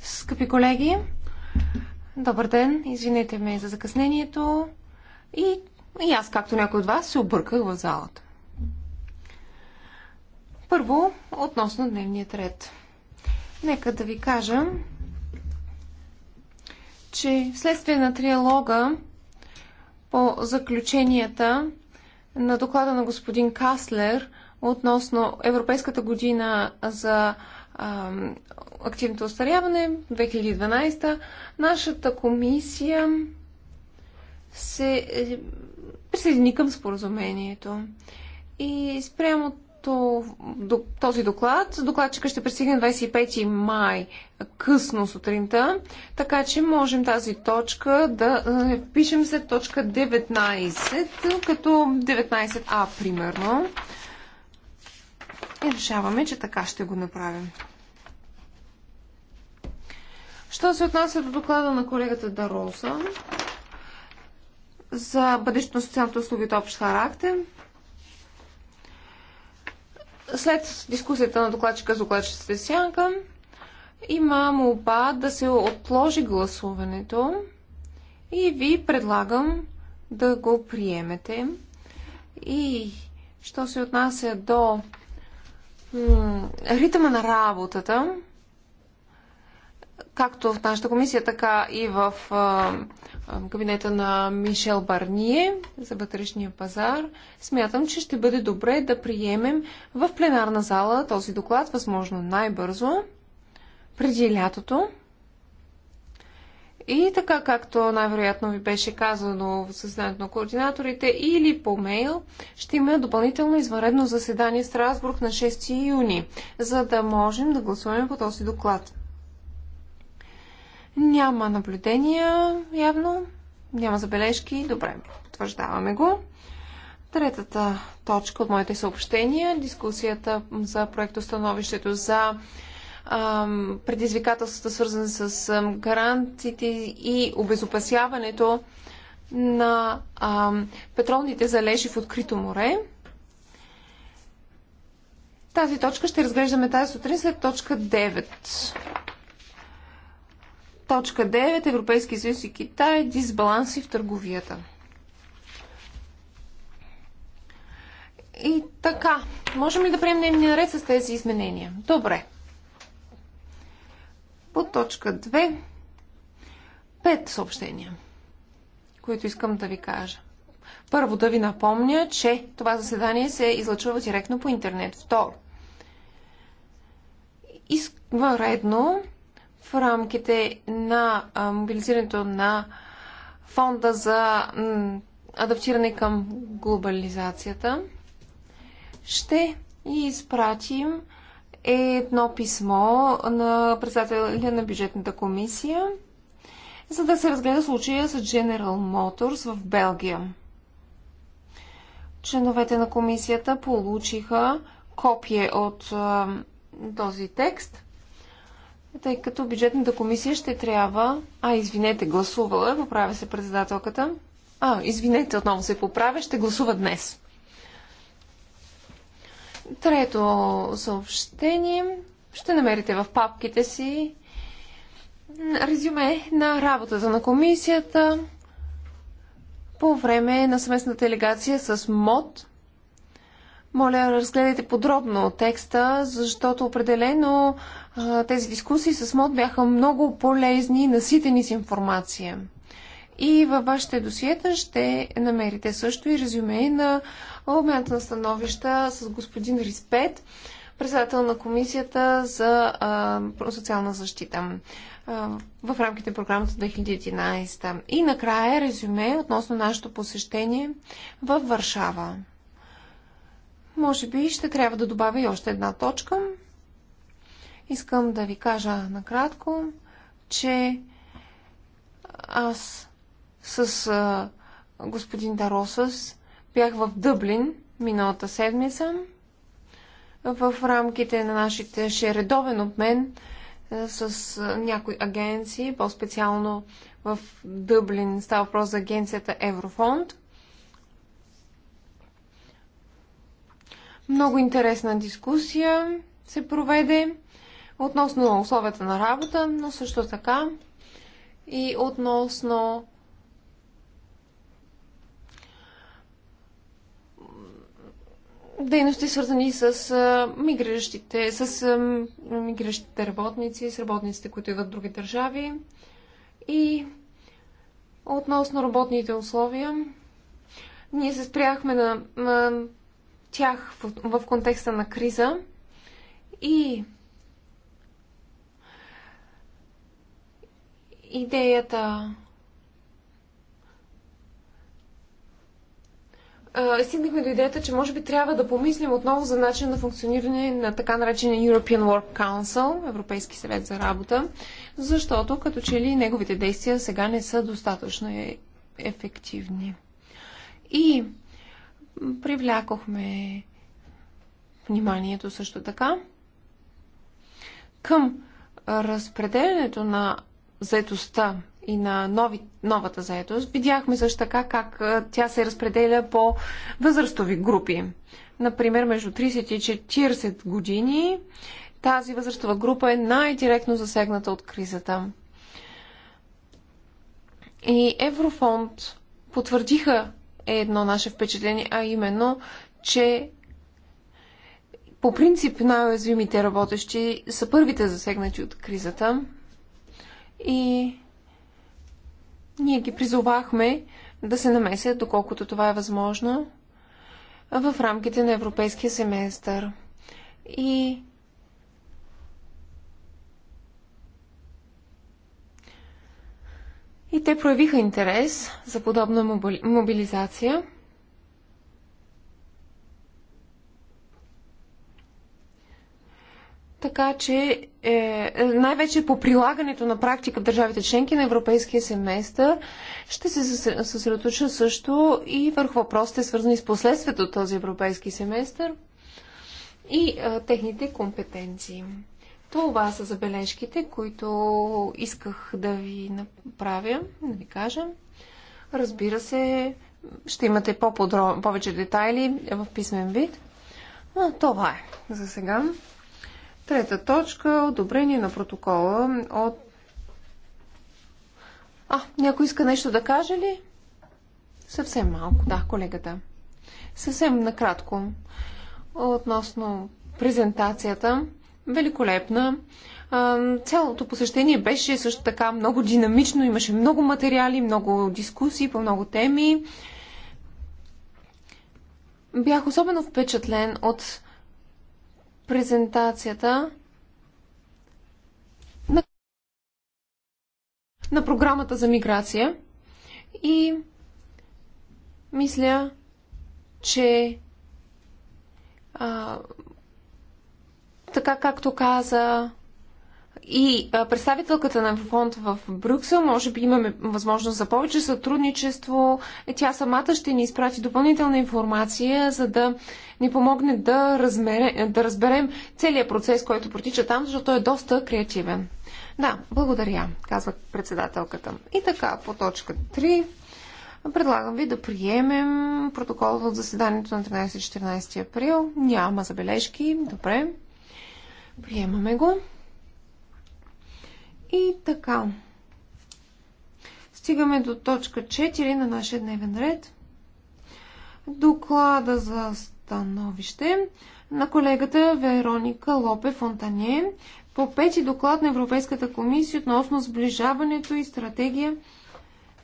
Скъпи колеги, добър ден, извинете ме за закъснението и, и аз, както някой от вас, се обърках в залата. Първо, относно дневният ред. Нека да ви кажа, че вследствие на триалога по заключенията на доклада на господин Каслер – относно Европейската година за а, активното остаряване 2012, нашата комисия се е, присъедини към споразумението. И спрямо този доклад, докладчика ще пристигне 25 май късно сутринта, така че можем тази точка да е, пишем след точка 19, като 19А примерно. И решаваме, че така ще го направим. Що се отнася до доклада на колегата Дароса за бъдещето на социалните услуги от общ характер, след дискусията на докладчика с докладчиците Сянка, има молба да се отложи гласуването и ви предлагам да го приемете. И що се отнася до ритъма на работата, както в нашата комисия, така и в кабинета на Мишел Барние за вътрешния пазар, смятам, че ще бъде добре да приемем в пленарна зала този доклад, възможно най-бързо, преди лятото. И така, както най-вероятно ви беше казано в съзнанието на координаторите или по мейл, ще има допълнително извънредно заседание в Страсбург на 6 юни, за да можем да гласуваме по този доклад. Няма наблюдения, явно. Няма забележки. Добре, потвърждаваме го. Третата точка от моите съобщения дискусията за проектостановището за предизвикателствата, свързани с гарантите и обезопасяването на петролните залежи в открито море. Тази точка ще разглеждаме тази сутрин след точка 9. Точка 9. Европейски съюз и Китай. Дисбаланси в търговията. И така, можем ли да приемем дневния ред с тези изменения? Добре. По точка 2 пет съобщения, които искам да ви кажа. Първо да ви напомня, че това заседание се излъчва директно по интернет. Второ, изваредно в рамките на мобилизирането на фонда за адаптиране към глобализацията ще изпратим е едно писмо на председателя на бюджетната комисия, за да се разгледа случая с General Motors в Белгия. Членовете на комисията получиха копие от този текст, тъй като бюджетната комисия ще трябва... А, извинете, гласувала, е, поправя се председателката. А, извинете, отново се поправя, ще гласува днес. Трето съобщение ще намерите в папките си резюме на работата на комисията по време на съместна делегация с МОД. Моля, разгледайте подробно текста, защото определено тези дискусии с МОД бяха много полезни и наситени с информация. И във вашите досиета ще намерите също и резюме на обмянът на становища с господин Риспет, председател на Комисията за а, социална защита а, в рамките на програмата 2011. И накрая резюме относно нашето посещение в Варшава. Може би ще трябва да добавя и още една точка. Искам да ви кажа накратко, че аз с а, господин Даросъс Бях в Дъблин миналата седмица в рамките на нашите ще е редовен обмен е, с е, някои агенции, по-специално в Дъблин става въпрос за агенцията Еврофонд. Много интересна дискусия се проведе относно условията на работа, но също така и относно дейности, свързани с мигриращите, с мигриращите работници, с работниците, които идват в други държави. И относно работните условия, ние се спряхме на, на тях в, в контекста на криза и идеята а, стигнахме до идеята, че може би трябва да помислим отново за начин на функциониране на така наречения European Work Council, Европейски съвет за работа, защото като че ли неговите действия сега не са достатъчно е, ефективни. И привлякохме вниманието също така към разпределянето на заетостта и на нови, новата заедост, видяхме също така как тя се разпределя по възрастови групи. Например, между 30 и 40 години тази възрастова група е най-директно засегната от кризата. И Еврофонд потвърдиха едно наше впечатление, а именно, че по принцип най-уязвимите работещи са първите засегнати от кризата. И ние ги призовахме да се намесят, доколкото това е възможно, в рамките на европейския семестър. И И те проявиха интерес за подобна мобилизация. Така че е, е, най-вече по прилагането на практика в държавите членки на европейския семестър, ще се съсредоточа също и върху въпросите, свързани с последствията от този европейски семестър и е, техните компетенции. Това са забележките, които исках да ви направя, да ви кажа. Разбира се, ще имате по повече детайли в писмен вид. Но това е за сега. Трета точка – одобрение на протокола от... А, някой иска нещо да каже ли? Съвсем малко, да, колегата. Съвсем накратко. Относно презентацията, великолепна. Цялото посещение беше също така много динамично, имаше много материали, много дискусии по много теми. Бях особено впечатлен от презентацията на, на програмата за миграция и мисля, че а, така както каза и представителката на фонд в Брюксел. Може би имаме възможност за повече сътрудничество. Е, тя самата ще ни изпрати допълнителна информация, за да ни помогне да, размере, да разберем целият процес, който протича там, защото той е доста креативен. Да, благодаря, казва председателката. И така, по точка 3 предлагам ви да приемем протокол от заседанието на 13-14 април. Няма забележки. Добре. Приемаме го. И така. Стигаме до точка 4 на нашия дневен ред. Доклада за становище на колегата Вероника Лопе Фонтане по пети доклад на Европейската комисия относно сближаването и стратегия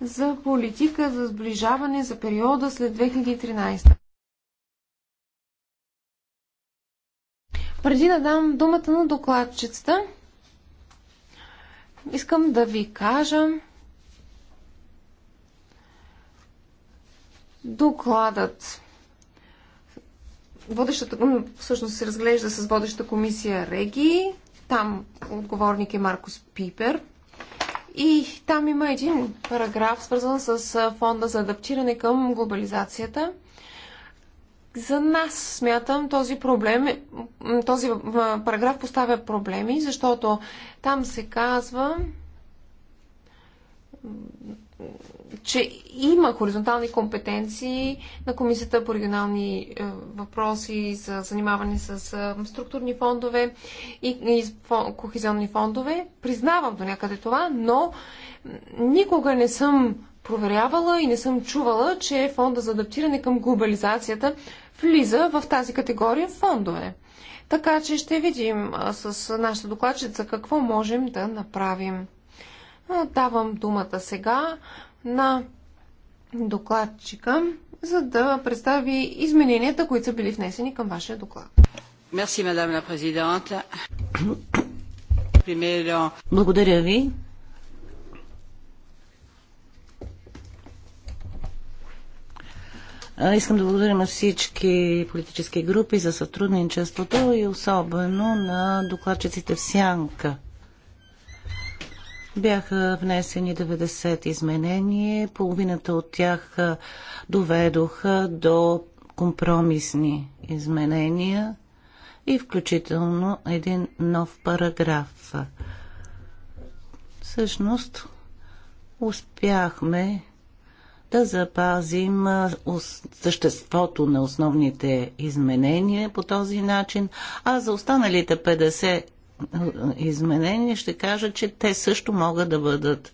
за политика за сближаване за периода след 2013. Преди да дам думата на докладчицата, искам да ви кажа, докладът водещата, всъщност се разглежда с водеща комисия Реги. Там отговорник е Маркус Пипер. И там има един параграф, свързан с фонда за адаптиране към глобализацията – за нас, смятам, този проблем, този параграф поставя проблеми, защото там се казва, че има хоризонтални компетенции на Комисията по регионални въпроси за занимаване с структурни фондове и кохизионни фондове. Признавам до някъде това, но никога не съм проверявала и не съм чувала, че фонда за адаптиране към глобализацията влиза в тази категория фондове. Така че ще видим с нашата докладчица какво можем да направим. Давам думата сега на докладчика, за да представи измененията, които са били внесени към вашия доклад. Благодаря ви. Искам да благодаря на всички политически групи за сътрудничеството и особено на докладчиците в Сянка. Бяха внесени 90 изменения, половината от тях доведоха до компромисни изменения и включително един нов параграф. Всъщност, успяхме да запазим съществото на основните изменения по този начин, а за останалите 50 изменения ще кажа, че те също могат да бъдат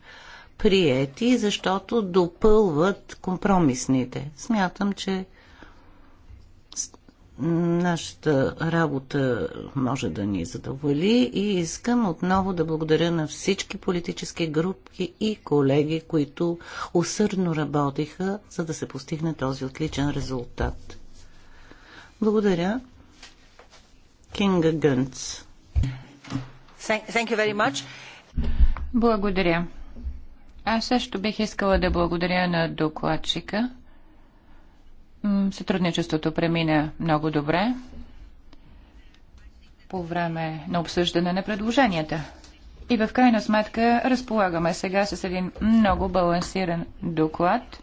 приети, защото допълват компромисните. Смятам, че Нашата работа може да ни задоволи и искам отново да благодаря на всички политически групи и колеги, които усърдно работиха, за да се постигне този отличен резултат. Благодаря. Кинга Гънц. Благодаря. Аз също бих искала да благодаря на докладчика Сътрудничеството премина много добре по време на обсъждане на предложенията. И в крайна сметка разполагаме сега с един много балансиран доклад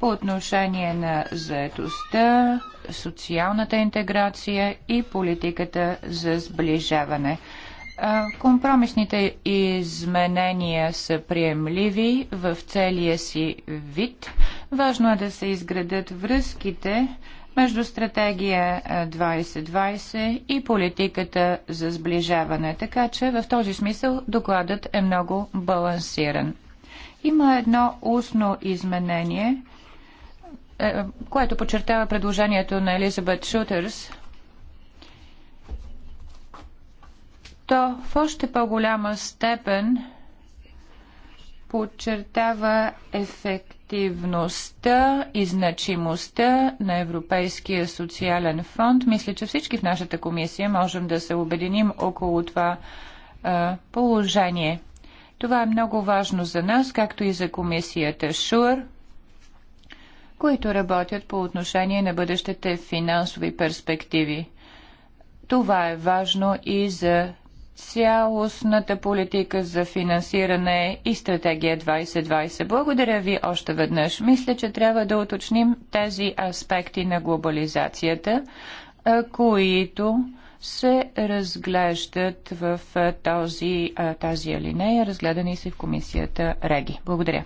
по отношение на заетостта, социалната интеграция и политиката за сближаване. Компромисните изменения са приемливи в целия си вид. Важно е да се изградят връзките между стратегия 2020 и политиката за сближаване. Така че в този смисъл докладът е много балансиран. Има едно устно изменение, е, което подчертава предложението на Елизабет Шутерс. То в още по-голяма степен подчертава ефект ефективността и значимостта на Европейския социален фонд. Мисля, че всички в нашата комисия можем да се обединим около това а, положение. Това е много важно за нас, както и за комисията ШУР, които работят по отношение на бъдещите финансови перспективи. Това е важно и за цялостната политика за финансиране и стратегия 2020. Благодаря ви още веднъж. Мисля, че трябва да уточним тези аспекти на глобализацията, които се разглеждат в този, тази алинея, разгледани се в комисията Реги. Благодаря.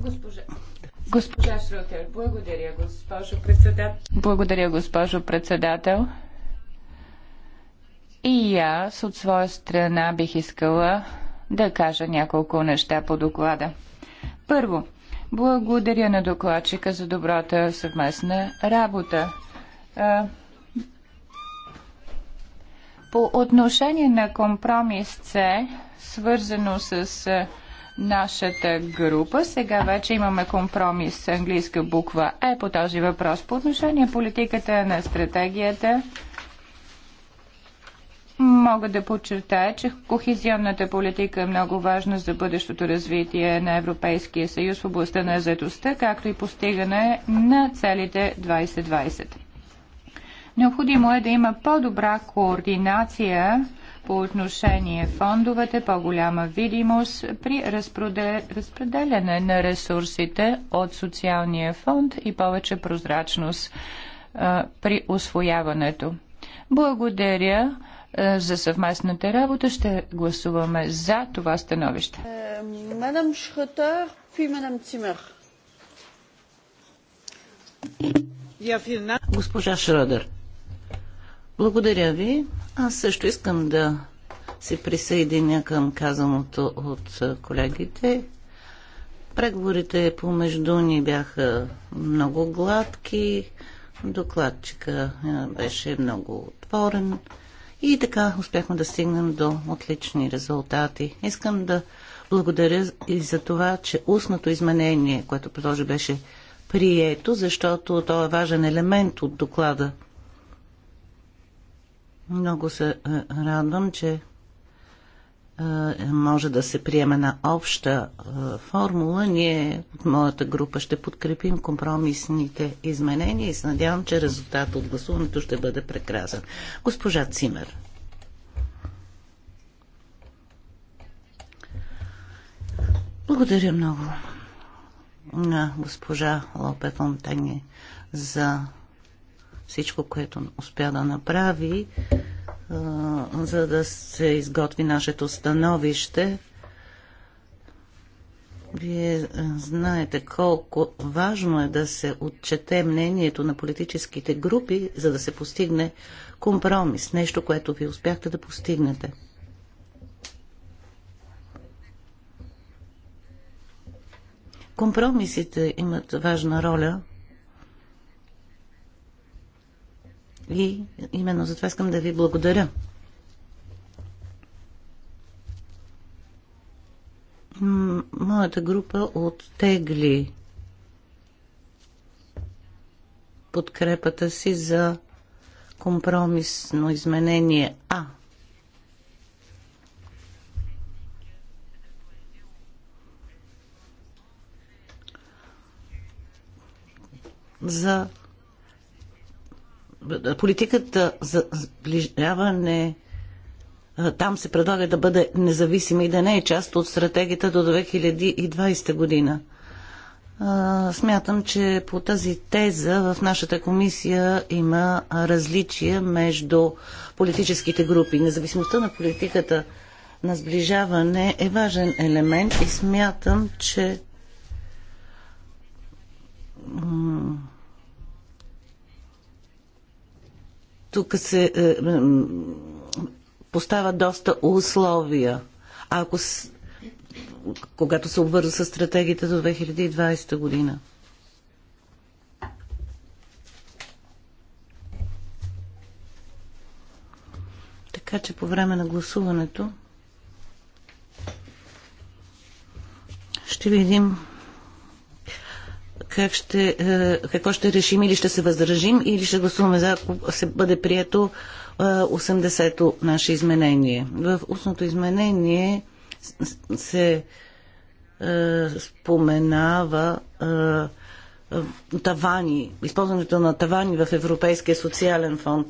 Госпожа. Госпожа Шрутер, благодаря, госпожо председател. Благодаря, госпожо председател. И аз от своя страна бих искала да кажа няколко неща по доклада. Първо, благодаря на докладчика за добрата съвместна работа. По отношение на компромис С, свързано с нашата група, сега вече имаме компромис с английска буква Е по този въпрос. По отношение на политиката на стратегията, Мога да подчертая, че кохезионната политика е много важна за бъдещото развитие на Европейския съюз в областта на заедостта, както и постигане на целите 2020. Необходимо е да има по-добра координация по отношение фондовете, по-голяма видимост при разпределяне на ресурсите от социалния фонд и повече прозрачност а, при освояването. Благодаря е, за съвместната работа. Ще гласуваме за това становище. Е, мадам Шхотър, пи мадам Цимер. Госпожа Шрадър. благодаря ви. Аз също искам да се присъединя към казаното от колегите. Преговорите помежду ни бяха много гладки. Докладчика е, беше много отворен. И така успяхме да стигнем до отлични резултати. Искам да благодаря и за това, че устното изменение, което предложи, беше прието, защото то е важен елемент от доклада. Много се е, радвам, че може да се приеме на обща формула, ние от моята група ще подкрепим компромисните изменения и се надявам, че резултат от гласуването ще бъде прекрасен. Госпожа Цимер. Благодаря много на госпожа Лопе Фонтани за всичко, което успя да направи за да се изготви нашето становище. Вие знаете колко важно е да се отчете мнението на политическите групи, за да се постигне компромис, нещо, което ви успяхте да постигнете. Компромисите имат важна роля – И именно за това искам да ви благодаря. Моята група оттегли подкрепата си за компромисно изменение А. За политиката за сближаване там се предлага да бъде независима и да не е част от стратегията до 2020 година. Смятам, че по тази теза в нашата комисия има различия между политическите групи. Независимостта на политиката на сближаване е важен елемент и смятам, че тук се е, поставят доста условия. ако с, когато се обвърза с стратегията до 2020 година. Така че по време на гласуването ще видим как ще, е, какво ще решим или ще се въздържим или ще гласуваме за, ако се бъде прието 80-то е, наше изменение. В устното изменение се е, споменава тавани, използването на тавани в Европейския социален фонд.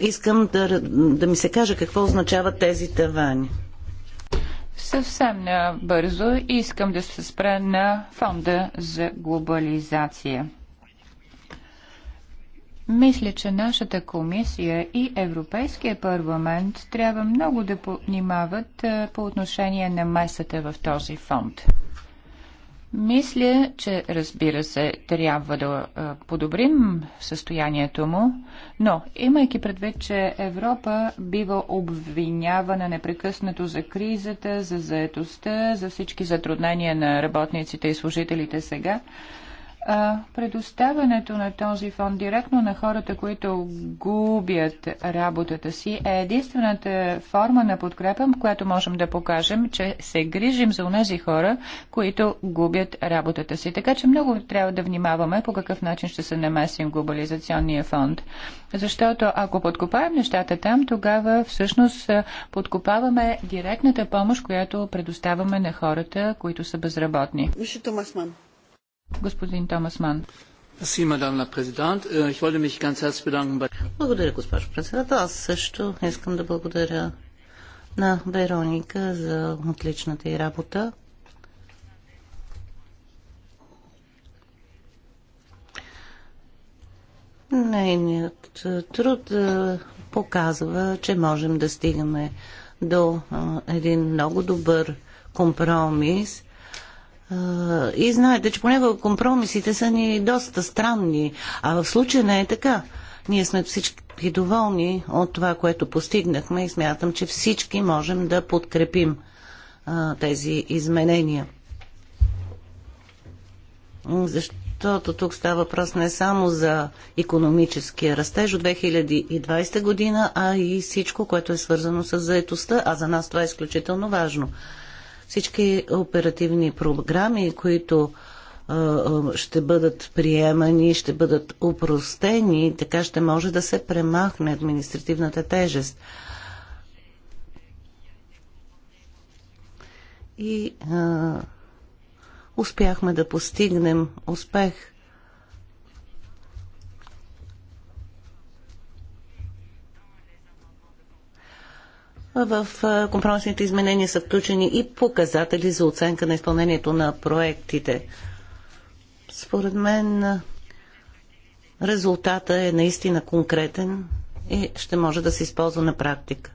Искам да, да ми се каже какво означават тези тавани. Съвсем набързо искам да се спра на фонда за глобализация. Мисля, че нашата комисия и Европейския парламент трябва много да понимават по отношение на месата в този фонд. Мисля, че разбира се, трябва да подобрим състоянието му, но имайки предвид, че Европа бива обвинявана непрекъснато за кризата, за заетостта, за всички затруднения на работниците и служителите сега, предоставянето на този фонд директно на хората, които губят работата си, е единствената форма на подкрепа, която можем да покажем, че се грижим за унези хора, които губят работата си. Така че много трябва да внимаваме по какъв начин ще се намесим глобализационния фонд. Защото ако подкопаем нещата там, тогава всъщност подкопаваме директната помощ, която предоставяме на хората, които са безработни. Господин Томас Ман. Euh, благодаря, госпожо председател. Аз също искам да благодаря на Вероника за отличната й работа. Нейният е, труд е, показва, че можем да стигаме до е, един много добър компромис и знаете, че поне компромисите са ни доста странни, а в случая не е така. Ние сме всички доволни от това, което постигнахме и смятам, че всички можем да подкрепим тези изменения. Защото тук става въпрос не само за економическия растеж от 2020 година, а и всичко, което е свързано с заетостта, а за нас това е изключително важно. Всички оперативни програми, които ще бъдат приемани, ще бъдат упростени така ще може да се премахне административната тежест. И а, успяхме да постигнем успех – В компромисните изменения са включени и показатели за оценка на изпълнението на проектите. Според мен резултата е наистина конкретен и ще може да се използва на практика.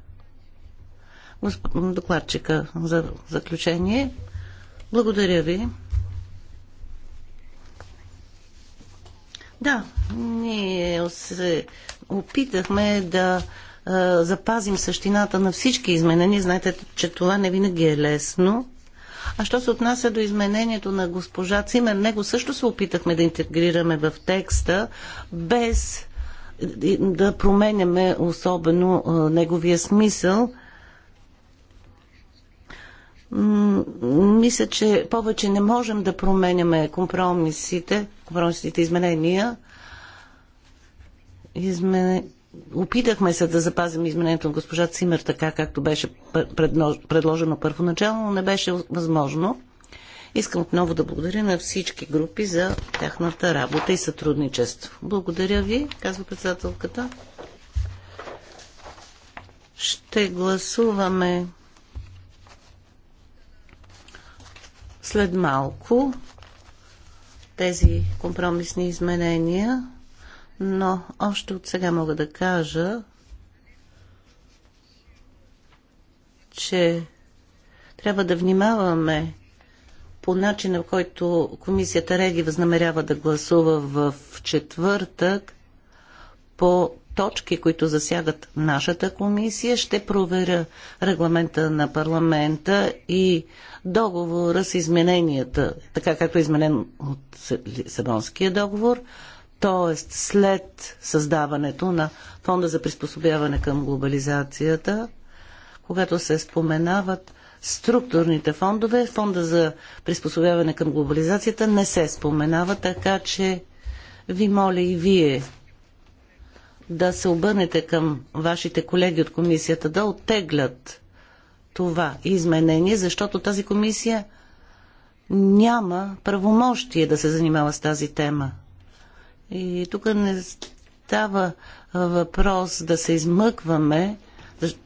Докладчика за заключение. Благодаря ви. Да, ние се опитахме да запазим същината на всички изменения. Знаете, че това не винаги е лесно. А що се отнася до изменението на госпожа Цимер, него също се опитахме да интегрираме в текста, без да променяме особено неговия смисъл. Мисля, че повече не можем да променяме компромисите, компромисните изменения. Измене... Опитахме се да запазим изменението на госпожа Цимер така, както беше предложено първоначално, но не беше възможно. Искам отново да благодаря на всички групи за тяхната работа и сътрудничество. Благодаря ви, казва председателката. Ще гласуваме след малко тези компромисни изменения но още от сега мога да кажа, че трябва да внимаваме по начина, в който комисията Реги възнамерява да гласува в четвъртък по точки, които засягат нашата комисия. Ще проверя регламента на парламента и договора с измененията, така както е изменен от Сабонския договор. Тоест, след създаването на Фонда за приспособяване към глобализацията, когато се споменават структурните фондове, Фонда за приспособяване към глобализацията не се споменава, така че ви моля и вие да се обърнете към вашите колеги от комисията да оттеглят това изменение, защото тази комисия няма правомощие да се занимава с тази тема. И тук не става въпрос да се измъкваме.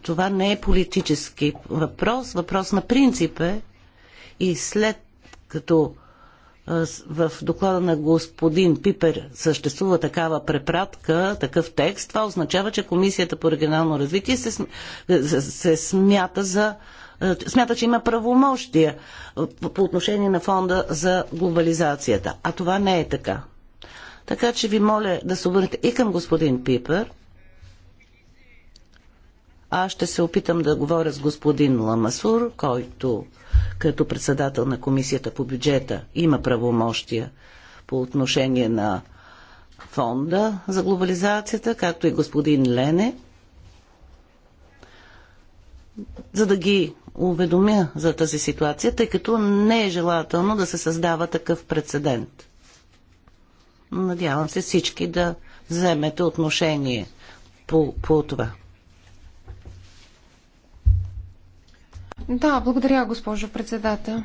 Това не е политически въпрос, въпрос на принцип е. И след като в доклада на господин Пипер съществува такава препратка, такъв текст, това означава, че Комисията по регионално развитие се, се смята за смята, че има правомощия по отношение на фонда за глобализацията. А това не е така. Така че ви моля да се обърнете и към господин Пипер. Аз ще се опитам да говоря с господин Ламасур, който като председател на комисията по бюджета има правомощия по отношение на фонда за глобализацията, както и господин Лене, за да ги уведомя за тази ситуация, тъй като не е желателно да се създава такъв прецедент. Надявам се всички да вземете отношение по, по това. Да, благодаря, госпожо председател.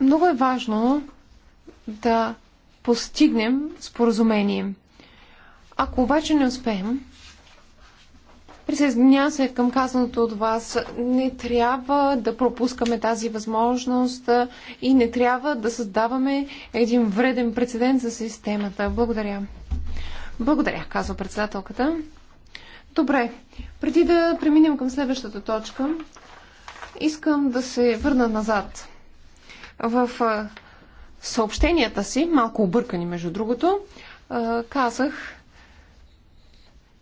Много е важно да постигнем споразумение. Ако обаче не успеем, Присъединя се към казаното от вас. Не трябва да пропускаме тази възможност и не трябва да създаваме един вреден прецедент за системата. Благодаря. Благодаря, казва председателката. Добре, преди да преминем към следващата точка, искам да се върна назад. В съобщенията си, малко объркани между другото, казах,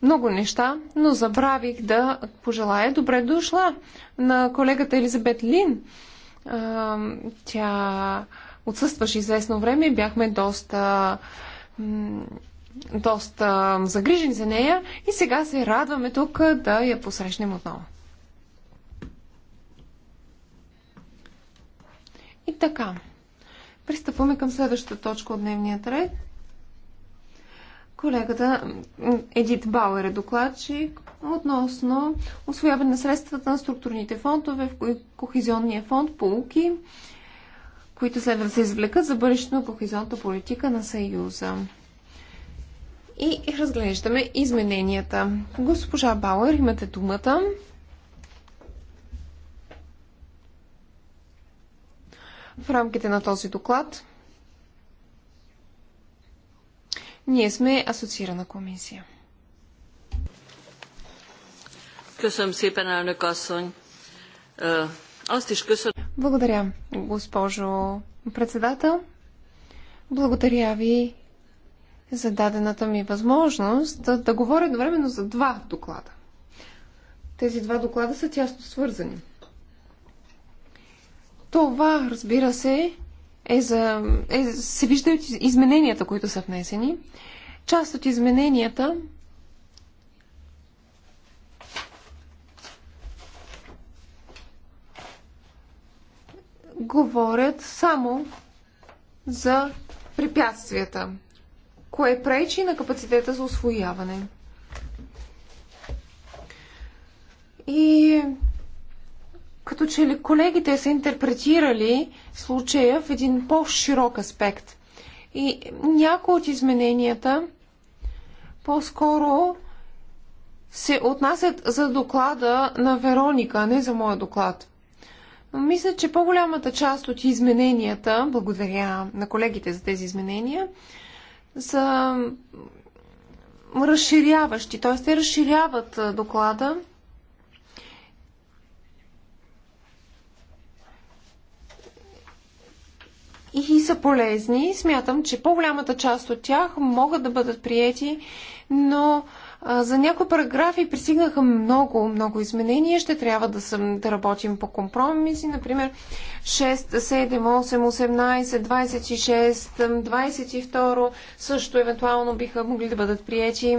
много неща, но забравих да пожелая добре дошла на колегата Елизабет Лин. Тя отсъстваше известно време и бяхме доста доста загрижени за нея и сега се радваме тук да я посрещнем отново. И така, пристъпваме към следващата точка от дневния ред – Колегата Едит Бауер е докладчик относно освояване на средствата на структурните фондове в Кохезионния фонд УКИ, които следва да се извлекат за бъдещето на кохезионната политика на Съюза. И разглеждаме измененията. Госпожа Бауер, имате думата. В рамките на този доклад Ние сме асоциирана комисия. Е, аз Благодаря, госпожо председател. Благодаря ви за дадената ми възможност да, да говоря едновременно за два доклада. Тези два доклада са тясно свързани. Това, разбира се, е за, е, се виждат измененията, които са внесени. Част от измененията говорят само за препятствията, кое пречи на капацитета за освояване. И като че ли колегите са интерпретирали случая в един по-широк аспект. И някои от измененията по-скоро се отнасят за доклада на Вероника, а не за моя доклад. Но мисля, че по-голямата част от измененията, благодаря на колегите за тези изменения, са разширяващи, т.е. те разширяват доклада и са полезни. Смятам, че по-голямата част от тях могат да бъдат приети, но а, за някои параграфи пристигнаха много, много изменения. Ще трябва да, съм, да работим по компромиси. Например, 6, 7, 8, 18, 26, 22 също евентуално биха могли да бъдат приети.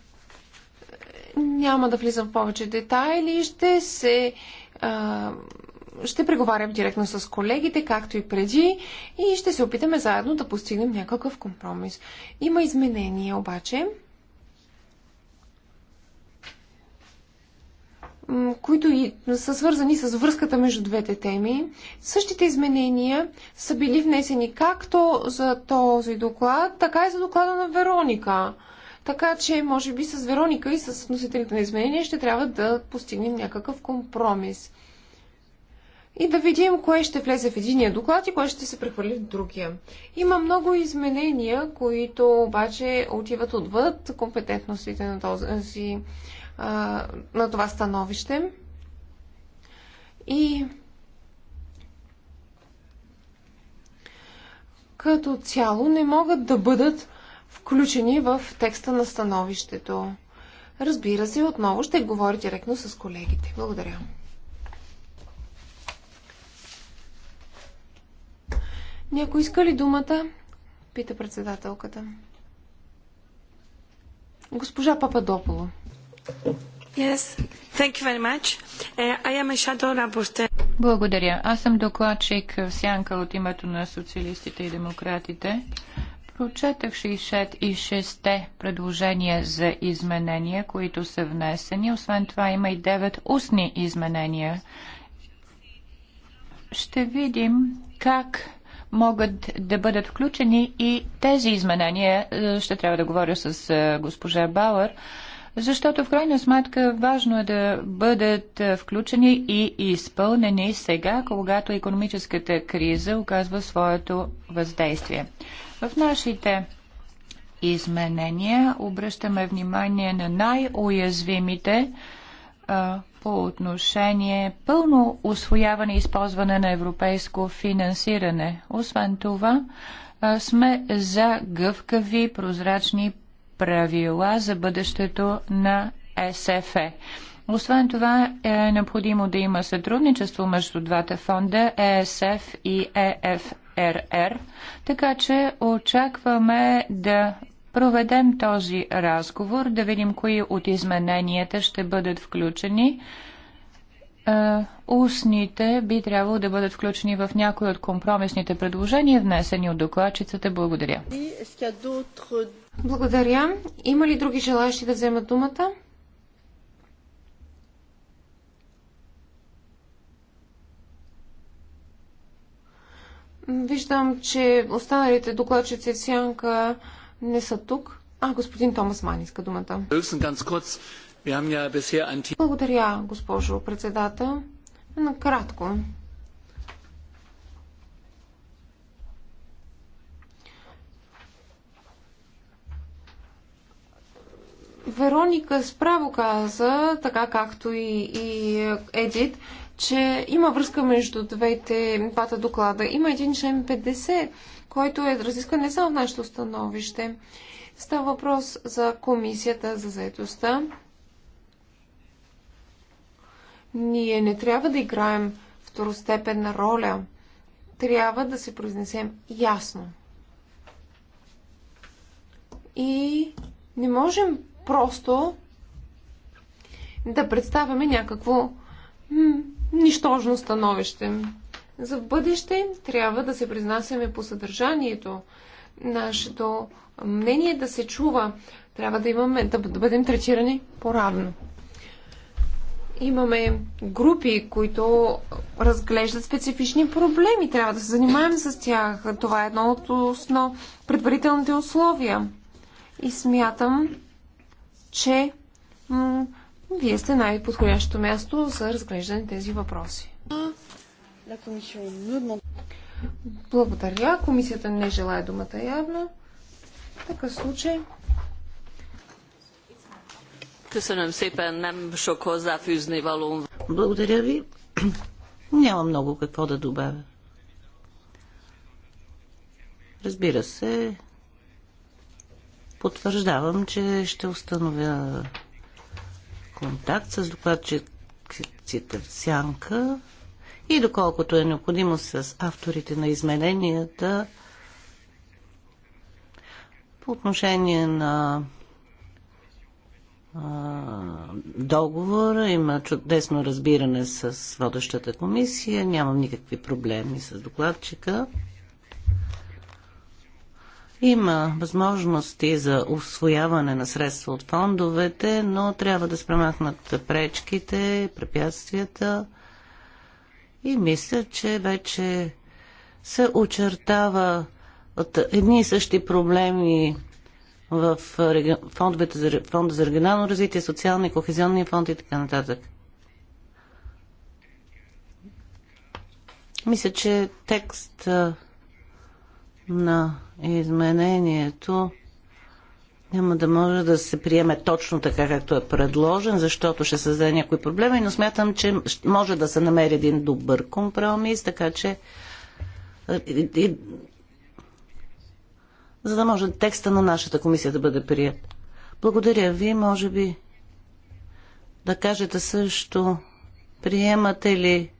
Няма да влизам в повече детайли. Ще се. А, ще преговарям директно с колегите, както и преди, и ще се опитаме заедно да постигнем някакъв компромис. Има изменения обаче, които и са свързани с връзката между двете теми. Същите изменения са били внесени както за този доклад, така и за доклада на Вероника. Така че, може би с Вероника и с носителите на изменения ще трябва да постигнем някакъв компромис. И да видим кое ще влезе в единия доклад и кое ще се прехвърли в другия. Има много изменения, които обаче отиват отвъд компетентностите на, този, на това становище. И като цяло не могат да бъдат включени в текста на становището. Разбира се, отново ще говоря директно с колегите. Благодаря. Някой иска ли думата? Пита председателката. Госпожа Пападополо. Yes. Thank you very much. Uh, I am a shadow rapporteur. Благодаря. Аз съм докладчик в сянка от името на социалистите и демократите Прочетах 66-те предложения за изменения, които са внесени. Освен това има и 9 устни изменения. Ще видим как могат да бъдат включени и тези изменения. Ще трябва да говоря с госпожа Бауър, защото в крайна сметка важно е да бъдат включени и изпълнени сега, когато економическата криза оказва своето въздействие. В нашите изменения обръщаме внимание на най-уязвимите по отношение пълно освояване и използване на европейско финансиране. Освен това, а, сме за гъвкави, прозрачни правила за бъдещето на СФЕ. Освен това е необходимо да има сътрудничество между двата фонда ЕСФ и ЕФ РР, така че очакваме да проведем този разговор, да видим кои от измененията ще бъдат включени. Е, устните би трябвало да бъдат включени в някои от компромисните предложения, внесени от докладчицата. Благодаря. Благодаря. Има ли други желаящи да вземат думата? Виждам, че останалите докладчици в сянка не са тук. А, господин Томас Ман иска думата. Благодаря, госпожо председател. Накратко. Вероника справо каза, така както и, и Едит, че има връзка между двете двата доклада. Има един член 50, който е разискан не само в нашето становище. Става въпрос за комисията за заедостта. Ние не трябва да играем второстепенна роля. Трябва да се произнесем ясно. И не можем просто да представяме някакво нищожно становище. За в бъдеще трябва да се признасяме по съдържанието. Нашето мнение е да се чува. Трябва да, имаме, да, да бъдем третирани по-равно. Имаме групи, които разглеждат специфични проблеми. Трябва да се занимаем с тях. Това е едно от основ... предварителните условия. И смятам, че вие сте най-подходящото място за разглеждане тези въпроси. Благодаря. Комисията не желая думата явно. В такъв случай. Благодаря ви. Няма много какво да добавя. Разбира се, потвърждавам, че ще установя контакт с докладчиците в сянка и доколкото е необходимо с авторите на измененията по отношение на договора, има чудесно разбиране с водещата комисия, нямам никакви проблеми с докладчика. Има възможности за освояване на средства от фондовете, но трябва да спремахнат пречките, препятствията. И мисля, че вече се очертава от едни и същи проблеми в фондовете за, фонда за регионално развитие, социални и кохезионни фонд и така нататък. Мисля, че текст на изменението няма да може да се приеме точно така, както е предложен, защото ще създаде някои проблеми, но смятам, че може да се намери един добър компромис, така че е, и, за да може текста на нашата комисия да бъде прият. Благодаря ви, може би да кажете също, приемате ли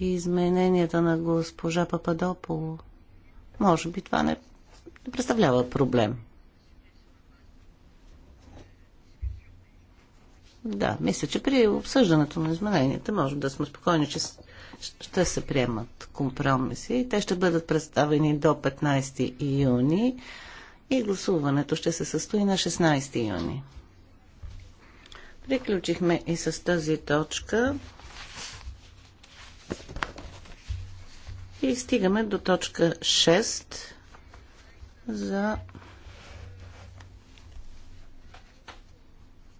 измененията на госпожа Пападополова. Може би това не, не представлява проблем. Да, мисля, че при обсъждането на измененията може да сме спокойни, че ще се приемат компромиси те ще бъдат представени до 15 юни и гласуването ще се състои на 16 юни. Приключихме и с тази точка. И стигаме до точка 6 за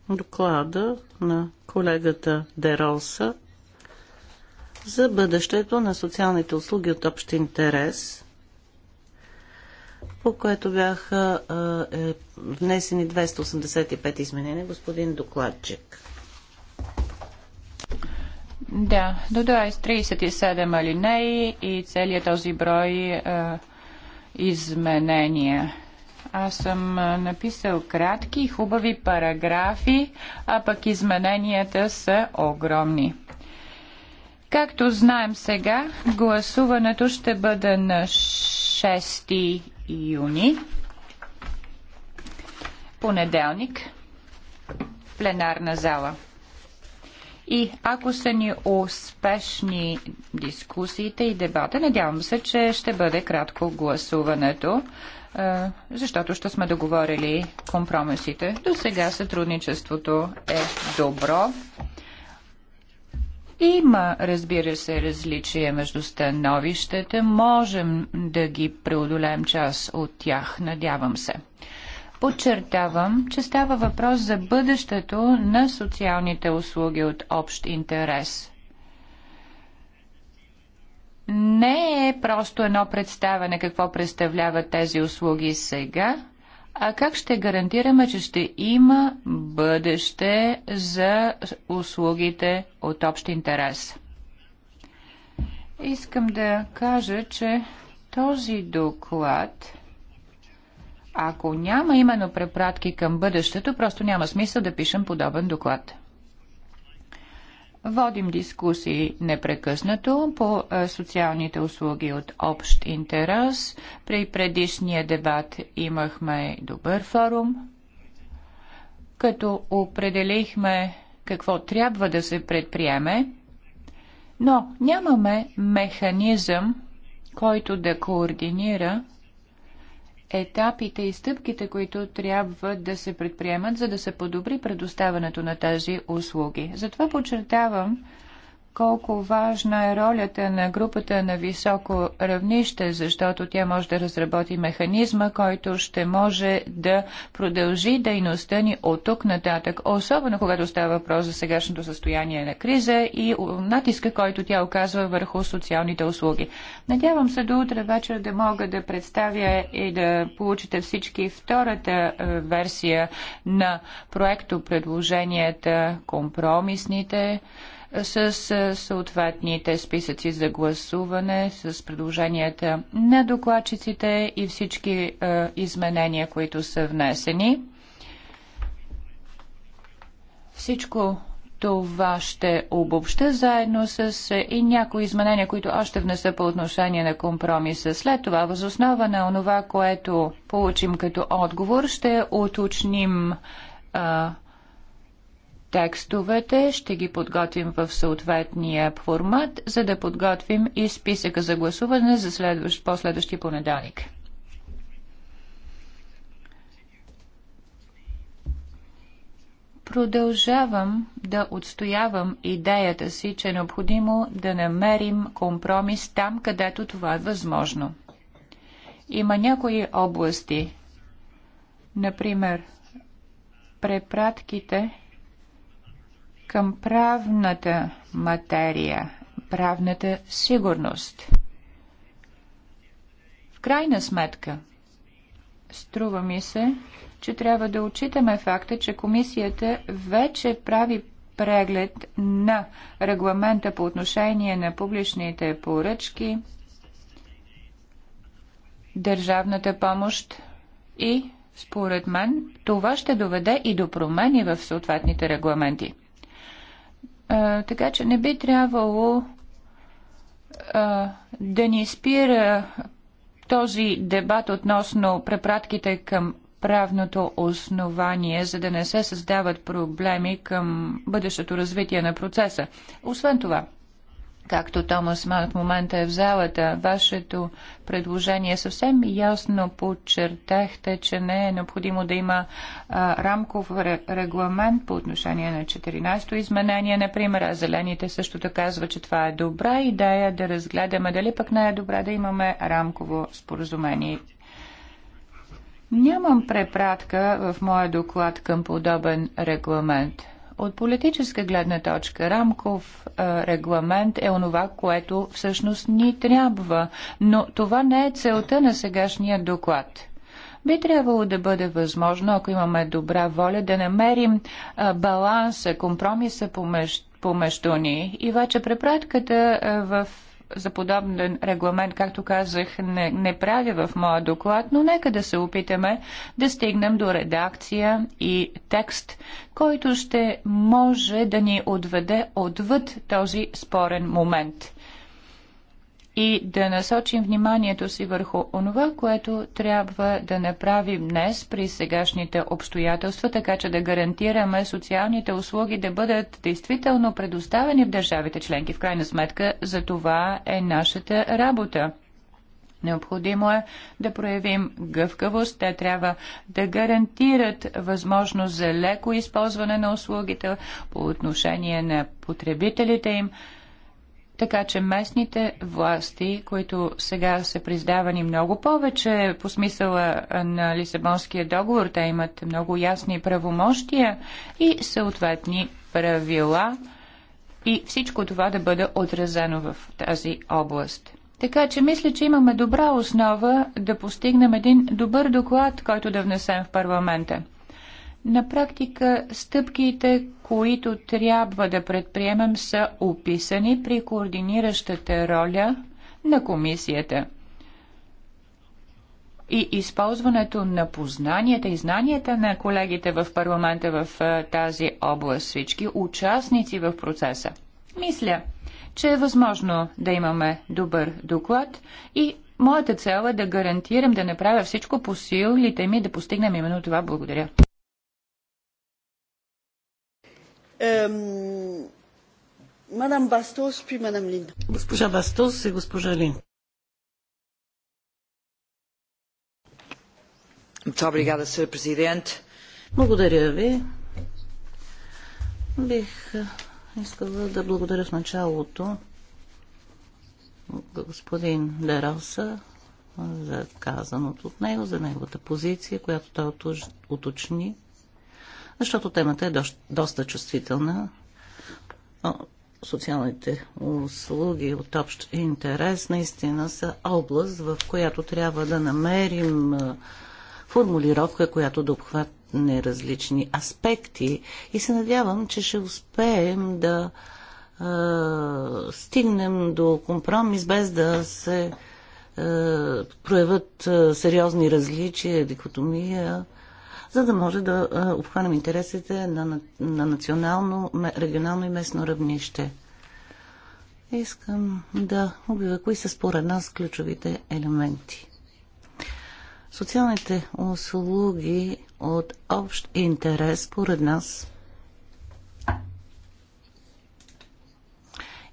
доклада на колегата Дероса за бъдещето на социалните услуги от общ интерес, по което бяха е, внесени 285 изменения, господин докладчик. Да, до 37 алинеи и целият този брой а, изменения. Аз съм написал кратки, хубави параграфи, а пък измененията са огромни. Както знаем сега, гласуването ще бъде на 6 юни, понеделник, пленарна зала. И ако са ни успешни дискусиите и дебата, надявам се, че ще бъде кратко гласуването, е, защото ще сме договорили компромисите. До сега сътрудничеството е добро. Има, разбира се, различия между становищата. Можем да ги преодолеем част от тях, надявам се. Подчертавам, че става въпрос за бъдещето на социалните услуги от общ интерес. Не е просто едно представяне какво представляват тези услуги сега, а как ще гарантираме, че ще има бъдеще за услугите от общ интерес. Искам да кажа, че този доклад – ако няма именно препратки към бъдещето, просто няма смисъл да пишем подобен доклад. Водим дискусии непрекъснато по е, социалните услуги от общ интерес. При предишния дебат имахме добър форум, като определихме какво трябва да се предприеме, но нямаме механизъм, който да координира етапите и стъпките, които трябва да се предприемат, за да се подобри предоставянето на тези услуги. Затова подчертавам, колко важна е ролята на групата на високо равнище, защото тя може да разработи механизма, който ще може да продължи дейността ни от тук нататък, особено когато става въпрос за сегашното състояние на криза и натиска, който тя оказва върху социалните услуги. Надявам се до утре вечер да мога да представя и да получите всички втората е, версия на проекто предложенията, компромисните, с съответните списъци за гласуване, с предложенията на докладчиците и всички е, изменения, които са внесени. Всичко това ще обобща заедно с е, и някои изменения, които аз ще внеса по отношение на компромиса. След това, възоснова на онова, което получим като отговор, ще уточним а, е, текстовете, ще ги подготвим в съответния формат, за да подготвим и списъка за гласуване за следващ, последващи понеделник. Продължавам да отстоявам идеята си, че е необходимо да намерим компромис там, където това е възможно. Има някои области, например, препратките, към правната материя, правната сигурност. В крайна сметка, струва ми се, че трябва да отчитаме факта, че комисията вече прави преглед на регламента по отношение на публичните поръчки, държавната помощ и, според мен, това ще доведе и до промени в съответните регламенти така че не би трябвало а, да ни спира този дебат относно препратките към правното основание, за да не се създават проблеми към бъдещето развитие на процеса. Освен това, както Томас Ман в момента е в залата, вашето предложение съвсем ясно подчертахте, че не е необходимо да има а, рамков регламент по отношение на 14-то изменение, например, а зелените също така казва, че това е добра идея да разгледаме дали пък не е добра да имаме рамково споразумение. Нямам препратка в моя доклад към подобен регламент – от политическа гледна точка, рамков регламент е онова, което всъщност ни трябва, но това не е целта на сегашния доклад би трябвало да бъде възможно, ако имаме добра воля, да намерим баланса, компромиса помежду, помежду ни. И вече препратката в за подобен регламент, както казах, не, не правя в моя доклад, но нека да се опитаме да стигнем до редакция и текст, който ще може да ни отведе отвъд този спорен момент и да насочим вниманието си върху онова, което трябва да направим днес при сегашните обстоятелства, така че да гарантираме социалните услуги да бъдат действително предоставени в държавите членки. В крайна сметка, за това е нашата работа. Необходимо е да проявим гъвкавост. Те трябва да гарантират възможност за леко използване на услугите по отношение на потребителите им. Така че местните власти, които сега са признавани много повече по смисъла на Лисабонския договор, те имат много ясни правомощия и съответни правила и всичко това да бъде отразено в тази област. Така че мисля, че имаме добра основа да постигнем един добър доклад, който да внесем в парламента. На практика стъпките, които трябва да предприемем, са описани при координиращата роля на комисията. И използването на познанията и знанията на колегите в парламента в тази област, всички участници в процеса. Мисля, че е възможно да имаме добър доклад и моята цел е да гарантирам да направя всичко по силите ми да постигнем именно това. Благодаря. Госпожа Бастос и госпожа Благодаря ви. Бих е, искала да благодаря в началото господин Дералса за казаното от него, за неговата позиция, която той уточни защото темата е доста, доста чувствителна. Социалните услуги от общ интерес наистина са област, в която трябва да намерим формулировка, която да обхватне различни аспекти и се надявам, че ще успеем да е, стигнем до компромис без да се проявят сериозни различия, дикотомия за да може да обхванем интересите на, на национално, регионално и местно равнище. Искам да обявя кои са според нас ключовите елементи. Социалните услуги от общ интерес според нас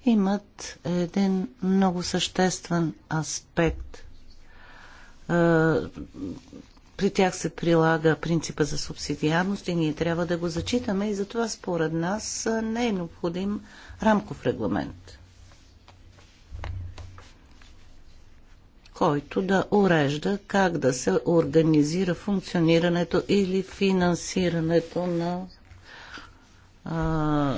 имат един много съществен аспект. При тях се прилага принципа за субсидиарност и ние трябва да го зачитаме и затова според нас не е необходим рамков регламент, който да урежда как да се организира функционирането или финансирането на а,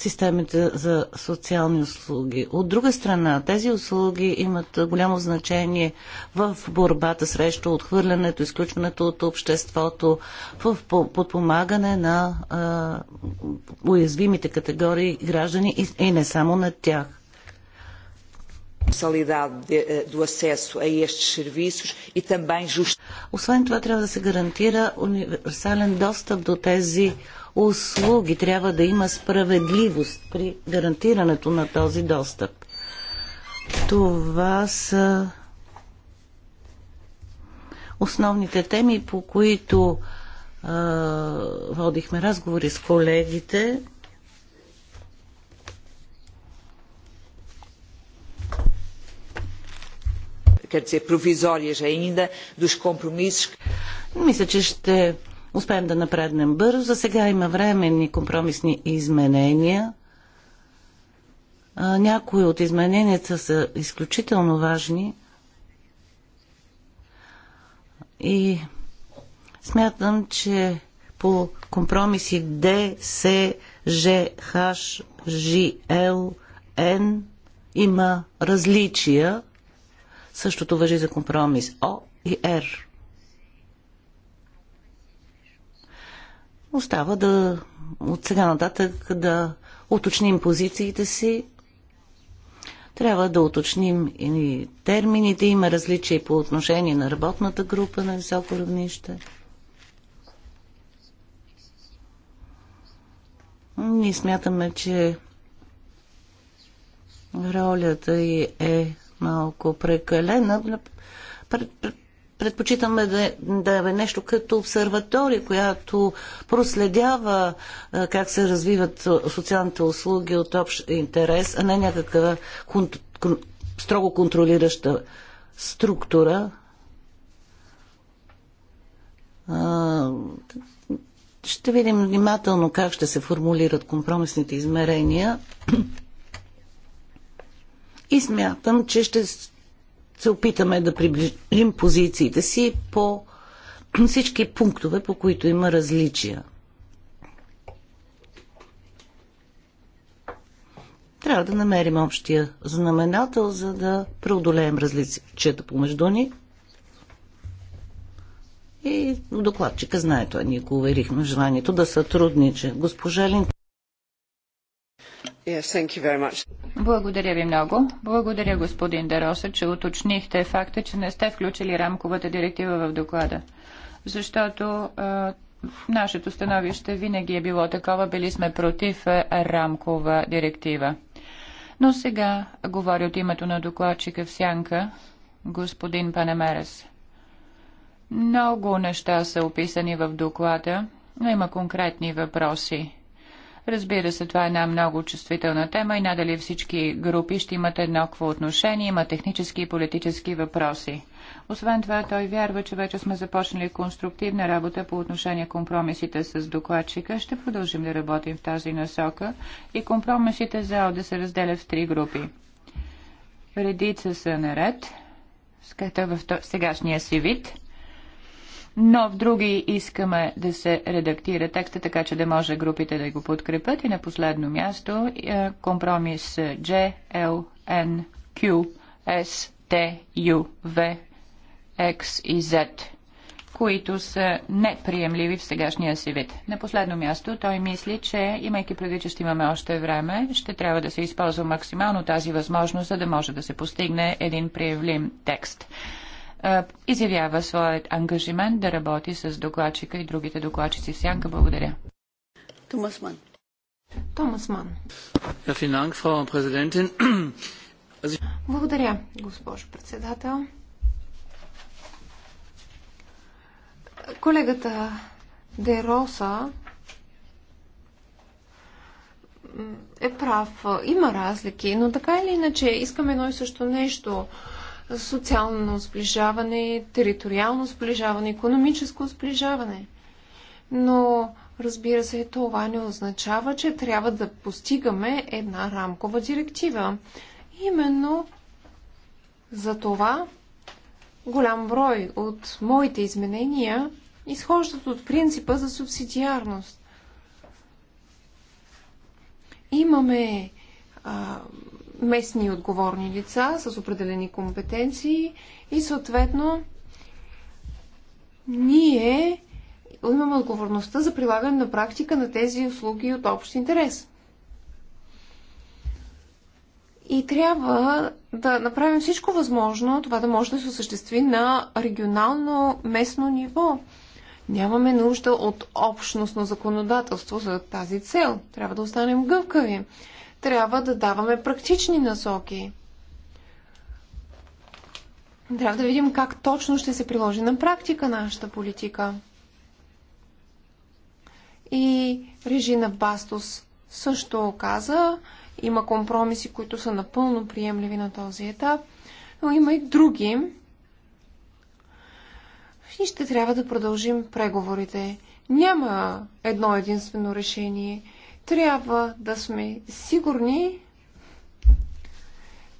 системите за социални услуги. От друга страна, тези услуги имат голямо значение в борбата срещу отхвърлянето, изключването от обществото, в подпомагане на а, уязвимите категории граждани и, и не само на тях. Освен това трябва да се гарантира универсален достъп до тези услуги. Трябва да има справедливост при гарантирането на този достъп. Това са основните теми, по които а, водихме разговори с колегите. quer dizer, provisórias ainda, dos compromissos. Мисля, че ще успеем да напреднем бързо. За сега има временни компромисни изменения. Някои от измененията са изключително важни и смятам, че по компромиси D, C, G, H, G, L, N има различия Същото въжи за компромис О и Р. Остава да от сега нататък да уточним позициите си. Трябва да уточним и термините. Има различия по отношение на работната група на високо равнище. Ние смятаме, че ролята и е малко прекалена. Предпочитаме да, да е нещо като обсерватория, която проследява как се развиват социалните услуги от общ интерес, а не някаква кон, кон, строго контролираща структура. Ще видим внимателно как ще се формулират компромисните измерения и смятам, че ще се опитаме да приближим позициите си по всички пунктове, по които има различия. Трябва да намерим общия знаменател, за да преодолеем различията помежду ни. И докладчика знае, той ние го уверихме желанието да сътрудниче. Госпожа Лин... Благодаря ви много. Благодаря, господин Дероса, че уточнихте факта, че не сте включили рамковата директива в доклада. Защото а, нашето становище винаги е било такова, били сме против е, рамкова директива. Но сега говоря от името на докладчика в Сянка, господин Панамерес. Много неща са описани в доклада, но има конкретни въпроси Разбира се, това е една много чувствителна тема и надали всички групи ще имат еднакво отношение, има технически и политически въпроси. Освен това, той вярва, че вече сме започнали конструктивна работа по отношение компромисите с докладчика. Ще продължим да работим в тази насока и компромисите за да се разделят в три групи. Редица са наред, в сегашния си вид – но в други искаме да се редактира текста, така че да може групите да го подкрепят. И на последно място е, компромис G, L, N, Q, S, T, U, V, X и Z които са неприемливи в сегашния си вид. На последно място той мисли, че имайки преди, че ще имаме още време, ще трябва да се използва максимално тази възможност, за да може да се постигне един приемлим текст изявява своят ангажимент да работи с докладчика и другите докладчици сянка. Благодаря. Томас Ман. Томас Ман. Благодаря, госпожо председател. Колегата Дероса е прав. Има разлики, но така или иначе искаме едно и също нещо социално сближаване, териториално сближаване, економическо сближаване. Но, разбира се, това не означава, че трябва да постигаме една рамкова директива. Именно за това голям брой от моите изменения изхождат от принципа за субсидиарност. Имаме а, местни отговорни лица с определени компетенции и съответно ние имаме отговорността за прилагане на практика на тези услуги от общ интерес. И трябва да направим всичко възможно това да може да се осъществи на регионално, местно ниво. Нямаме нужда от общностно законодателство за тази цел. Трябва да останем гъвкави трябва да даваме практични насоки. Трябва да видим как точно ще се приложи на практика нашата политика. И Режина Бастос също каза, има компромиси, които са напълно приемливи на този етап, но има и други. И ще трябва да продължим преговорите. Няма едно единствено решение – трябва да сме сигурни,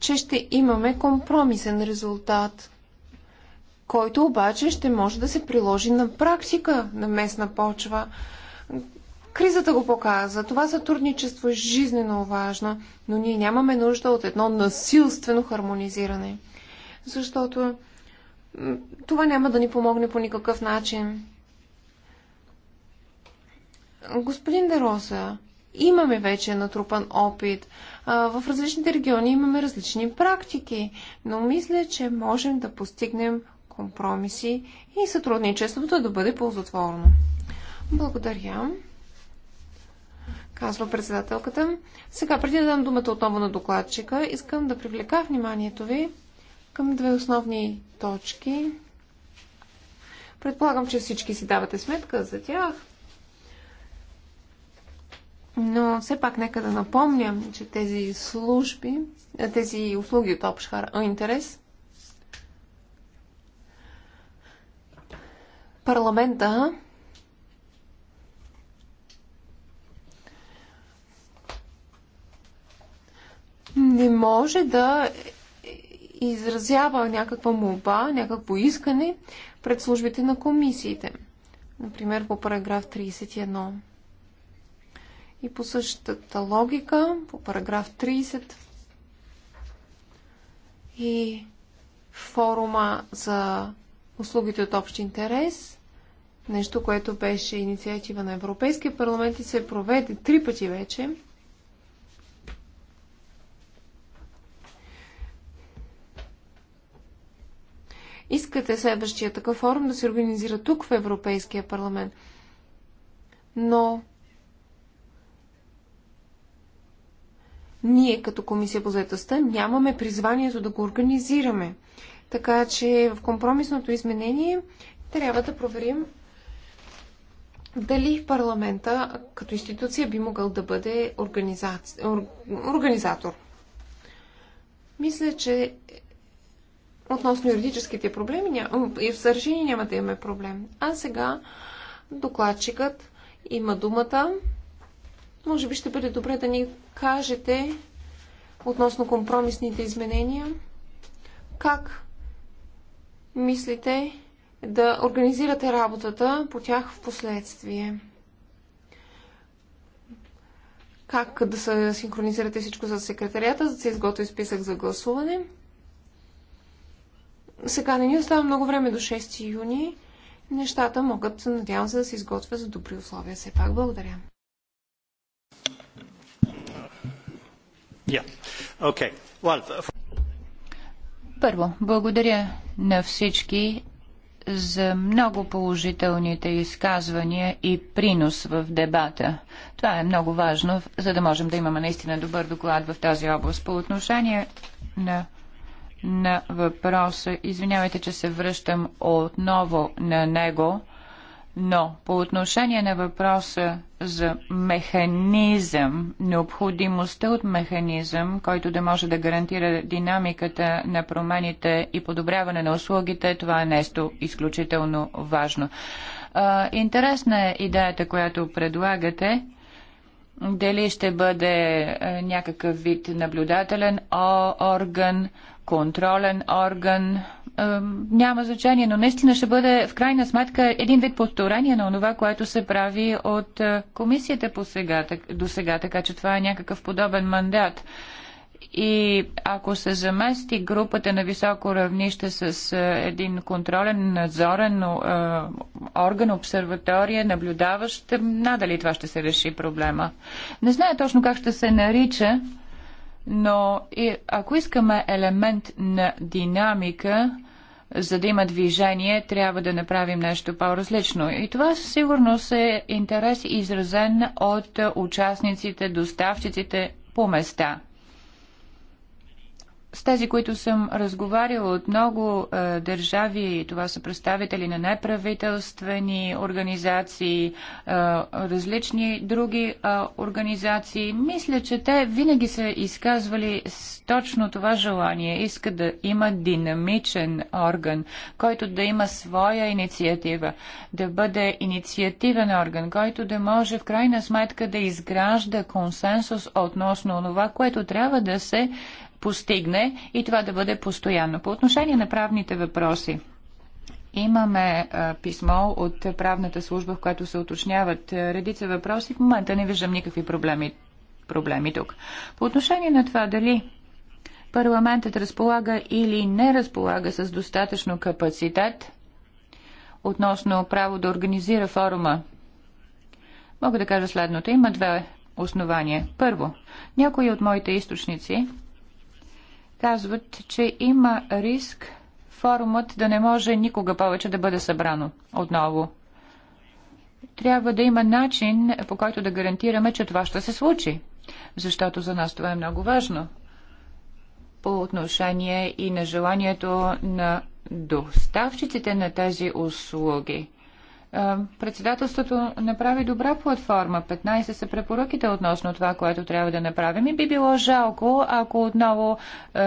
че ще имаме компромисен резултат, който обаче ще може да се приложи на практика на местна почва. Кризата го показа. Това сътрудничество е жизнено важно, но ние нямаме нужда от едно насилствено хармонизиране. Защото това няма да ни помогне по никакъв начин. Господин Дероса, Имаме вече натрупан опит. В различните региони имаме различни практики, но мисля, че можем да постигнем компромиси и сътрудничеството да бъде ползотворно. Благодаря. Казва председателката. Сега, преди да дам думата отново на докладчика, искам да привлека вниманието ви към две основни точки. Предполагам, че всички си давате сметка за тях. Но все пак нека да напомням, че тези служби, е, тези услуги от общ интерес, парламента не може да изразява някаква молба, някакво искане пред службите на комисиите. Например, по параграф 31. И по същата логика, по параграф 30 и форума за услугите от общ интерес, нещо, което беше инициатива на Европейския парламент и се проведе три пъти вече. Искате следващия такъв форум да се организира тук в Европейския парламент. Но ние като комисия по заедостта нямаме призванието да го организираме. Така че в компромисното изменение трябва да проверим дали парламента като институция би могъл да бъде организа... организатор. Мисля, че относно юридическите проблеми ня... и в решение няма да имаме проблем. А сега докладчикът има думата. Може би ще бъде добре да ни кажете относно компромисните изменения как мислите да организирате работата по тях в последствие. Как да се синхронизирате всичко с секретарията, за да се изготви списък за гласуване. Сега не ни остава много време до 6 юни. Нещата могат, надявам се, да се изготвят за добри условия. Все пак благодаря. Uh, Първо, благодаря на всички за много положителните изказвания и принос в дебата. Това е много важно, за да можем да имаме наистина добър доклад в тази област. По отношение на, на въпроса, извинявайте, че се връщам отново на него – но по отношение на въпроса за механизъм, необходимостта от механизъм, който да може да гарантира динамиката на промените и подобряване на услугите, това е нещо изключително важно. Интересна е идеята, която предлагате. Дали ще бъде някакъв вид наблюдателен орган, контролен орган, няма значение, но наистина ще бъде в крайна сметка един вид повторение на това, което се прави от комисията по сега, до сега, така че това е някакъв подобен мандат. И ако се замести групата на високо равнище с един контролен, надзорен орган, обсерватория, наблюдаващ, надали това ще се реши проблема. Не зная точно как ще се нарича, но и ако искаме елемент на динамика, за да има движение, трябва да направим нещо по-различно. И това със сигурност е интерес изразен от участниците, доставчиците по места. С тези, които съм разговаряла от много е, държави, това са представители на неправителствени организации, е, различни други е, организации, мисля, че те винаги са изказвали с точно това желание. Искат да има динамичен орган, който да има своя инициатива, да бъде инициативен орган, който да може в крайна сметка да изгражда консенсус относно това, което трябва да се е, постигне и това да бъде постоянно. По отношение на правните въпроси. Имаме а, писмо от правната служба, в което се уточняват редица въпроси. В момента не виждам никакви проблеми, проблеми тук. По отношение на това дали парламентът разполага или не разполага с достатъчно капацитет относно право да организира форума, мога да кажа следното. Има две основания. Първо, някои от моите източници казват, че има риск форумът да не може никога повече да бъде събрано отново. Трябва да има начин, по който да гарантираме, че това ще се случи, защото за нас това е много важно по отношение и на желанието на доставчиците на тези услуги председателството направи добра платформа. 15 са препоръките относно това, което трябва да направим и би било жалко, ако отново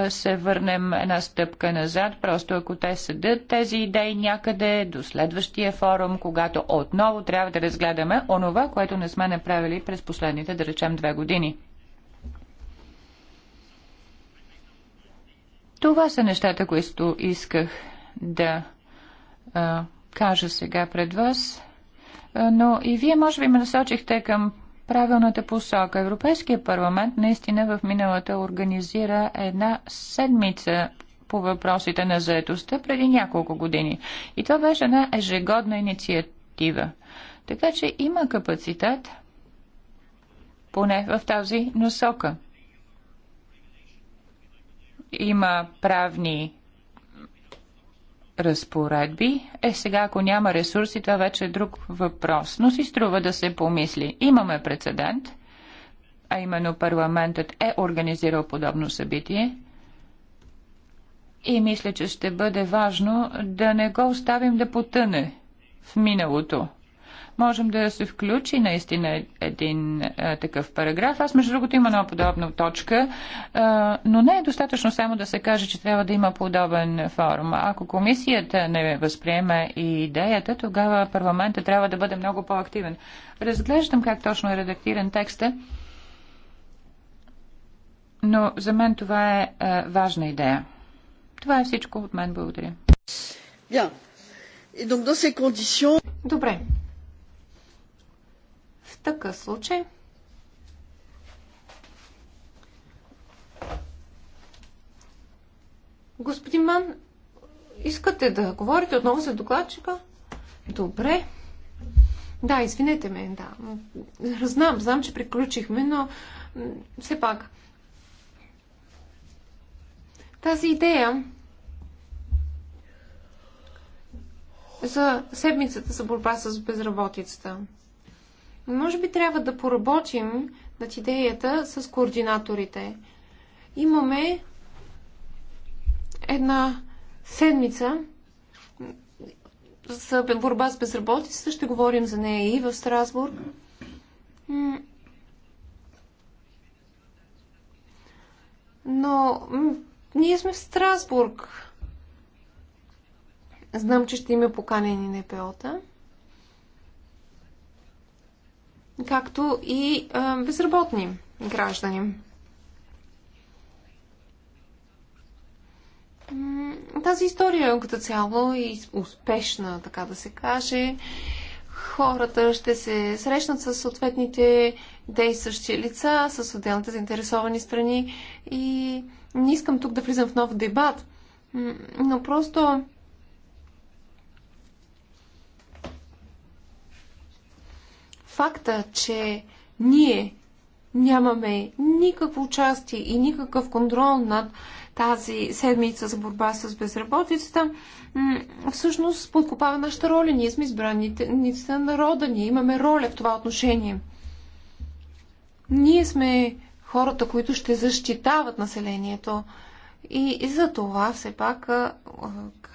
се върнем една стъпка назад, просто ако те съдат тези идеи някъде до следващия форум, когато отново трябва да разгледаме онова, което не сме направили през последните, да речем, две години. Това са нещата, които исках да кажа сега пред вас, но и вие може би ме насочихте към правилната посока. Европейския парламент наистина в миналата организира една седмица по въпросите на заетостта преди няколко години. И това беше една ежегодна инициатива. Така че има капацитет, поне в тази насока. Има правни разпоредби. Е, сега ако няма ресурси, това вече е друг въпрос, но си струва да се помисли. Имаме прецедент, а именно парламентът е организирал подобно събитие и мисля, че ще бъде важно да не го оставим да потъне в миналото можем да се включи наистина един а, е, такъв параграф. Аз, между другото, имам една подобна точка, а, е, но не е достатъчно само да се каже, че трябва да има подобен форум. Ако комисията не възприеме и идеята, тогава парламента трябва да бъде много по-активен. Разглеждам как точно е редактиран текста, но за мен това е а, е, важна идея. Това е всичко от мен. Благодаря. Добре. В такъв случай Господин Ман, искате да говорите отново за докладчика? Добре. Да, извинете ме, да. Знам, знам, че приключихме, но все пак. Тази идея за седмицата за борба с безработицата. Може би трябва да поработим над идеята с координаторите. Имаме една седмица за борба с безработицата. Ще говорим за нея и в Страсбург. Но ние сме в Страсбург. Знам, че ще има поканени НПО-та. както и безработни граждани. Тази история като цяло е успешна, така да се каже. Хората ще се срещнат с съответните действащи лица, с отделните заинтересовани страни и не искам тук да влизам в нов дебат, но просто факта, че ние нямаме никакво участие и никакъв контрол над тази седмица за борба с безработицата, всъщност подкопава нашата роля. Ние сме избраниците на народа, ние имаме роля в това отношение. Ние сме хората, които ще защитават населението. И, и за това все пак а,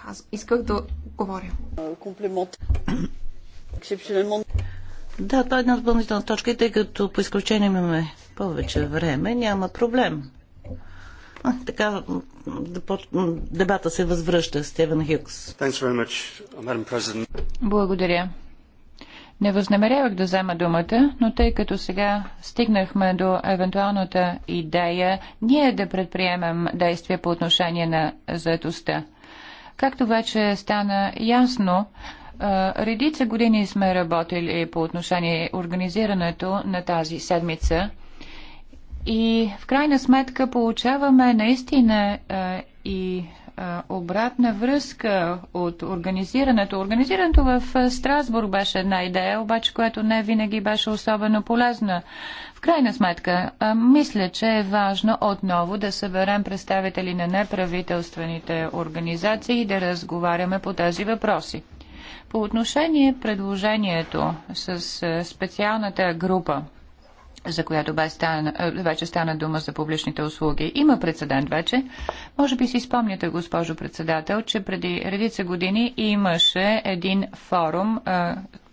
аз исках да говоря. Комплимент. Да, това е една допълнителна точка и тъй като по изключение имаме повече време, няма проблем. А, така дебата се възвръща. Стевен Хюкс. Благодаря. Не възнамерявах да взема думата, но тъй като сега стигнахме до евентуалната идея ние да предприемем действия по отношение на заедостта. Както вече стана ясно, Редица години сме работили по отношение организирането на тази седмица и в крайна сметка получаваме наистина и обратна връзка от организирането. Организирането в Страсбург беше една идея, обаче което не винаги беше особено полезна. В крайна сметка, мисля, че е важно отново да съберем представители на неправителствените организации и да разговаряме по тези въпроси. По отношение предложението с е, специалната група, за която е, вече стана дума за публичните услуги. Има прецедент вече. Може би си спомняте, госпожо председател, че преди редица години имаше един форум, е,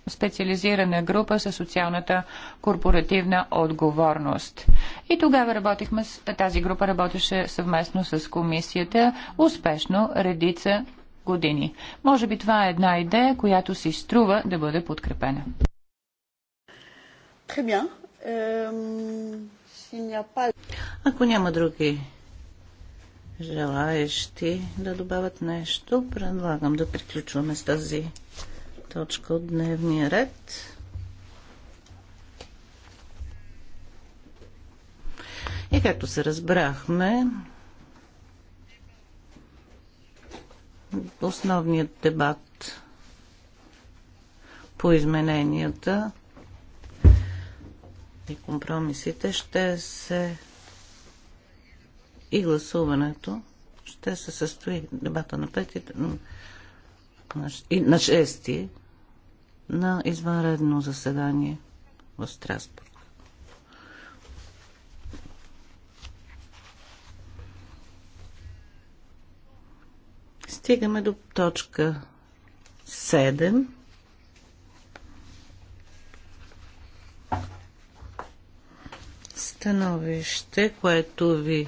специализирана група със социалната корпоративна отговорност. И тогава работихме, тази група работеше съвместно с комисията, успешно редица години. Може би това е една идея, която си струва да бъде подкрепена. Ако няма други желаещи да добавят нещо, предлагам да приключваме с тази точка от дневния ред. И както се разбрахме, основният дебат по измененията и компромисите ще се и гласуването ще се състои дебата на пети и на 6 на извънредно заседание в Страсбург. Стигаме до точка 7. Становище, което ви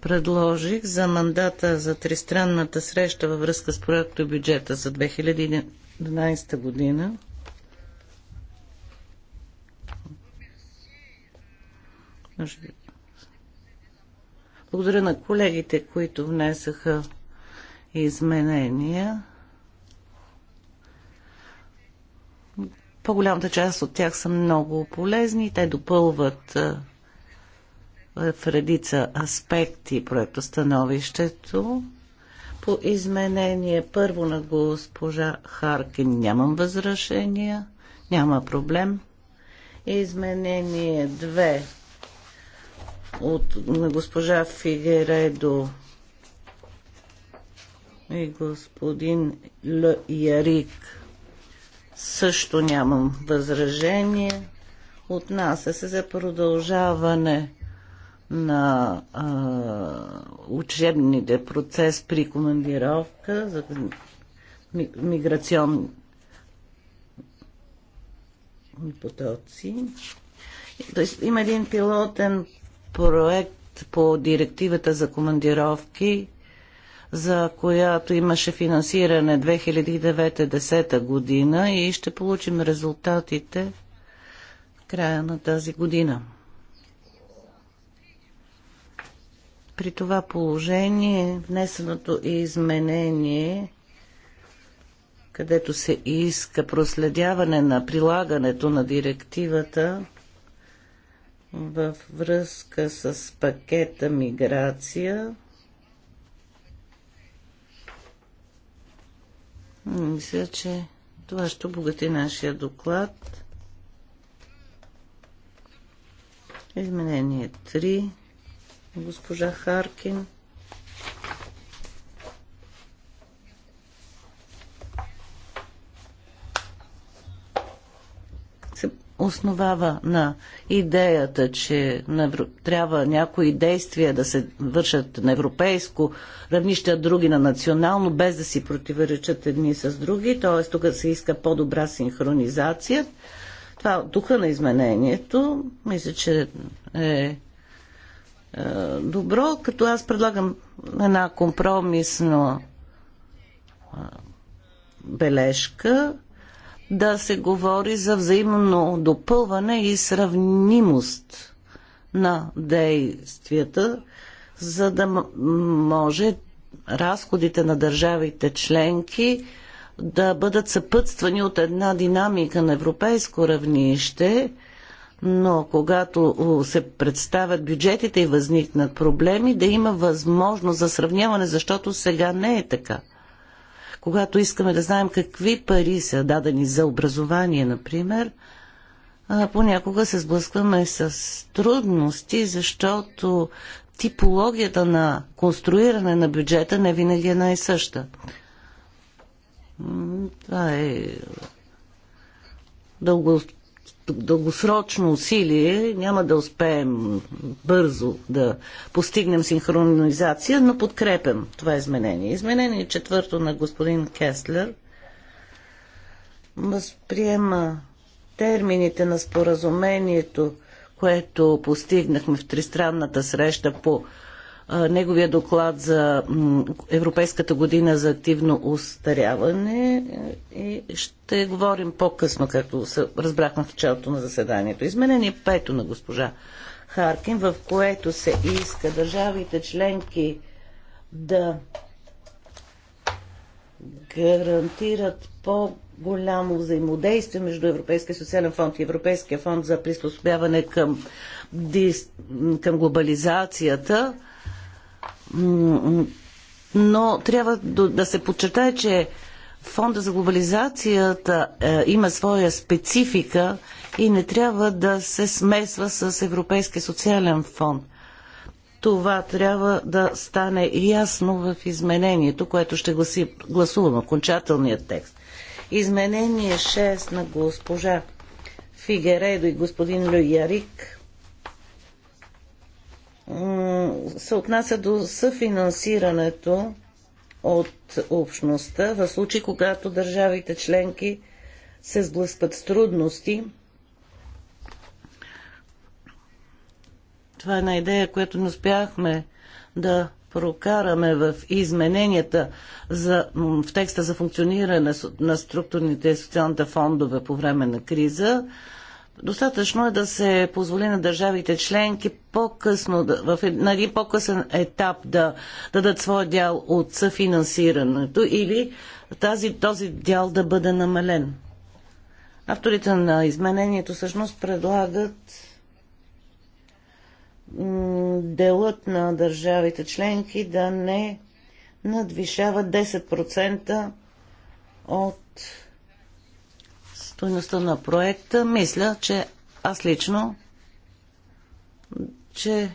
предложих за мандата за тристранната среща във връзка с проекто бюджета за 2011 година. Може би благодаря на колегите, които внесаха изменения. По-голямата част от тях са много полезни. Те допълват в редица аспекти становището. По изменение първо на госпожа Харкин нямам възражения, няма проблем. Изменение две от, на госпожа Фигередо и господин Л. Ярик. Също нямам възражение. Отнася се за продължаване на а, учебните процес при командировка за миграционни потоци. Тоест, има един пилотен проект по директивата за командировки, за която имаше финансиране 2009 2010 година и ще получим резултатите в края на тази година. При това положение, внесеното изменение където се иска проследяване на прилагането на директивата, във връзка с пакета миграция. Мисля, че това ще обогати нашия доклад. Изменение 3. Госпожа Харкин. основава на идеята, че трябва някои действия да се вършат на европейско равнище, а други на национално, без да си противоречат едни с други. Т.е. тук се иска по-добра синхронизация. Това е духа на изменението, мисля, че е, е добро, като аз предлагам една компромисна бележка, да се говори за взаимно допълване и сравнимост на действията, за да може разходите на държавите членки да бъдат съпътствани от една динамика на европейско равнище, но когато се представят бюджетите и възникнат проблеми, да има възможност за сравняване, защото сега не е така когато искаме да знаем какви пари са дадени за образование, например, понякога се сблъскваме с трудности, защото типологията на конструиране на бюджета не винаги е най-съща. Това е дълго дългосрочно усилие няма да успеем бързо да постигнем синхронизация, но подкрепям това изменение. Изменение четвърто на господин Кеслер възприема термините на споразумението, което постигнахме в тристранната среща по неговия доклад за Европейската година за активно устаряване е, и ще говорим по-късно, както разбрах в началото на заседанието. Изменение пето на госпожа Харкин, в което се иска държавите членки да гарантират по-голямо взаимодействие между Европейския социален фонд и Европейския фонд за приспособяване към, към глобализацията но трябва да се подчертае, че Фонда за глобализацията е, има своя специфика и не трябва да се смесва с Европейския социален фонд. Това трябва да стане ясно в изменението, което ще гласи, гласувам, окончателният текст. Изменение 6 на госпожа Фигередо и господин Люярик се отнася до съфинансирането от общността в случай, когато държавите членки се сблъскват с трудности. Това е една идея, която не успяхме да прокараме в измененията за, в текста за функциониране на структурните и социалните фондове по време на криза. Достатъчно е да се позволи на държавите членки по-късно, на един нали, по-късен етап да дадат своя дял от съфинансирането или тази, този дял да бъде намален. Авторите на изменението всъщност предлагат делът на държавите членки да не надвишава 10% от стоеността на проекта, мисля, че аз лично, че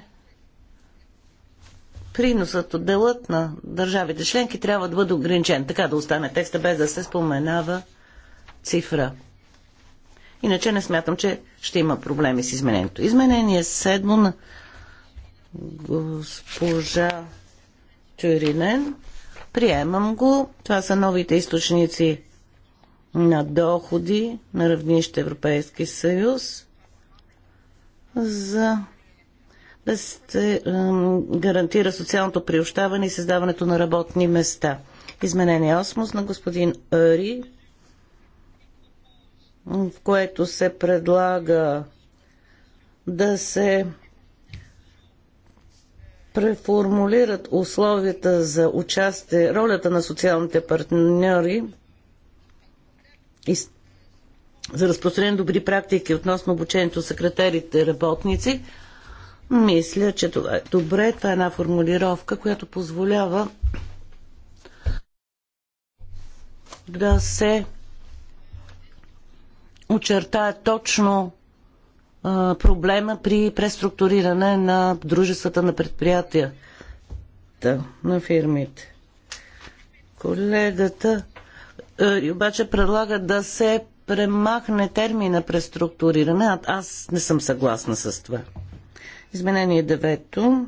приносът от делът на държавите членки трябва да бъде ограничен. Така да остане текста, без да се споменава цифра. Иначе не смятам, че ще има проблеми с изменението. Изменение седмо на госпожа Тюринен. Приемам го. Това са новите източници на доходи на равнище Европейски съюз, за да се гарантира социалното приощаване и създаването на работни места. Изменение 8 на господин Ари, в което се предлага да се преформулират условията за участие, ролята на социалните партньори за разпространение добри практики относно обучението секретарите работници, мисля, че това е добре. Това е една формулировка, която позволява да се очертая точно а, проблема при преструктуриране на дружествата на предприятията на фирмите. Колегата е, обаче предлага да се премахне термина преструктуриране. А аз не съм съгласна с това. Изменение девето.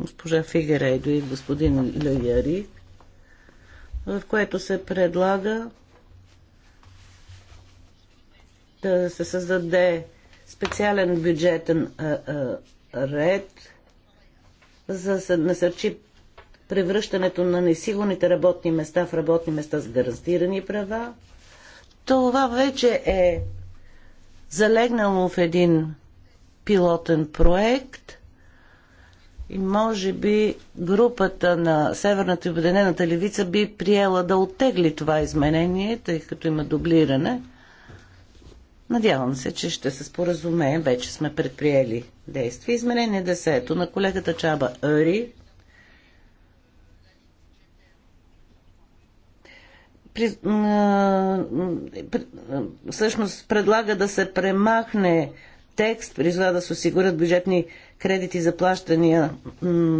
Госпожа Фигерейдо и господин Леяри, в което се предлага да се създаде специален бюджетен а, е, а, е, ред, за да се насърчи превръщането на несигурните работни места в работни места с гарантирани права. Това вече е залегнало в един пилотен проект и може би групата на Северната и Обединената левица би приела да оттегли това изменение, тъй като има дублиране. Надявам се, че ще се споразумеем. Вече сме предприели действия. Изменение 10 на колегата Чаба Ари. при, всъщност предлага да се премахне текст, призва да се осигурят бюджетни кредити за плащания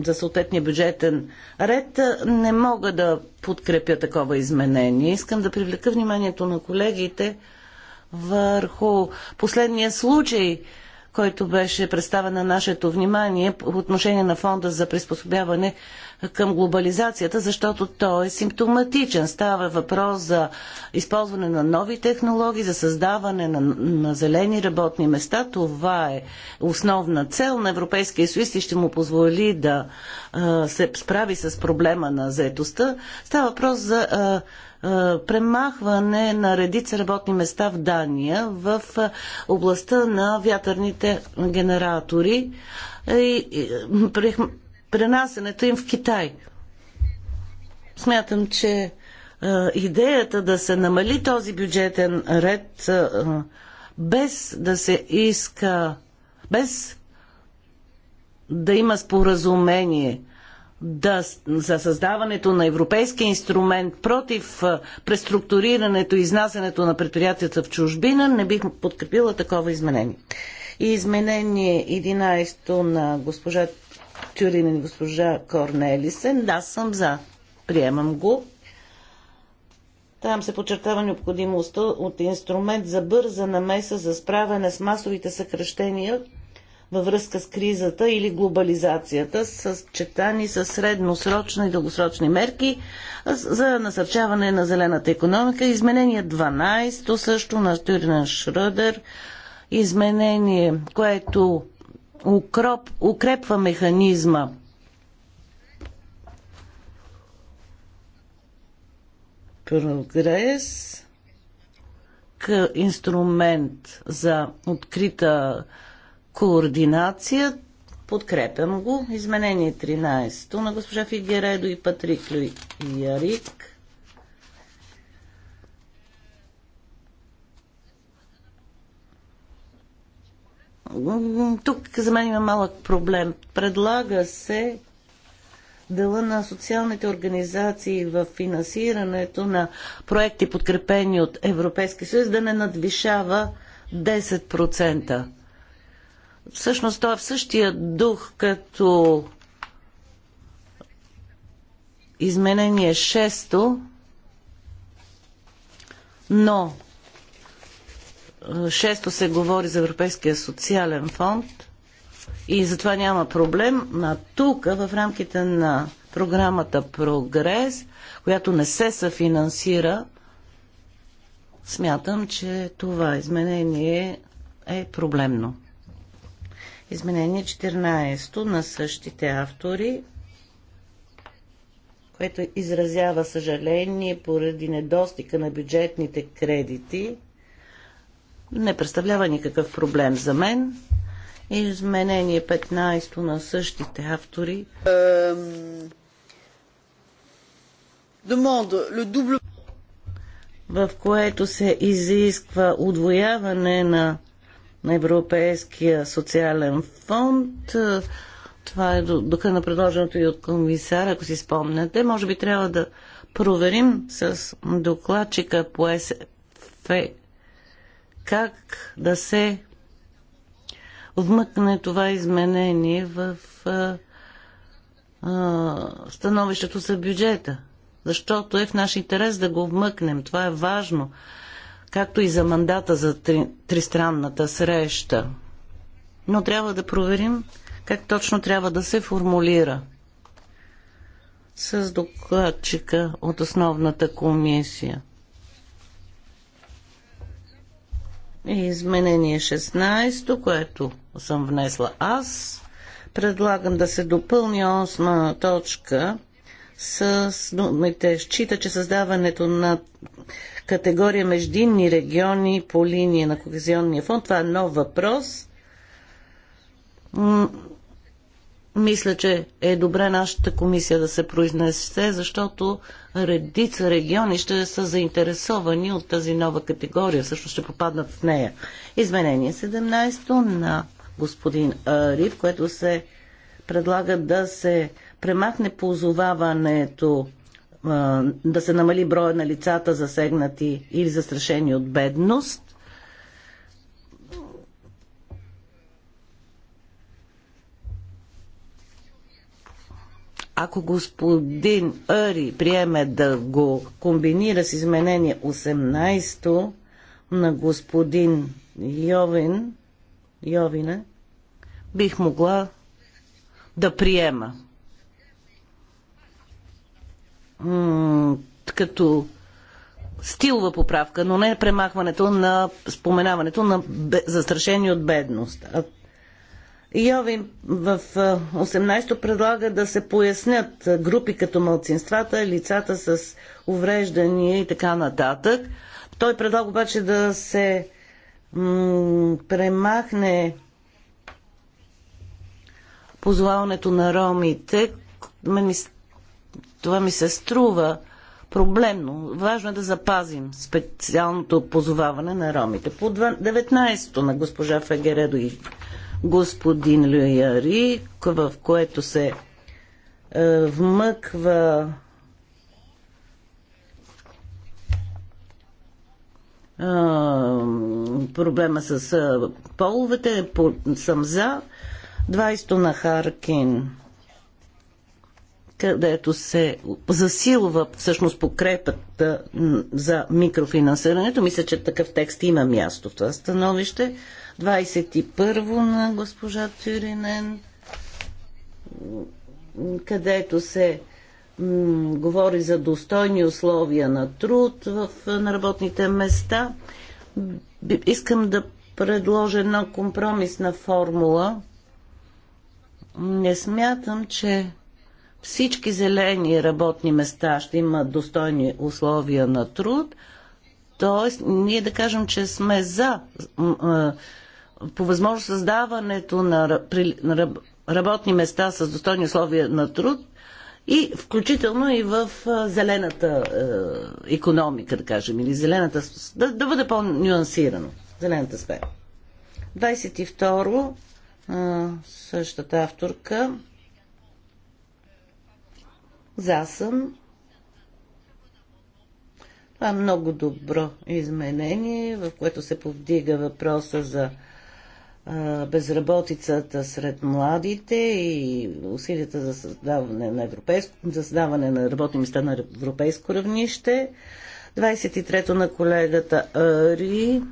за съответния бюджетен ред, не мога да подкрепя такова изменение. Искам да привлека вниманието на колегите върху последния случай, който беше представен на нашето внимание по отношение на фонда за приспособяване към глобализацията, защото той е симптоматичен. Става въпрос за използване на нови технологии, за създаване на, на зелени работни места. Това е основна цел на Европейския съюз и ще му позволи да а, се справи с проблема на заетостта. Става въпрос за а, премахване на редица работни места в Дания в областта на вятърните генератори. И, и, пренасенето им в Китай. Смятам, че е, идеята да се намали този бюджетен ред е, без да се иска, без да има споразумение да, за създаването на европейски инструмент против е, преструктурирането и изнасянето на предприятията в чужбина, не бих подкрепила такова изменение. И изменение 11 на госпожа Тюрин и госпожа Корнелисен. Да, съм за. Приемам го. Там се подчертава необходимостта от инструмент за бърза намеса за справяне с масовите съкръщения във връзка с кризата или глобализацията, съчетани с средносрочни и дългосрочни мерки за насърчаване на зелената економика. Изменение 12 също на Тюрин Шрудер. Изменение, което укроп, укрепва механизма. Прогрес к инструмент за открита координация. Подкрепям го. Изменение 13 на госпожа Фигередо и Патрик Ярик. Тук за мен има малък проблем. Предлага се дела на социалните организации в финансирането на проекти, подкрепени от Европейския съюз, да не надвишава 10%. Всъщност той е в същия дух като изменение 6, но Шесто се говори за Европейския социален фонд и затова няма проблем. На тук, в рамките на програмата Прогрес, която не се съфинансира, смятам, че това изменение е проблемно. Изменение 14 на същите автори, което изразява съжаление поради недостига на бюджетните кредити не представлява никакъв проблем за мен. Изменение 15 на същите автори. В което се изисква удвояване на на Европейския социален фонд. Това е духа на предложеното и от комисара, ако си спомняте. Може би трябва да проверим с докладчика по СФ как да се вмъкне това изменение в а, а, становището за бюджета. Защото е в наш интерес да го вмъкнем. Това е важно. Както и за мандата за три, тристранната среща. Но трябва да проверим как точно трябва да се формулира с докладчика от основната комисия. Изменение 16, което съм внесла аз. Предлагам да се допълни 8 точка с думите счита, че създаването на категория междинни региони по линия на Кохезионния фонд, това е нов въпрос мисля, че е добре нашата комисия да се произнесе, защото редица региони ще са заинтересовани от тази нова категория, също ще попаднат в нея. Изменение 17 на господин Рив, което се предлага да се премахне позоваването, да се намали броя на лицата засегнати или застрашени от бедност Ако господин Ари приеме да го комбинира с изменение 18 на господин Йовин, Йовина, бих могла да приема. М като стилва поправка, но не премахването на споменаването на застрашени от бедност. А Йови в 18-то предлага да се пояснят групи като мълцинствата, лицата с увреждания и така нататък. Той предлага обаче да се премахне позоваването на ромите. това ми се струва проблемно. Важно е да запазим специалното позоваване на ромите. По 19-то на госпожа Фегередо и господин Люяри, в което се е, вмъква е, проблема с е, половете, по, съм за. 20 на Харкин, където се засилва всъщност покрепата за микрофинансирането. Мисля, че такъв текст има място в това становище. 21 на госпожа Тюринен, където се говори за достойни условия на труд в, на работните места. Искам да предложа една компромисна формула. Не смятам, че всички зелени работни места ще имат достойни условия на труд. Тоест, ние да кажем, че сме за по възможност създаването на, на работни места с достойни условия на труд и включително и в зелената економика, да кажем, или зелената, да, да бъде по-нюансирано, зелената сфера. 22 а, същата авторка. За съм. Това е много добро изменение, в което се повдига въпроса за безработицата сред младите и усилията за създаване на, европейско, за създаване на работни места на европейско равнище. 23-то на колегата Ари.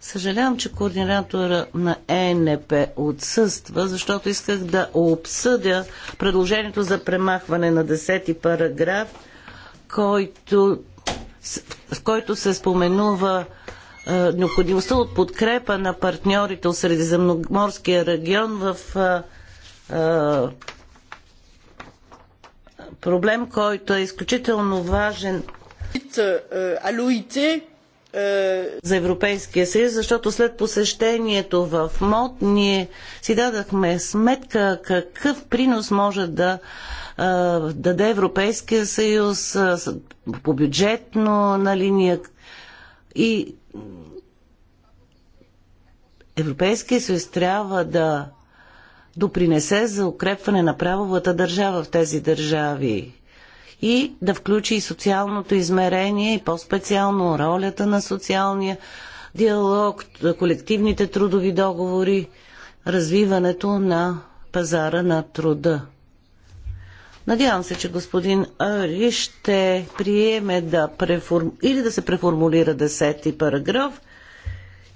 Съжалявам, че координатора на ЕНП отсъства, защото исках да обсъдя предложението за премахване на 10-ти параграф, който, в който се споменува е, необходимостта от подкрепа на партньорите от Средиземноморския регион в е, е, проблем, който е изключително важен за Европейския съюз, защото след посещението в МОД ние си дадахме сметка какъв принос може да даде Европейския съюз по бюджетно на линия и Европейския съюз трябва да допринесе за укрепване на правовата държава в тези държави и да включи и социалното измерение и по-специално ролята на социалния диалог, колективните трудови договори, развиването на пазара на труда. Надявам се, че господин Ари ще приеме да преформ... или да се преформулира 10 параграф,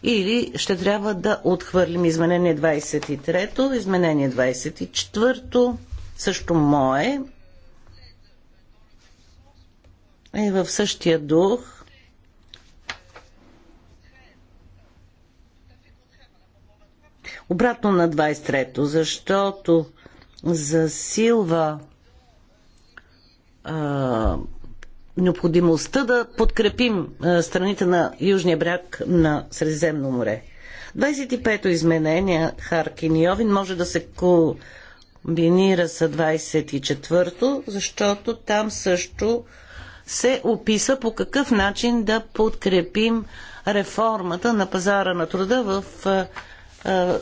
или ще трябва да отхвърлим изменение 23-то, изменение 24-то, също мое. и е в същия дух. Обратно на 23-то, защото засилва необходимостта да подкрепим страните на Южния бряг на Средиземно море. 25-то изменение Харкин и Овин може да се комбинира с 24-то, защото там също се описва по какъв начин да подкрепим реформата на пазара на труда в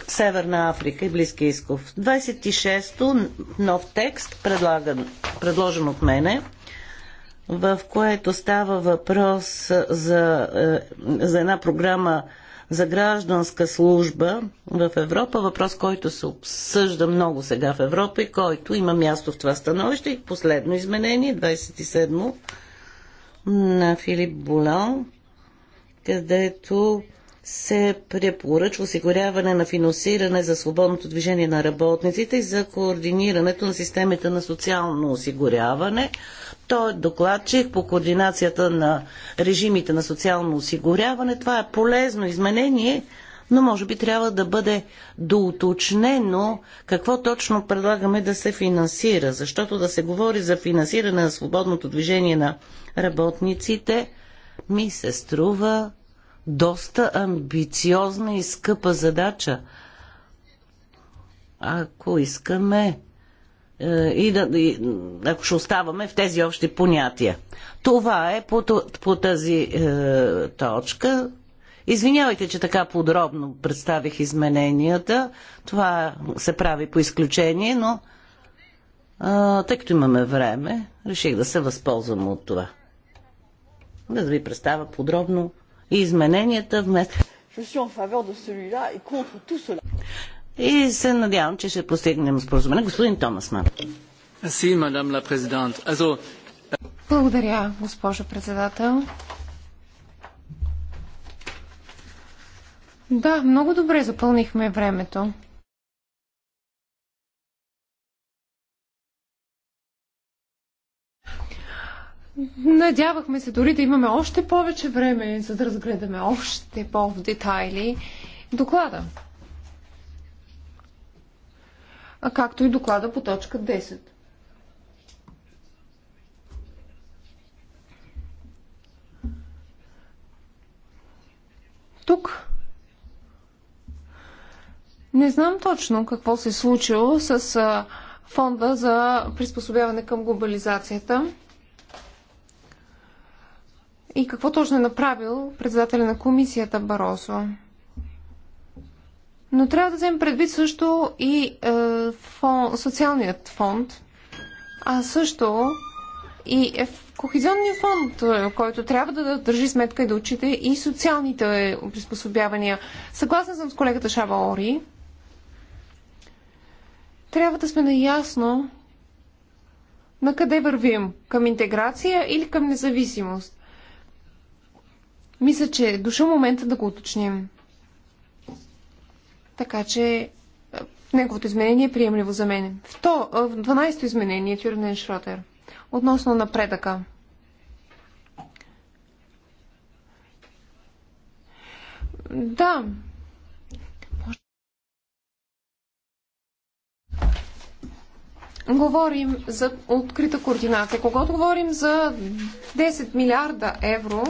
Северна Африка и Близки Исков. 26-то нов текст, предлаган, предложен от мене, в което става въпрос за, е, за една програма за гражданска служба в Европа, въпрос, който се обсъжда много сега в Европа и който има място в това становище. И последно изменение, 27-мо, на Филип Болан, където се препоръчва осигуряване на финансиране за свободното движение на работниците и за координирането на системите на социално осигуряване. Той е докладчик по координацията на режимите на социално осигуряване. Това е полезно изменение, но може би трябва да бъде доуточнено какво точно предлагаме да се финансира, защото да се говори за финансиране на свободното движение на работниците ми се струва доста амбициозна и скъпа задача. Ако искаме е, и да, и, ако ще оставаме в тези общи понятия. Това е по, по тази е, точка. Извинявайте, че така подробно представих измененията. Това се прави по изключение, но е, тъй като имаме време, реших да се възползвам от това. да ви представя подробно и измененията вместо. И се надявам, че ще постигнем споразумение. Господин Томас Ман. Благодаря, госпожо председател. Да, много добре запълнихме времето. Надявахме се дори да имаме още повече време, за да разгледаме още по-детайли доклада. А както и доклада по точка 10. Тук не знам точно какво се е случило с фонда за приспособяване към глобализацията. И какво точно е направил председателя на комисията Баросо? Но трябва да вземем предвид също и е, фон, социалният фонд, а също и е в кохезионния фонд, е, който трябва да държи сметка и да учите, и социалните е, приспособявания. Съгласна съм с колегата Шаба Ори. Трябва да сме наясно на къде вървим към интеграция или към независимост. Мисля, че е дошъл момента да го уточним. Така че е, неговото изменение е приемливо за мен. Е, в 12-то изменение, Тюрнен Шротер. Относно напредъка. Да. Говорим за открита координация. Когато говорим за 10 милиарда евро,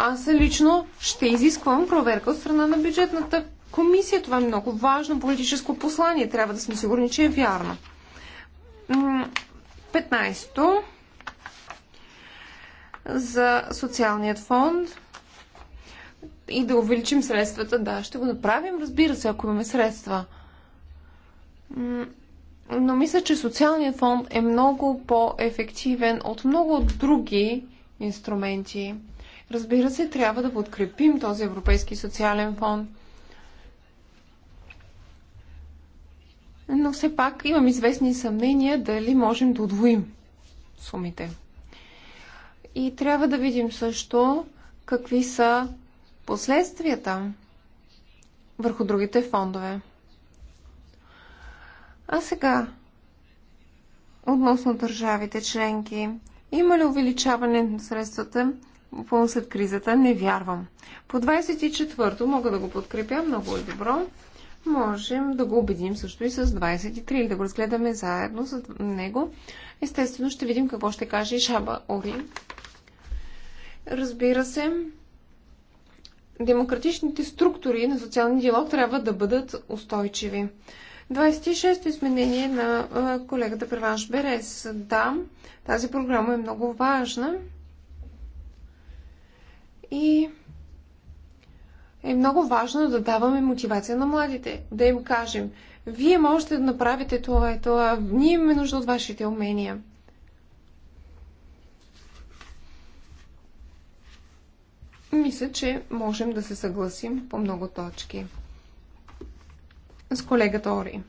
аз лично ще изисквам проверка от страна на бюджетната комисия. Това е много важно политическо послание. Трябва да сме сигурни, че е вярно. 15-то за социалният фонд и да увеличим средствата. Да, ще го направим, разбира се, ако имаме средства. Но мисля, че социалният фонд е много по-ефективен от много други инструменти. Разбира се, трябва да подкрепим този Европейски социален фонд. Но все пак имам известни съмнения дали можем да удвоим сумите. И трябва да видим също какви са последствията върху другите фондове. А сега, относно държавите членки, има ли увеличаване на средствата Пълно след кризата, не вярвам. По 24-то мога да го подкрепя, много е добро. Можем да го убедим също и с 23 или да го разгледаме заедно с него. Естествено ще видим какво ще каже и Шаба Ори. Разбира се, демократичните структури на социалния диалог трябва да бъдат устойчиви. 26-то изменение на колегата Преванш Берес. Да, тази програма е много важна и е много важно да даваме мотивация на младите, да им кажем, вие можете да направите това и това, ние имаме нужда от вашите умения. Мисля, че можем да се съгласим по много точки с колегата Ори.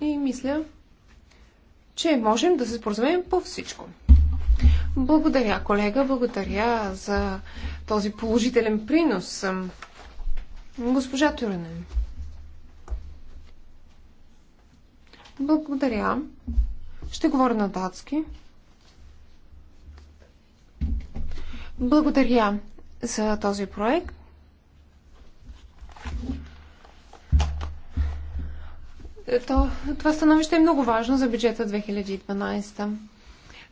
И мисля, че можем да се споразумеем по всичко. Благодаря, колега. Благодаря за този положителен принос. Госпожа Тюренен. Благодаря. Ще говоря на датски. Благодаря за този проект. това становище е много важно за бюджета 2012.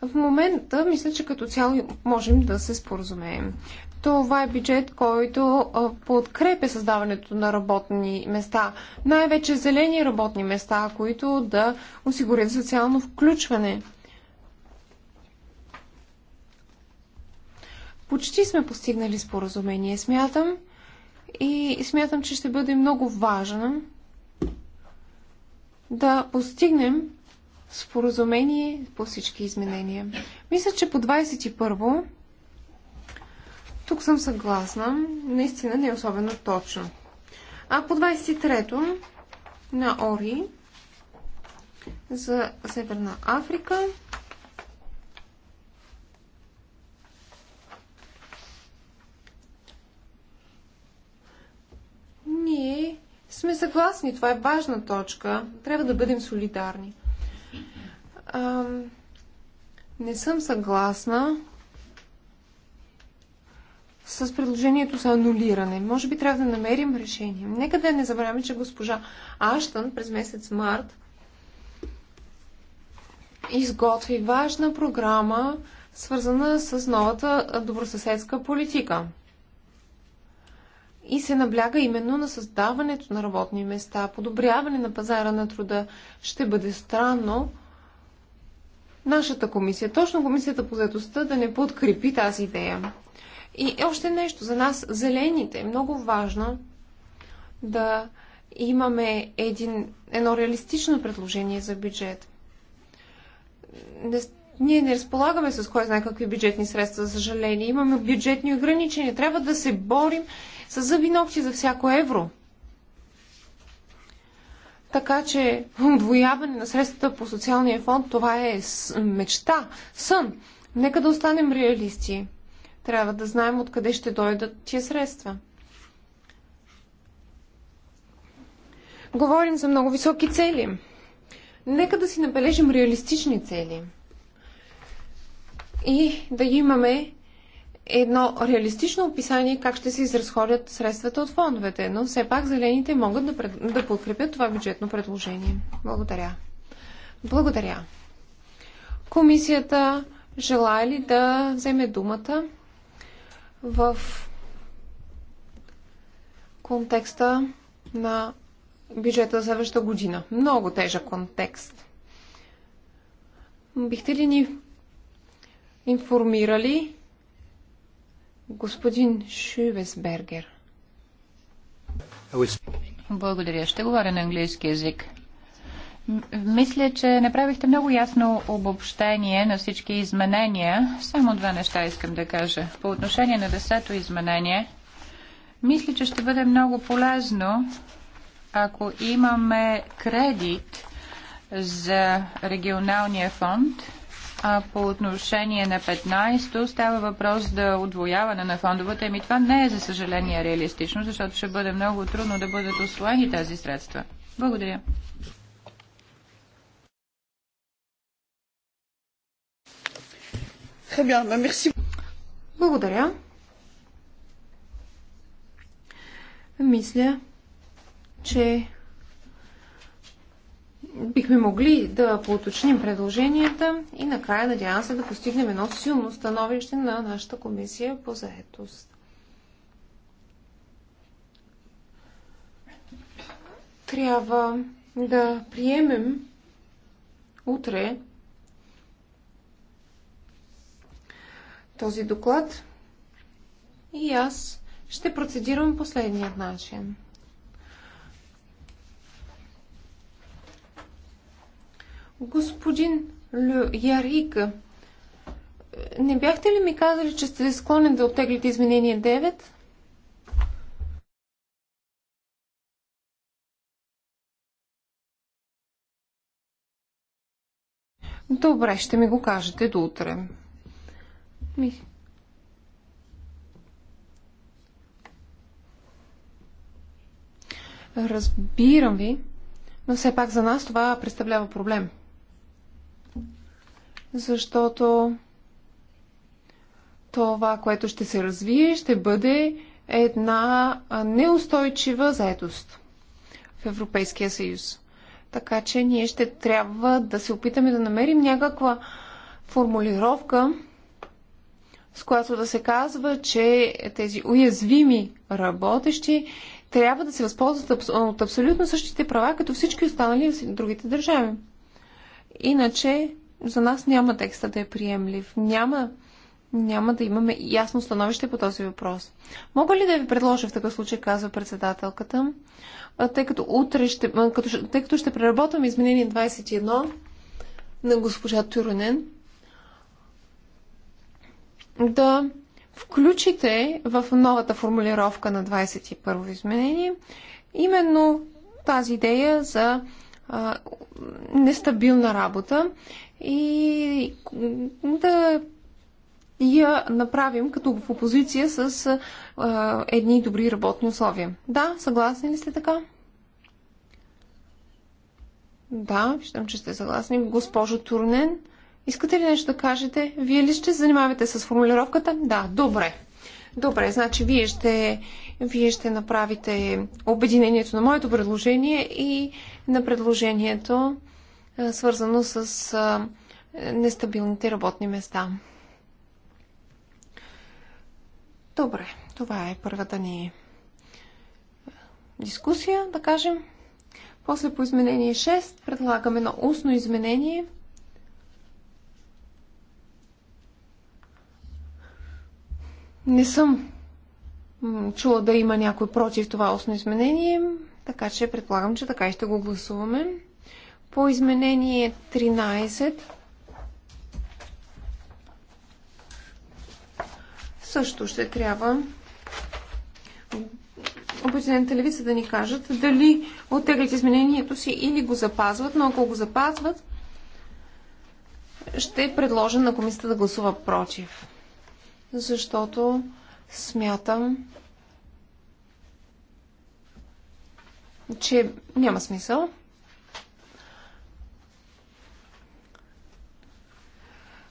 В момента мисля, че като цяло можем да се споразумеем. Това е бюджет, който подкрепя създаването на работни места, най-вече зелени работни места, които да осигурят социално включване. Почти сме постигнали споразумение, смятам. И смятам, че ще бъде много важно да постигнем споразумение по всички изменения. Мисля, че по 21 во тук съм съгласна. Наистина не е особено точно. А по 23-то на Ори за Северна Африка ние сме съгласни. Това е важна точка. Трябва да бъдем солидарни. А, не съм съгласна с предложението за анулиране. Може би трябва да намерим решение. Нека да не забравяме, че госпожа Аштън през месец март изготви важна програма, свързана с новата добросъседска политика. И се набляга именно на създаването на работни места, подобряване на пазара на труда. Ще бъде странно, нашата комисия, точно комисията по заедостта, да не подкрепи тази идея. И още нещо за нас, зелените, е много важно да имаме един, едно реалистично предложение за бюджет. Не, ние не разполагаме с кой знае какви бюджетни средства, за съжаление. Имаме бюджетни ограничения. Трябва да се борим с зъби ногти за всяко евро. Така че отвояване на средствата по социалния фонд, това е мечта, сън. Нека да останем реалисти. Трябва да знаем откъде ще дойдат тия средства. Говорим за много високи цели. Нека да си набележим реалистични цели. И да имаме едно реалистично описание как ще се изразходят средствата от фондовете, но все пак зелените могат да, пред... да подкрепят това бюджетно предложение. Благодаря. Благодаря. Комисията желая ли да вземе думата в контекста на бюджета за следващата година? Много тежък контекст. Бихте ли ни информирали Господин Шювесбергер. Благодаря. Ще говоря на английски язик. Мисля, че направихте много ясно обобщение на всички изменения. Само две неща искам да кажа. По отношение на десето изменение, мисля, че ще бъде много полезно, ако имаме кредит за регионалния фонд – а по отношение на 15-то става въпрос да отвояване на фондовете. ми това не е, за съжаление, реалистично, защото ще бъде много трудно да бъдат освоени тези средства. Благодаря. Благодаря. Мисля, че бихме могли да поуточним предложенията и накрая надявам се да постигнем едно силно становище на нашата комисия по заетост. Трябва да приемем утре този доклад и аз ще процедирам последният начин. Господин Лю Ярика, не бяхте ли ми казали, че сте склонен да оттеглите изменение 9? Добре, ще ми го кажете до утре. Ми... Разбирам ви, но все пак за нас това представлява проблем защото това, което ще се развие, ще бъде една неустойчива заедост в Европейския съюз. Така че ние ще трябва да се опитаме да намерим някаква формулировка, с която да се казва, че тези уязвими работещи трябва да се възползват от абсолютно същите права, като всички останали в другите държави. Иначе за нас няма текста да е приемлив. Няма, няма да имаме ясно становище по този въпрос. Мога ли да ви предложа в такъв случай, казва председателката, тъй като, утре ще, като, тъй като ще преработвам изменение 21 на госпожа Тюронен. да включите в новата формулировка на 21 во изменение именно тази идея за а, нестабилна работа и да я направим като в опозиция с а, едни добри работни условия. Да, съгласни ли сте така? Да, виждам, че сте съгласни. Госпожо Турнен, искате ли нещо да кажете? Вие ли ще се занимавате с формулировката? Да, добре. Добре, значи вие ще, вие ще направите обединението на моето предложение и на предложението е, свързано с нестабилните работни места. Добре, това е първата ни е, дискусия, да кажем. После по изменение 6 предлагаме на устно изменение. Не съм чула да има някой против това устно изменение, така че предполагам, че така и ще го гласуваме. По изменение 13 също ще трябва Обединената левица да ни кажат дали оттеглят изменението си или го запазват, но ако го запазват, ще предложа на комисията да гласува против. Защото смятам, че няма смисъл.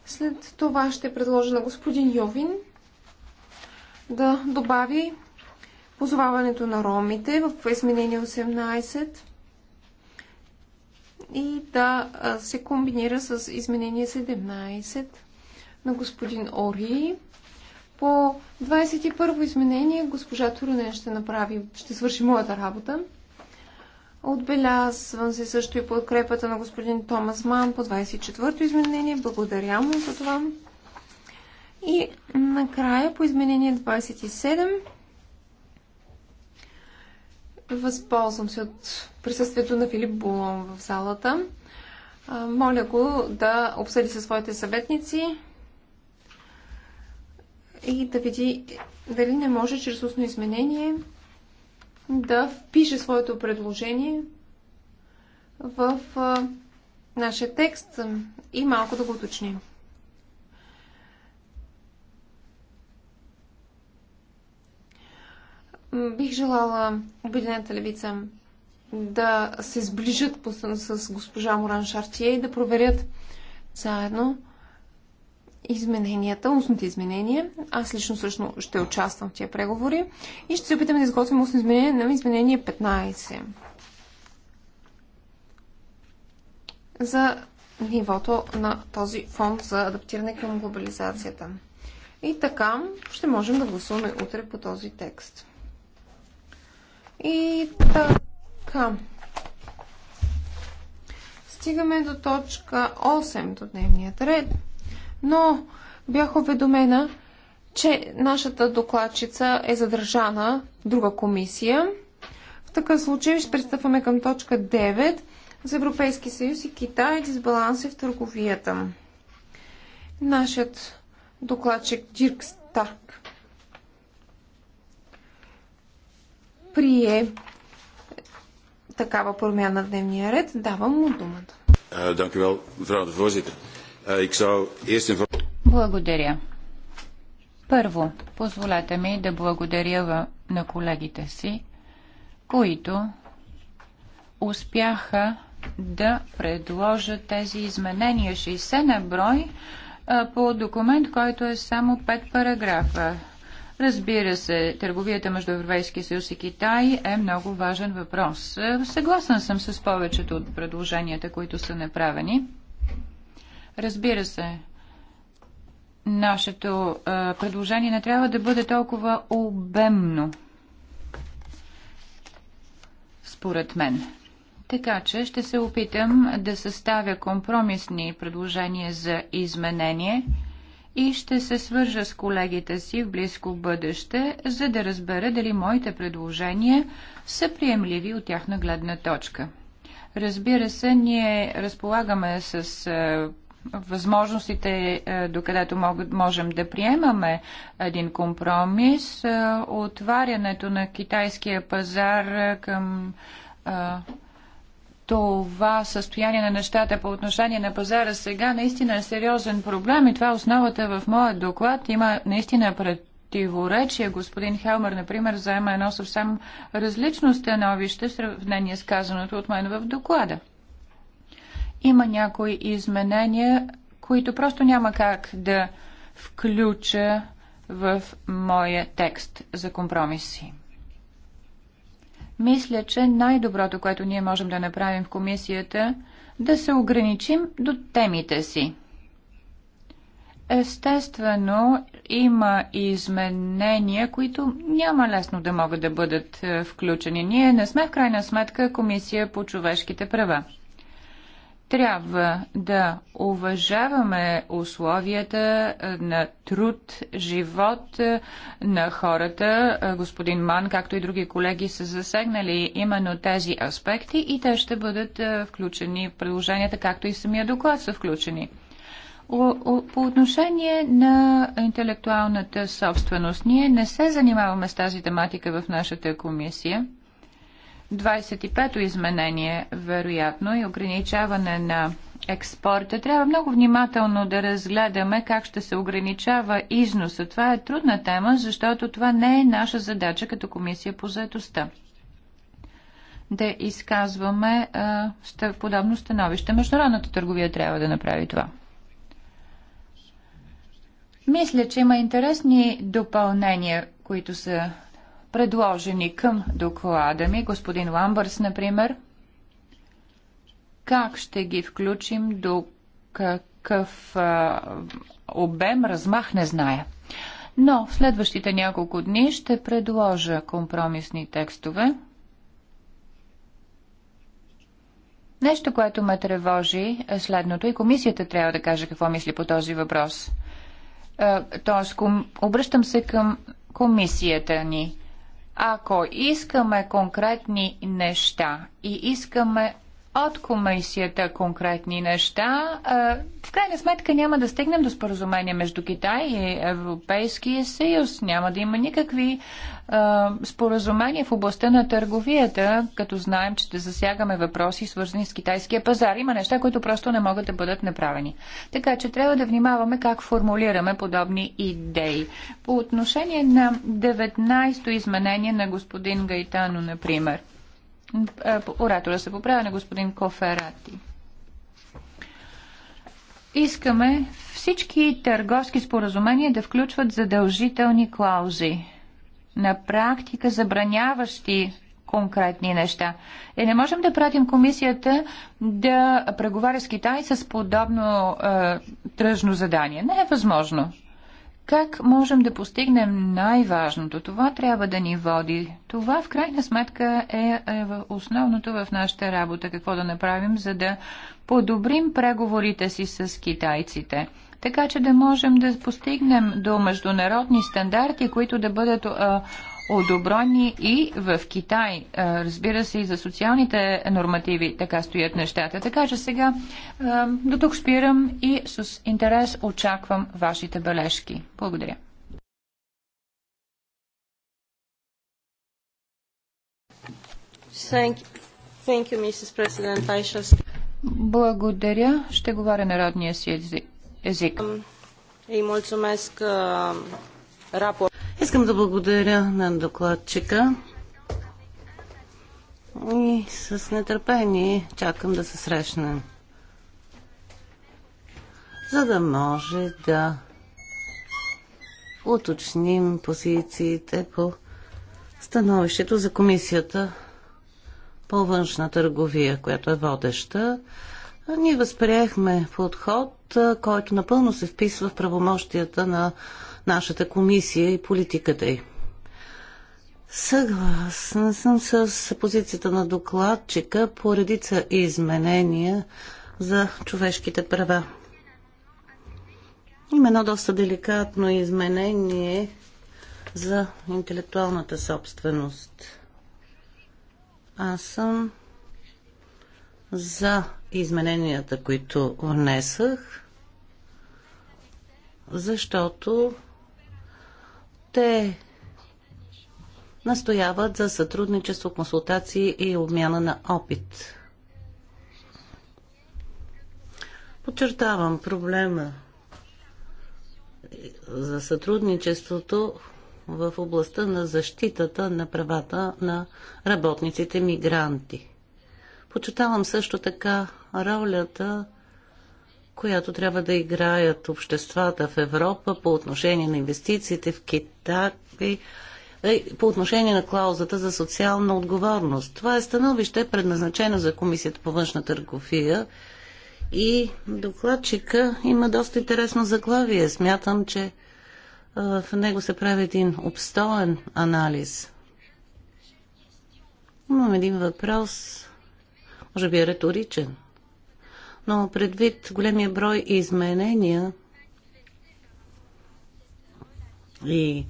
След това ще предложа на господин Йовин да добави позоваването на ромите в изменение 18 и да се комбинира с изменение 17 на господин Ори. По 21 изменение госпожа Турнен ще направи, ще свърши моята работа. Отбелязвам се също и подкрепата на господин Томас Ман по 24-то изменение. Благодаря му за това. И накрая по изменение 27 възползвам се от присъствието на Филип Булон в залата. Моля го да обсъди със своите съветници и да види дали не може чрез устно изменение да впише своето предложение в нашия текст и малко да го уточним. Бих желала Обединената левица да се сближат с госпожа Моран Шартие и да проверят заедно измененията, устните изменения. Аз лично също ще участвам в тия преговори и ще се опитам да изготвим устно изменение на изменение 15. За нивото на този фонд за адаптиране към глобализацията. И така ще можем да гласуваме утре по този текст. И така. Стигаме до точка 8 до дневният ред но бях уведомена, че нашата докладчица е задържана в друга комисия. В такъв случай ще пристъпваме към точка 9 за Европейски съюз и Китай дисбаланси в търговията. Нашият докладчик Дирк Старк прие такава промяна на дневния ред. Давам му думата. Dank u wel, mevrouw de voorzitter. Е, благодаря. Първо, позволете ми да благодаря на колегите си, които успяха да предложат тези изменения 60 на брой по документ, който е само 5 параграфа. Разбира се, търговията между Европейския съюз и Китай е много важен въпрос. Съгласен съм с повечето от предложенията, които са направени. Разбира се, нашето а, предложение не трябва да бъде толкова обемно, според мен. Така че ще се опитам да съставя компромисни предложения за изменение и ще се свържа с колегите си в близко бъдеще, за да разбера дали моите предложения са приемливи от тяхна гледна точка. Разбира се, ние разполагаме с възможностите, е, докъдето можем да приемаме един компромис, е, отварянето на китайския пазар е, към това състояние на нещата по отношение на пазара сега наистина е сериозен проблем и това е основата в моят доклад. Има наистина пред противоречие. Господин Хелмер, например, заема едно съвсем различно становище в сравнение с казаното от мен в доклада. Има някои изменения, които просто няма как да включа в моя текст за компромиси. Мисля, че най-доброто, което ние можем да направим в комисията, да се ограничим до темите си. Естествено, има изменения, които няма лесно да могат да бъдат е, включени. Ние не сме в крайна сметка комисия по човешките права трябва да уважаваме условията е, на труд, живот е, на хората. Е, господин Ман, както и други колеги, са засегнали именно тези аспекти и те ще бъдат включени в предложенията, както и самия доклад са включени. По отношение на интелектуалната собственост, ние не се занимаваме с тази тематика в нашата комисия – 25-то изменение, вероятно, и ограничаване на експорта. Трябва много внимателно да разгледаме как ще се ограничава износа. Това е трудна тема, защото това не е наша задача като комисия по заедостта. Да изказваме а, подобно становище. Международната търговия трябва да направи това. Мисля, че има интересни допълнения, които са предложени към доклада ми, господин Ламбърс, например, как ще ги включим, до какъв а, обем, размах, не зная. Но в следващите няколко дни ще предложа компромисни текстове. Нещо, което ме тревожи е следното и комисията трябва да каже какво мисли по този въпрос. Тоест, обръщам се към комисията ни. Ако искаме конкретни неща и искаме от комисията конкретни неща, е, в крайна сметка няма да стигнем до споразумение между Китай и Европейския съюз. Няма да има никакви е, споразумение в областта на търговията, като знаем, че ще засягаме въпроси, свързани с китайския пазар. Има неща, които просто не могат да бъдат направени. Така че трябва да внимаваме как формулираме подобни идеи. По отношение на 19-то изменение на господин Гайтано, например. Оратора се поправя на господин Коферати. Искаме всички търговски споразумения да включват задължителни клаузи на практика забраняващи конкретни неща. И е, не можем да пратим комисията да преговаря с Китай с подобно е, тръжно задание. Не е възможно. Как можем да постигнем най-важното? Това трябва да ни води. Това в крайна сметка е, е основното в нашата работа. Какво да направим, за да подобрим преговорите си с китайците така че да можем да постигнем до международни стандарти, които да бъдат одобрени и в Китай. Разбира се, и за социалните нормативи така стоят нещата. Така че сега до тук спирам и с интерес очаквам вашите бележки. Благодаря. Thank you. Thank you, Mrs. President. I shall... Благодаря. Ще говоря народния си език език. Искам да благодаря на докладчика и с нетърпение чакам да се срещнем, за да може да уточним позициите по становището за комисията по външна търговия, която е водеща. Ние възприехме подход, който напълно се вписва в правомощията на нашата комисия и политиката й. Съгласна съм с позицията на докладчика по редица изменения за човешките права. Има едно доста деликатно изменение за интелектуалната собственост. Аз съм за измененията, които внесах, защото те настояват за сътрудничество, консултации и обмяна на опит. Подчертавам проблема за сътрудничеството в областта на защитата на правата на работниците мигранти. Почитавам също така ролята, която трябва да играят обществата в Европа по отношение на инвестициите в Китай, е, по отношение на клаузата за социална отговорност. Това е становище предназначено за Комисията по външна търговия и докладчика има доста интересно заглавие. Смятам, че е, в него се прави един обстоен анализ. Имам един въпрос може би е риторичен. Но предвид големия брой изменения и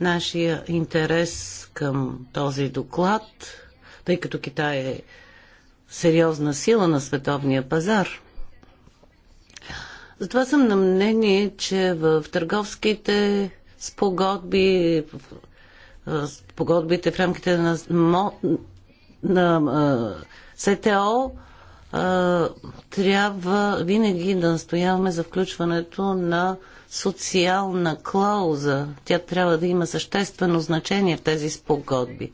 нашия интерес към този доклад, тъй като Китай е сериозна сила на световния пазар. Затова съм на мнение, че в търговските спогодби, спогодбите в рамките на, на СТО трябва винаги да настояваме за включването на социална клауза. Тя трябва да има съществено значение в тези спогодби.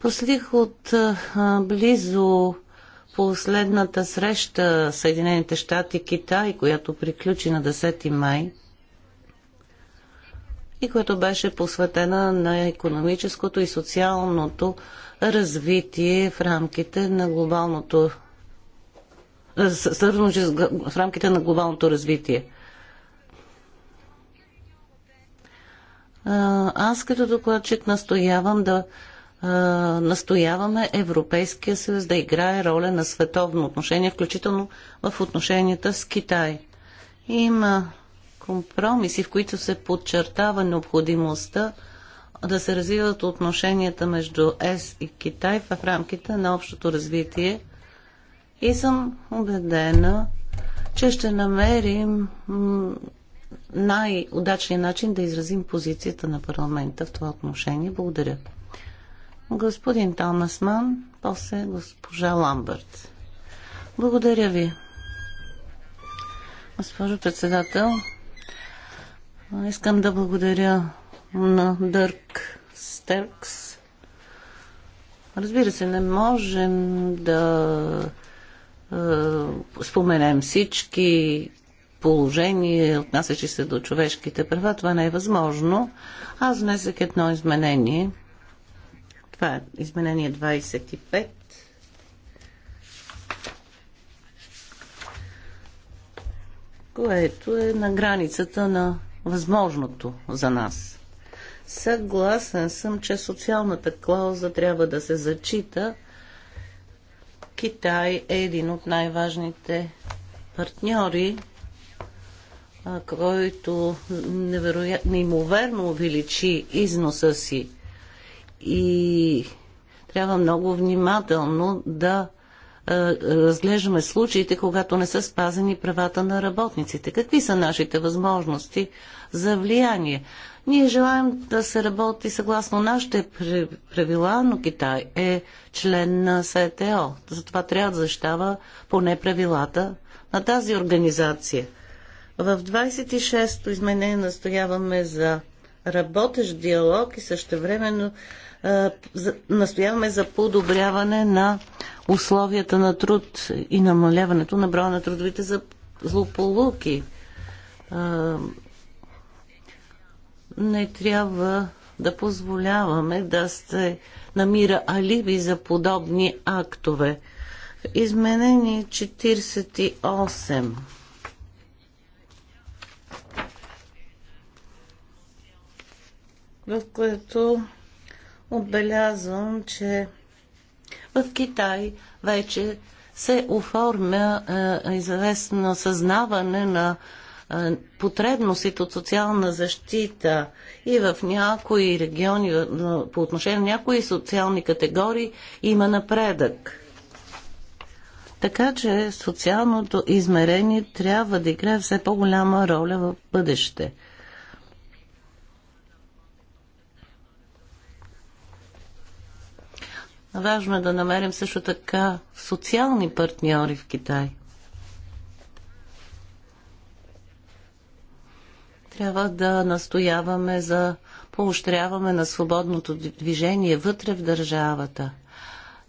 Проследих от близо последната среща Съединените щати Китай, която приключи на 10 май и която беше посветена на економическото и социалното развитие в рамките на глобалното свързано в рамките на глобалното развитие. Аз като докладчик настоявам да настояваме Европейския съюз да играе роля на световно отношение, включително в отношенията с Китай. Има компромиси, в които се подчертава необходимостта да се развиват отношенията между ЕС и Китай в рамките на общото развитие и съм убедена, че ще намерим най-удачния начин да изразим позицията на парламента в това отношение. Благодаря. Господин Ман, после госпожа Ламбърт. Благодаря ви. Госпожо председател, искам да благодаря на Дърк Стеркс. Разбира се, не можем да е, споменем всички положения, отнасящи се до човешките права, това не е възможно. Аз внесах едно изменение. Това е изменение 25. което е на границата на възможното за нас. Съгласен съм, че социалната клауза трябва да се зачита. Китай е един от най-важните партньори, който невероятно неимоверно увеличи износа си и трябва много внимателно да разглеждаме случаите, когато не са спазени правата на работниците. Какви са нашите възможности за влияние? Ние желаем да се работи съгласно нашите правила, но Китай е член на СТО. Затова трябва да защава поне правилата на тази организация. В 26-то изменение настояваме за работещ диалог и същевременно е, настояваме за подобряване на условията на труд и намаляването на броя на трудовите за злополуки. Е, не трябва да позволяваме да се намира алиби за подобни актове. Изменение 48. в което отбелязвам, че в Китай вече се оформя е, известно съзнаване на потребностите от социална защита и в някои региони, по отношение на някои социални категории, има напредък. Така че социалното измерение трябва да играе все по-голяма роля в бъдеще. Важно е да намерим също така социални партньори в Китай. трябва да настояваме за поощряваме на свободното движение вътре в държавата.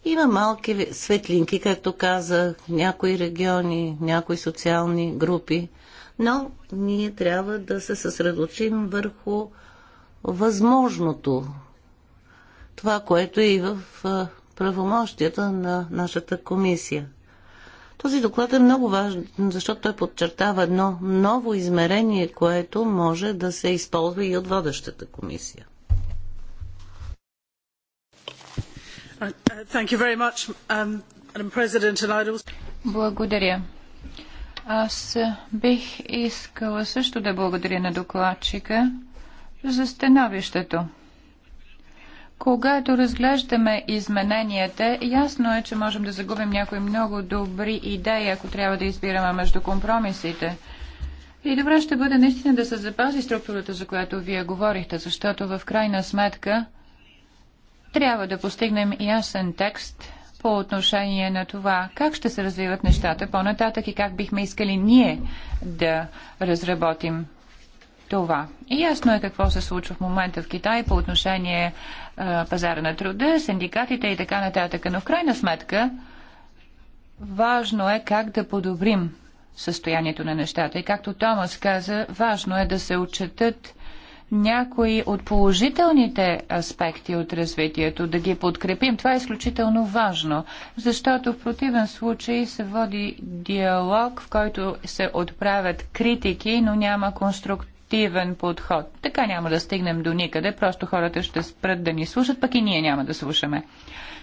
Има малки светлинки, както казах, някои региони, някои социални групи, но ние трябва да се съсредочим върху възможното. Това, което е и в правомощията на нашата комисия. Този доклад е много важен, защото той подчертава едно ново измерение, което може да се използва и от водещата комисия. Um, благодаря. Аз бих искала също да благодаря на докладчика за становището. Когато разглеждаме измененията, ясно е, че можем да загубим някои много добри идеи, ако трябва да избираме между компромисите. И добре ще бъде наистина да се запази структурата, за която вие говорихте, защото в крайна сметка трябва да постигнем ясен текст по отношение на това как ще се развиват нещата по-нататък и как бихме искали ние да разработим това. И ясно е какво се случва в момента в Китай по отношение е, пазара на труда, синдикатите и така нататък. Но в крайна сметка важно е как да подобрим състоянието на нещата. И както Томас каза, важно е да се отчетат някои от положителните аспекти от развитието, да ги подкрепим. Това е изключително важно, защото в противен случай се води диалог, в който се отправят критики, но няма конструктивност ефективен подход. Така няма да стигнем до никъде, просто хората ще спрат да ни слушат, пък и ние няма да слушаме.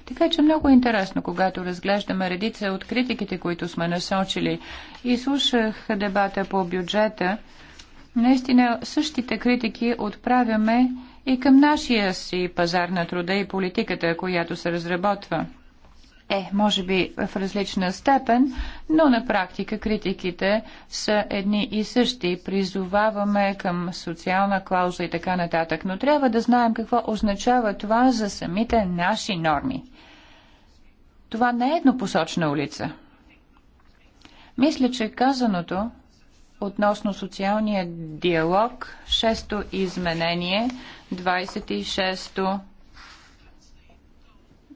Така че много интересно, когато разглеждаме редица от критиките, които сме насочили и слушах дебата по бюджета, наистина същите критики отправяме и към нашия си пазар на труда и политиката, която се разработва. Е, може би в различна степен, но на практика критиките са едни и същи. Призоваваме към социална клауза и така нататък, но трябва да знаем какво означава това за самите наши норми. Това не е еднопосочна улица. Мисля, че казаното относно социалния диалог, шесто изменение, 26-то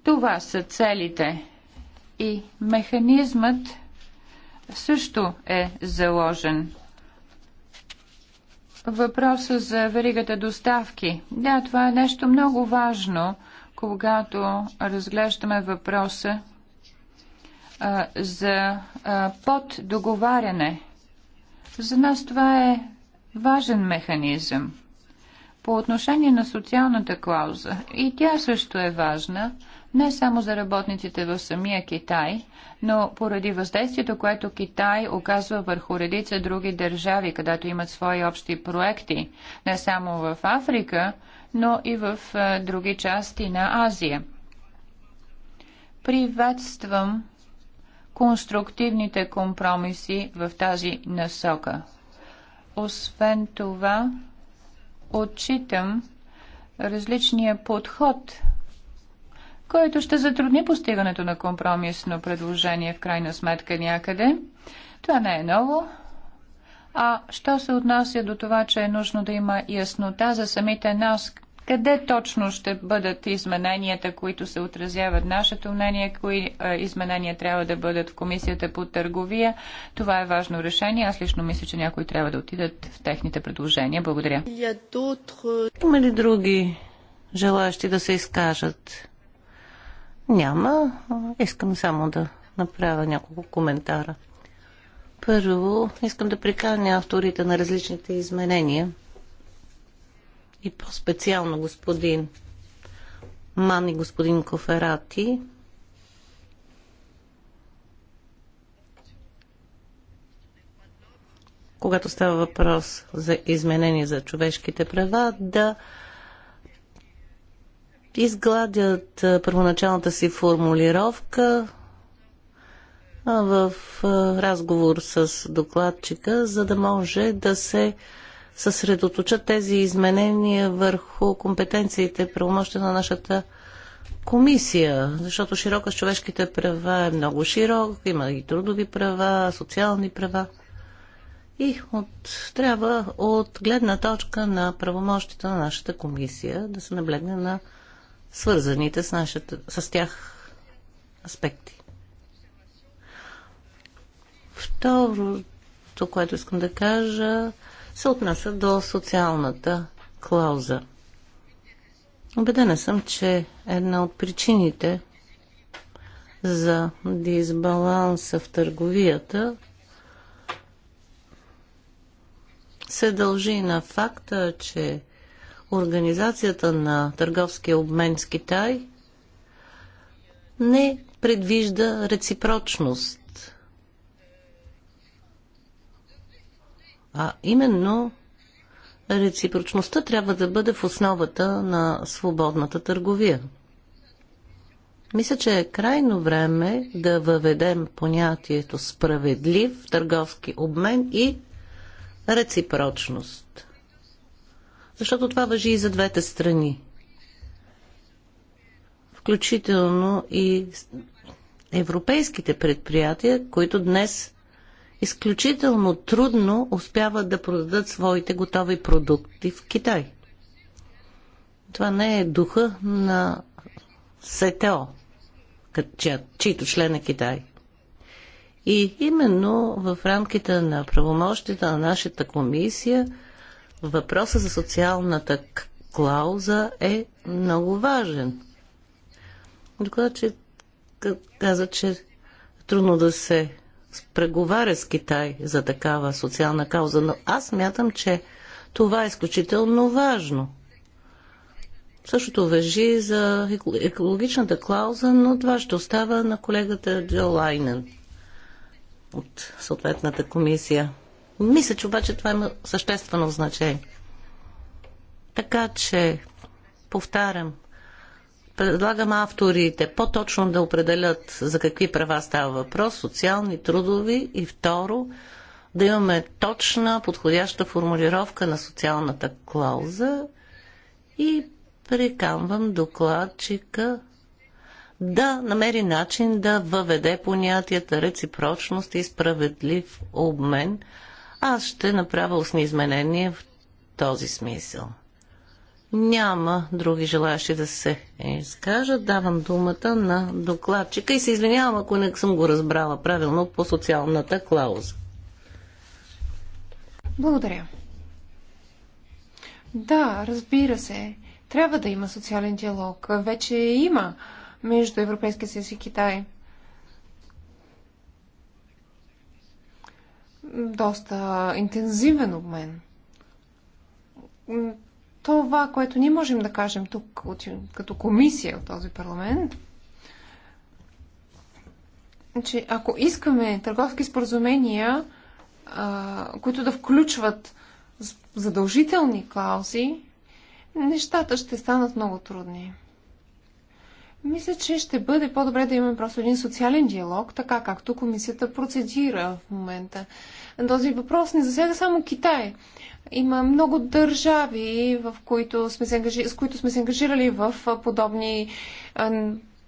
това са целите. И механизмът също е заложен. Въпроса за веригата доставки. Да, това е нещо много важно, когато разглеждаме въпроса а, за а, поддоговаряне. За нас това е важен механизъм. По отношение на социалната клауза, и тя също е важна, не само за работниците в самия Китай, но поради въздействието, което Китай оказва върху редица други държави, където имат свои общи проекти, не само в Африка, но и в е, други части на Азия. Приветствам конструктивните компромиси в тази насока. Освен това, отчитам различния подход който ще затрудни постигането на компромисно предложение в крайна сметка някъде. Това не е ново. А що се отнася до това, че е нужно да има яснота за самите нас, къде точно ще бъдат измененията, които се отразяват нашето мнение, кои изменения трябва да бъдат в комисията по търговия. Това е важно решение. Аз лично мисля, че някои трябва да отидат в техните предложения. Благодаря. Има ли други желащи да се изкажат? Няма. Искам само да направя няколко коментара. Първо, искам да приканя авторите на различните изменения и по-специално господин Ман и господин Коферати когато става въпрос за изменения за човешките права, да изгладят първоначалната си формулировка в разговор с докладчика, за да може да се съсредоточат тези изменения върху компетенциите и правомощите на нашата комисия, защото широка с човешките права е много широк, има и трудови права, социални права. И от, трябва от гледна точка на правомощите на нашата комисия да се наблегне на свързаните с, нашата, с тях аспекти. Второто, което искам да кажа, се отнася до социалната клауза. Обедена съм, че една от причините за дисбаланса в търговията се дължи на факта, че Организацията на търговския обмен с Китай не предвижда реципрочност. А именно реципрочността трябва да бъде в основата на свободната търговия. Мисля, че е крайно време да въведем понятието справедлив търговски обмен и реципрочност. Защото това въжи и за двете страни. Включително и европейските предприятия, които днес изключително трудно успяват да продадат своите готови продукти в Китай. Това не е духа на СТО, чието член е Китай. И именно в рамките на правомощите на нашата комисия – Въпроса за социалната клауза е много важен. че каза, че е трудно да се преговаря с Китай за такава социална кауза, но аз мятам, че това е изключително важно. Същото въжи за екологичната клауза, но това ще остава на колегата Джо Лайнен от съответната комисия. Мисля, че обаче това има съществено значение. Така че, повтарям, предлагам авторите по-точно да определят за какви права става въпрос, социални, трудови и второ, да имаме точна, подходяща формулировка на социалната клауза и приканвам докладчика да намери начин да въведе понятията реципрочност и справедлив обмен – аз ще направя устни изменения в този смисъл. Няма други желаящи да се изкажат. Давам думата на докладчика и се извинявам, ако не съм го разбрала правилно по социалната клауза. Благодаря. Да, разбира се. Трябва да има социален диалог. Вече има между Европейския съюз и Китай. доста интензивен обмен. Това, което ние можем да кажем тук като комисия от този парламент, че ако искаме търговски споразумения, които да включват задължителни клаузи, нещата ще станат много трудни. Мисля, че ще бъде по-добре да имаме просто един социален диалог, така както комисията процедира в момента. Този въпрос не засяга само Китай. Има много държави, в които сме се ангажи... с които сме се ангажирали в подобни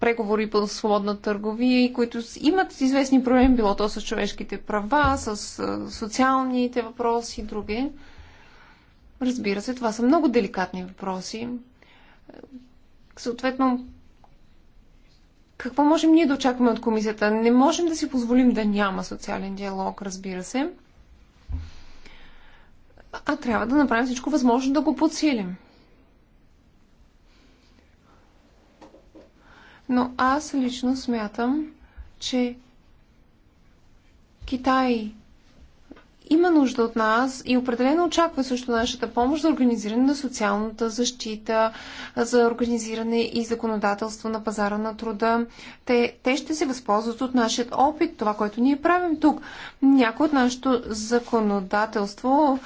преговори по свободна търговия, които имат известни проблеми, било то с човешките права, с социалните въпроси и други. Разбира се, това са много деликатни въпроси. Съответно, какво можем ние да очакваме от комисията? Не можем да си позволим да няма социален диалог, разбира се а трябва да направим всичко възможно да го подсилим. Но аз лично смятам, че Китай има нужда от нас и определено очаква също нашата помощ за организиране на социалната защита, за организиране и законодателство на пазара на труда. Те, те ще се възползват от нашия опит, това, което ние правим тук. Някой от нашето законодателство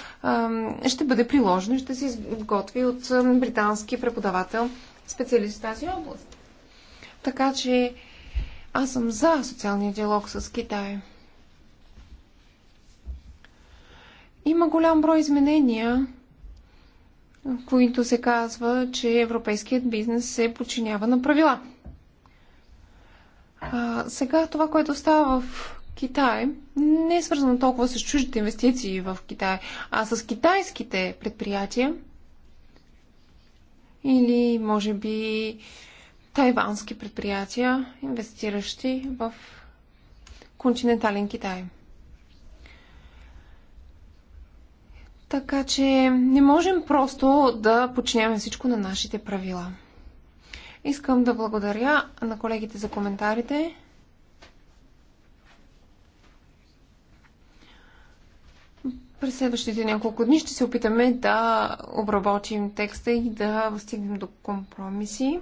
ще бъде приложено и ще се изготви от британски преподавател, специалист в тази област. Така че аз съм за социалния диалог с Китай. Има голям брой изменения, в които се казва, че европейският бизнес се подчинява на правила. А, сега това, което става в Китай, не е свързано толкова с чуждите инвестиции в Китай, а с китайските предприятия или, може би, тайвански предприятия, инвестиращи в континентален Китай. Така че не можем просто да подчиняваме всичко на нашите правила. Искам да благодаря на колегите за коментарите. През следващите няколко дни ще се опитаме да обработим текста и да стигнем до компромиси.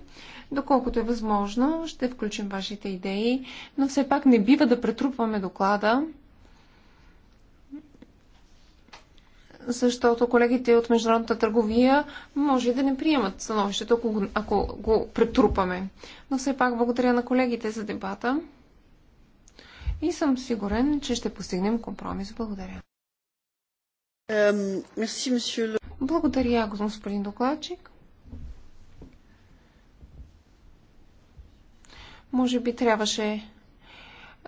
Доколкото е възможно, ще включим вашите идеи, но все пак не бива да претрупваме доклада защото колегите от международната търговия може да не приемат становището, ако ако го претрупаме. Но все пак благодаря на колегите за дебата и съм сигурен, че ще постигнем компромис. Благодаря. Благодаря, господин докладчик. Може би трябваше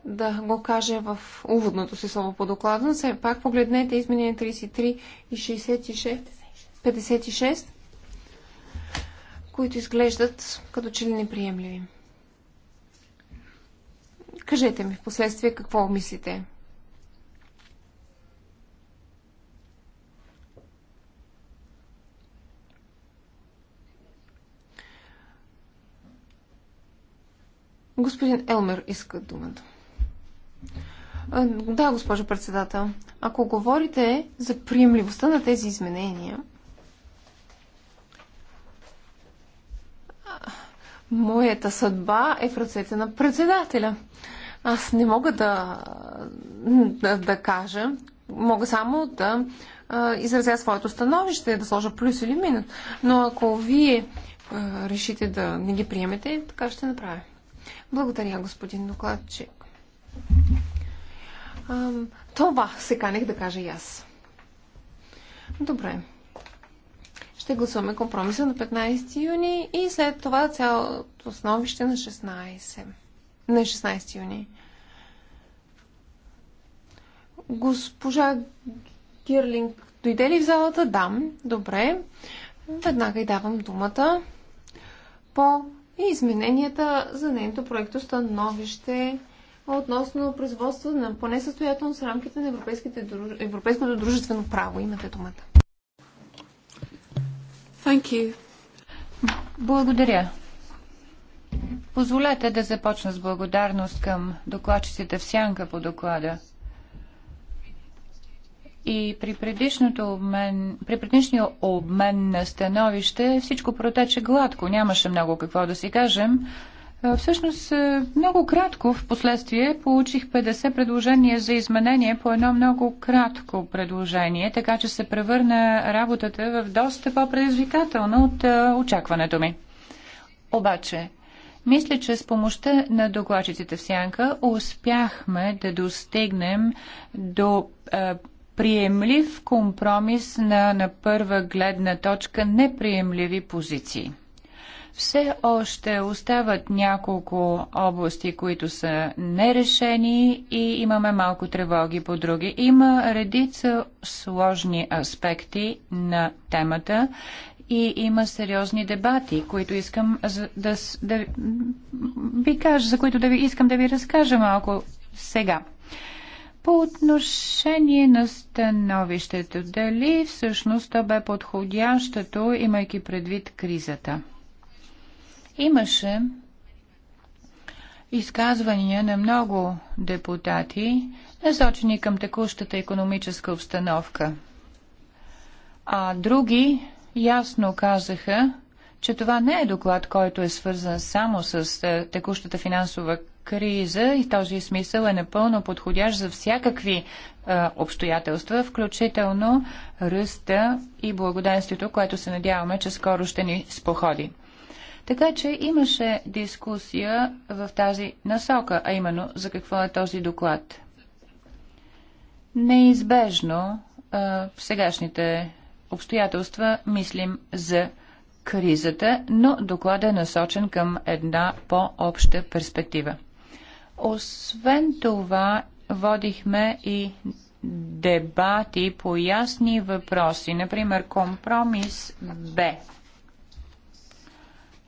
да го кажа в уводното си слово по доклада, все пак погледнете изменение 33 и 66, 56, които изглеждат като че ли неприемливи. Кажете ми в последствие какво мислите. Господин Елмер иска думата. Да, госпожо председател. Ако говорите за приемливостта на тези изменения, моята съдба е в ръцете на председателя. Аз не мога да, да, да кажа, мога само да а, изразя своето становище, да сложа плюс или минус. Но ако вие а, решите да не ги приемете, така ще направя. Благодаря, господин докладчик. А, това се канех да кажа и аз. Добре. Ще гласуваме компромиса на 15 юни и след това цялото основище на 16. На 16 юни. Госпожа Гирлинг дойде ли в залата? Да. Добре. Веднага й давам думата по измененията за нейното проекто становище относно производство на понесъстоятелност в рамките на Европейското дружествено право. Имате думата. Thank you. Благодаря. Позволете да започна с благодарност към докладчиците в сянка по доклада. И при, предишното обмен, при предишния обмен на становище всичко протече гладко. Нямаше много какво да си кажем. Е, всъщност, е, много кратко в последствие получих 50 предложения за изменение по едно много кратко предложение, така че се превърна работата в доста по-предизвикателна от е, очакването ми. Обаче, мисля, че с помощта на докладчиците в Сянка успяхме да достигнем до е, приемлив компромис на, на първа гледна точка неприемливи позиции. Все още остават няколко области, които са нерешени и имаме малко тревоги по други. Има редица сложни аспекти на темата и има сериозни дебати, които искам да, да ви кажа, за които да ви искам да ви разкажа малко сега. По отношение на становището, дали всъщност то бе подходящото, имайки предвид кризата? Имаше изказвания на много депутати, насочени към текущата економическа обстановка. А други ясно казаха, че това не е доклад, който е свързан само с е, текущата финансова криза и в този смисъл е напълно подходящ за всякакви а, е, обстоятелства, включително ръста и благоденствието, което се надяваме, че скоро ще ни споходи. Така че имаше дискусия в тази насока, а именно за какво е този доклад. Неизбежно в сегашните обстоятелства мислим за кризата, но докладът е насочен към една по-обща перспектива. Освен това, водихме и дебати по ясни въпроси, например компромис Б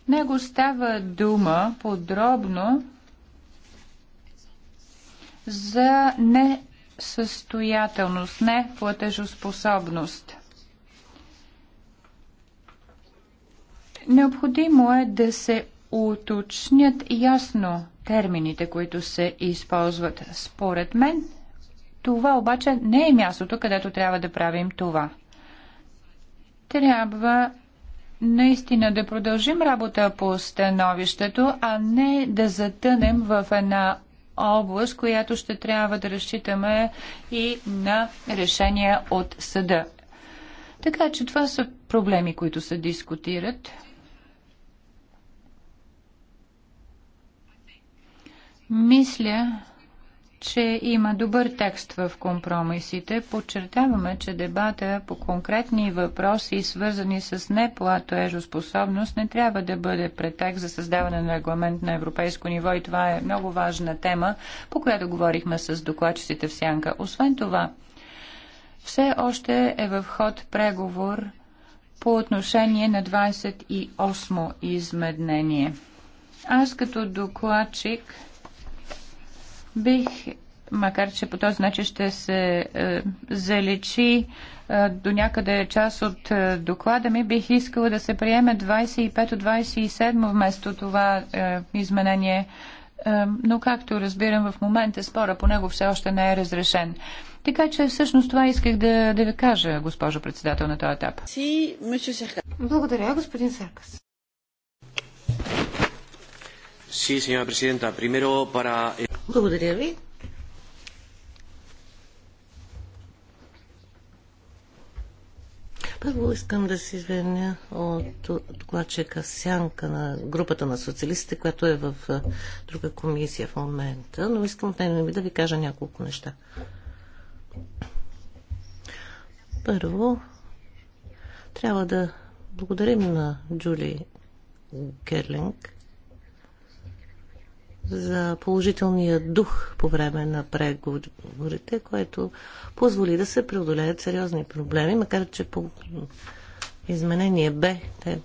него става дума подробно за несъстоятелност, неплатежоспособност. Необходимо е да се уточнят ясно термините, които се използват. Според мен, това обаче не е мястото, където трябва да правим това. Трябва наистина да продължим работа по становището, а не да затънем в една област, която ще трябва да разчитаме и на решения от съда. Така че това са проблеми, които се дискутират. Мисля, че има добър текст в компромисите. Подчертаваме, че дебата по конкретни въпроси, свързани с неплатежоспособност, не трябва да бъде претект за създаване на регламент на европейско ниво и това е много важна тема, по която говорихме с докладчиците в Сянка. Освен това, все още е в ход преговор по отношение на 28 изменение. Аз като докладчик Бих, макар че по този начин ще се е, заличи е, до някъде част от е, доклада ми, бих искала да се приеме 25-27 вместо това е, изменение. Е, но както разбирам в момента, спора по него все още не е разрешен. Така че всъщност това исках да, да ви кажа, госпожо председател, на този етап. Благодаря, господин Саркас. Sí, señora presidenta. Primero para... Eh, Благодаря ви. Първо искам да се извиня от докладчика Сянка на групата на социалистите, която е в друга комисия в момента, но искам от нея да ви кажа няколко неща. Първо, трябва да благодарим на Джули Герлинг за положителния дух по време на преговорите, което позволи да се преодолеят сериозни проблеми, макар че по изменение Б те,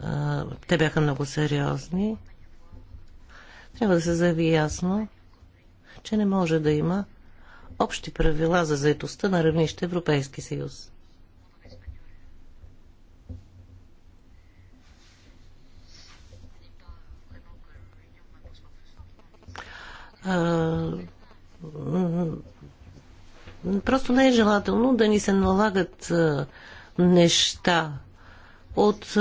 а, те бяха много сериозни. Трябва да се заяви ясно, че не може да има общи правила за заетостта на равнище Европейски съюз. Просто не е желателно да ни се налагат неща от,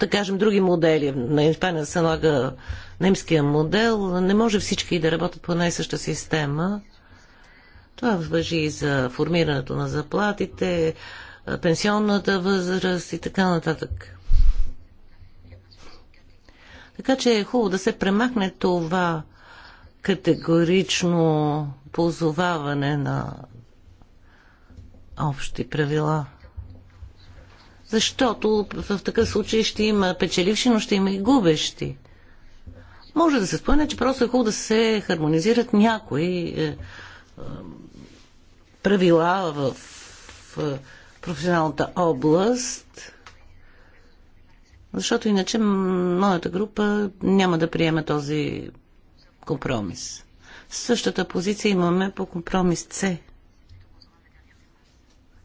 да кажем, други модели. На Испания се налага немския модел. Не може всички да работят по една и съща система. Това въжи и за формирането на заплатите, пенсионната възраст и така нататък. Така че е хубаво да се премахне това категорично позоваване на общи правила. Защото в такъв случай ще има печеливши, но ще има и губещи. Може да се спомня, че просто е хубаво да се хармонизират някои е, е, правила в професионалната област, защото иначе моята група няма да приеме този компромис. Същата позиция имаме по компромис С.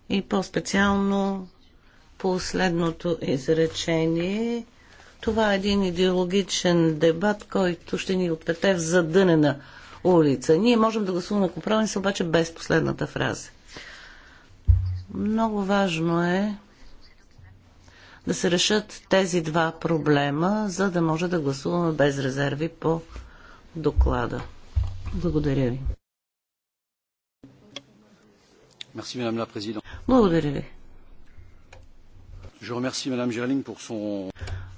И по-специално последното изречение. Това е един идеологичен дебат, който ще ни ответе в задънена улица. Ние можем да гласуваме компромис, обаче без последната фраза. Много важно е да се решат тези два проблема, за да може да гласуваме без резерви по доклада. Благодаря ви. Merci, madame la présidente. Благодаря ви. Je remercie madame Gerling pour son...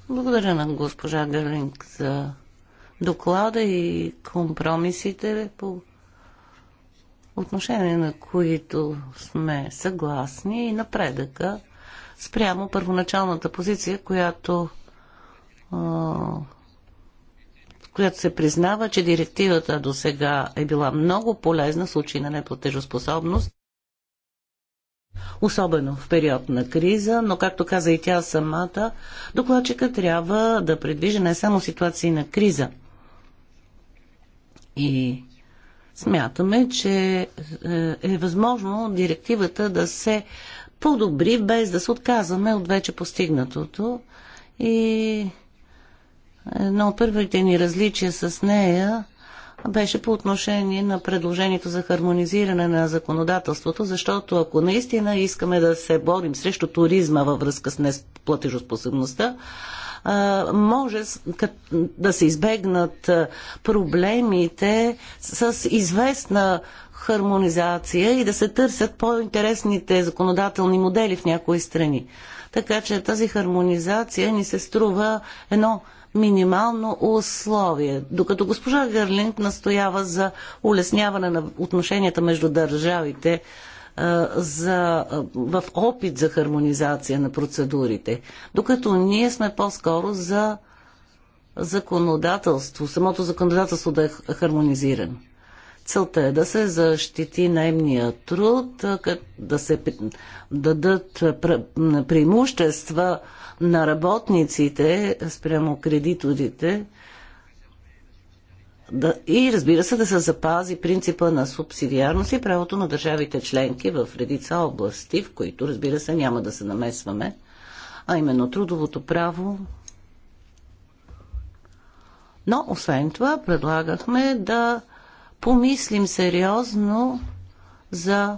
Благодаря на госпожа Герлинг за доклада и компромисите, по отношение на които сме съгласни и напредъка спрямо първоначалната позиция, която която се признава, че директивата до сега е била много полезна в случай на неплатежоспособност, особено в период на криза, но както каза и тя самата, докладчика трябва да предвижда не само ситуации на криза. И смятаме, че е, е възможно директивата да се подобри, без да се отказваме от вече постигнатото и Едно от първите ни различия с нея беше по отношение на предложението за хармонизиране на законодателството, защото ако наистина искаме да се борим срещу туризма във връзка с неплатежоспособността, може да се избегнат проблемите с известна хармонизация и да се търсят по-интересните законодателни модели в някои страни. Така че тази хармонизация ни се струва едно минимално условие. Докато госпожа Гърлинг настоява за улесняване на отношенията между държавите е, за, е, в опит за хармонизация на процедурите. Докато ние сме по-скоро за законодателство, самото законодателство да е хармонизирано. Целта е да се защити наемния труд, е, да се дадат преимущества на работниците спрямо кредиторите да, и разбира се да се запази принципа на субсидиарност и правото на държавите членки в редица области, в които разбира се няма да се намесваме, а именно трудовото право. Но освен това предлагахме да помислим сериозно за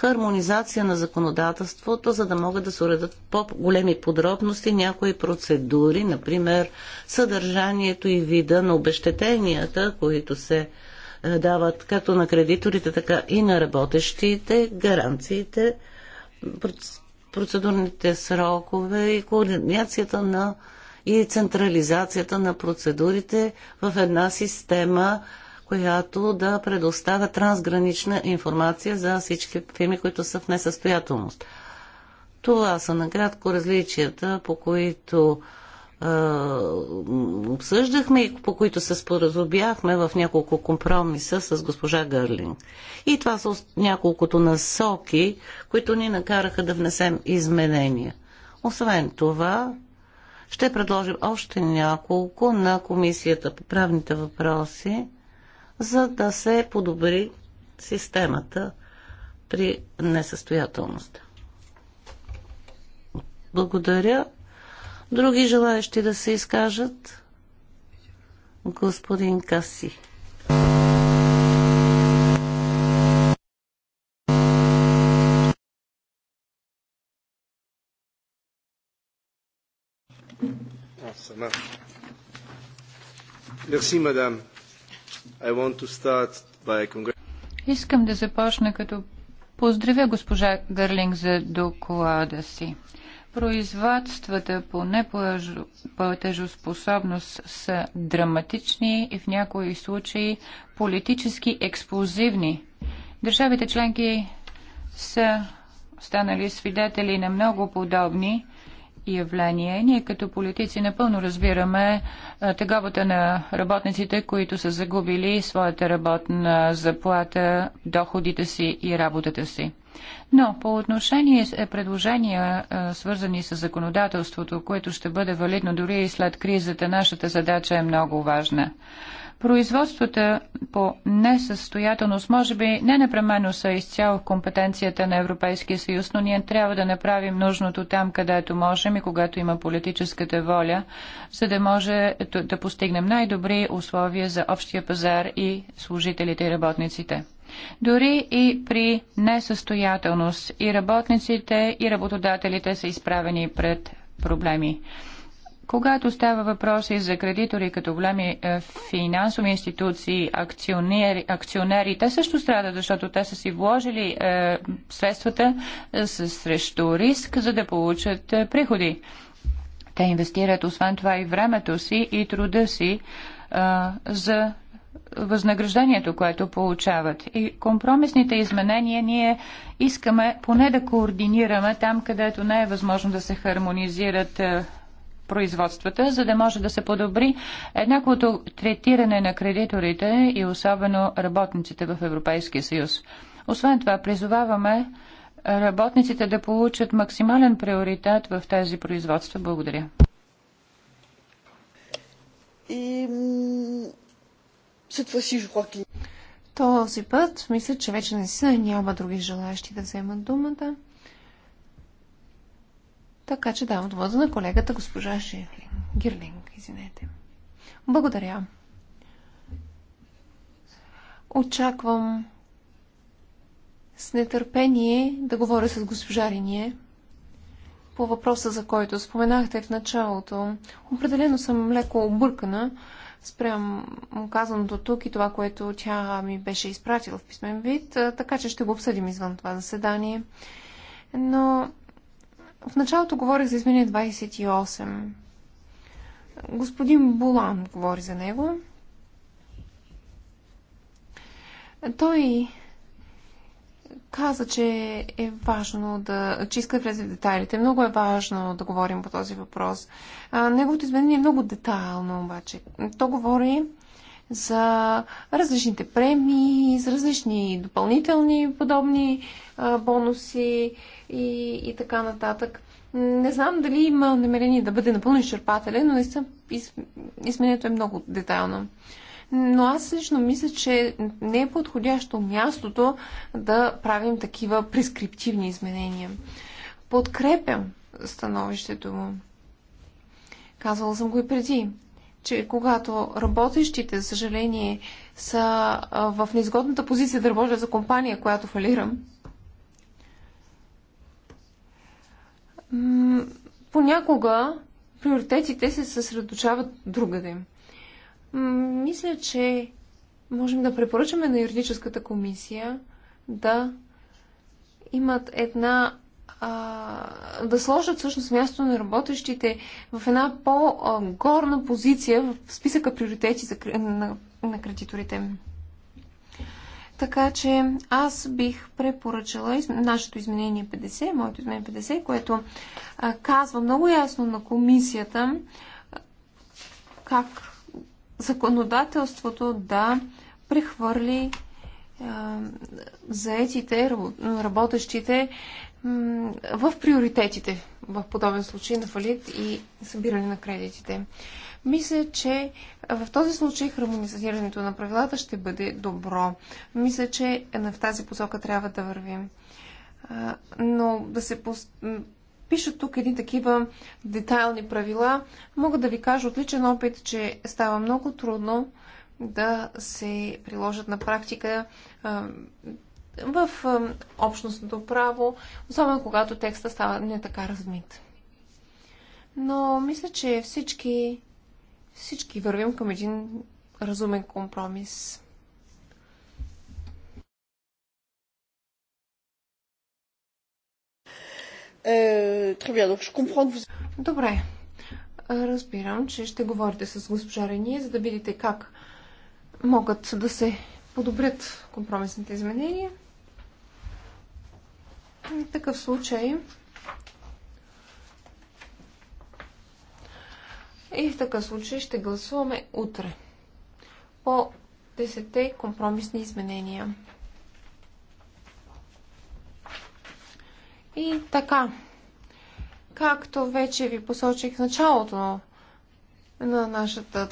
хармонизация на законодателството, за да могат да се уредат по-големи подробности някои процедури, например съдържанието и вида на обещетенията, които се е, дават както на кредиторите, така и на работещите, гаранциите, процедурните срокове и координацията на и централизацията на процедурите в една система, която да предоставя трансгранична информация за всички фирми, които са в несъстоятелност. Това са накратко различията, по които е, обсъждахме и по които се споразобяхме в няколко компромиса с госпожа Гърлинг. И това са няколкото насоки, които ни накараха да внесем изменения. Освен това, ще предложим още няколко на Комисията по правните въпроси за да се подобри системата при несъстоятелността. Благодаря. Други желаящи да се изкажат? Господин Каси. Merci, madame. Искам да започна като поздравя госпожа Гърлинг за доклада си. Производствата по неплатежоспособност са драматични и в някои случаи политически експлозивни. Държавите членки са станали свидетели на много подобни явление. Ние като политици напълно разбираме е, тегавата на работниците, които са загубили своята работна заплата, доходите си и работата си. Но по отношение е, предложения, е, свързани с законодателството, което ще бъде валидно дори и след кризата, нашата задача е много важна. Производствата по несъстоятелност може би не непременно са изцяло в компетенцията на Европейския съюз, но ние трябва да направим нужното там, където можем и когато има политическата воля, за да може да постигнем най-добри условия за общия пазар и служителите и работниците. Дори и при несъстоятелност и работниците и работодателите са изправени пред проблеми. Когато става въпроси за кредитори като големи е, финансови институции, акционери, акционери, те също страдат, защото те са си вложили е, средствата е, срещу риск, за да получат е, приходи. Те инвестират освен това и времето си и труда си е, за възнаграждението, което получават. И компромисните изменения ние искаме поне да координираме там, където не е възможно да се хармонизират е, производствата, за да може да се подобри еднаквото третиране на кредиторите и особено работниците в Европейския съюз. Освен това, призоваваме работниците да получат максимален приоритет в тези производства. Благодаря. И... Този път, мисля, че вече не са, няма други желаящи да вземат думата. Така че давам думата на колегата госпожа Шефлин. Гирлинг, извинете. Благодаря. Очаквам с нетърпение да говоря с госпожа Риние по въпроса, за който споменахте в началото. Определено съм леко объркана спрям казаното тук и това, което тя ми беше изпратила в писмен вид, така че ще го обсъдим извън това заседание. Но в началото говорих за измене 28. Господин Булан говори за него. Той каза, че е важно да... че иска да влезе в детайлите. Много е важно да говорим по този въпрос. А, неговото изменение е много детайлно, обаче. То говори за различните премии, за различни допълнителни подобни а, бонуси и, и така нататък. Не знам дали има намерение да бъде напълно изчерпателен, но наистина из, изменението е много детайлно. Но аз лично мисля, че не е подходящо мястото да правим такива прескриптивни изменения. Подкрепям становището му. Казвала съм го и преди че когато работещите, за съжаление, са в неизгодната позиция да работят за компания, която фалирам, понякога приоритетите се съсредоточават другаде. Мисля, че можем да препоръчаме на юридическата комисия да имат една да сложат всъщност място на работещите в една по-горна позиция в списъка приоритети за, на, на кредиторите. Така че аз бих препоръчала из... нашето изменение 50, моето изменение 50, което а, казва много ясно на комисията как законодателството да прехвърли а, заетите, работещите в приоритетите в подобен случай на фалит и събиране на кредитите. Мисля, че в този случай хармонизирането на правилата ще бъде добро. Мисля, че в тази посока трябва да вървим. Но да се пос... пишат тук едни такива детайлни правила, мога да ви кажа от личен опит, че става много трудно да се приложат на практика в общностното право, особено когато текста става не така размит. Но мисля, че всички, всички вървим към един разумен компромис. Е, Добре. Разбирам, че ще говорите с госпожа Рение, за да видите как могат да се подобрят компромисните изменения. В такъв случай И в такъв случай ще гласуваме утре по 10 те компромисни изменения. И така, както вече ви посочих в началото на нашата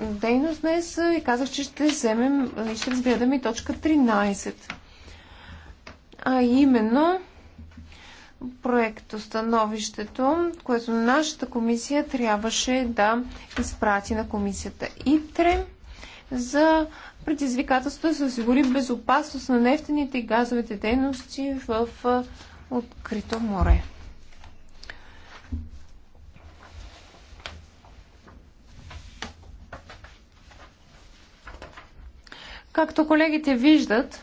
дейност днес и казах, че ще вземем и ще разгледаме точка 13 а именно проектостановището, което нашата комисия трябваше да изпрати на комисията ИТРЕ за предизвикателството да се осигури безопасност на нефтените и газовите дейности в открито море. Както колегите виждат,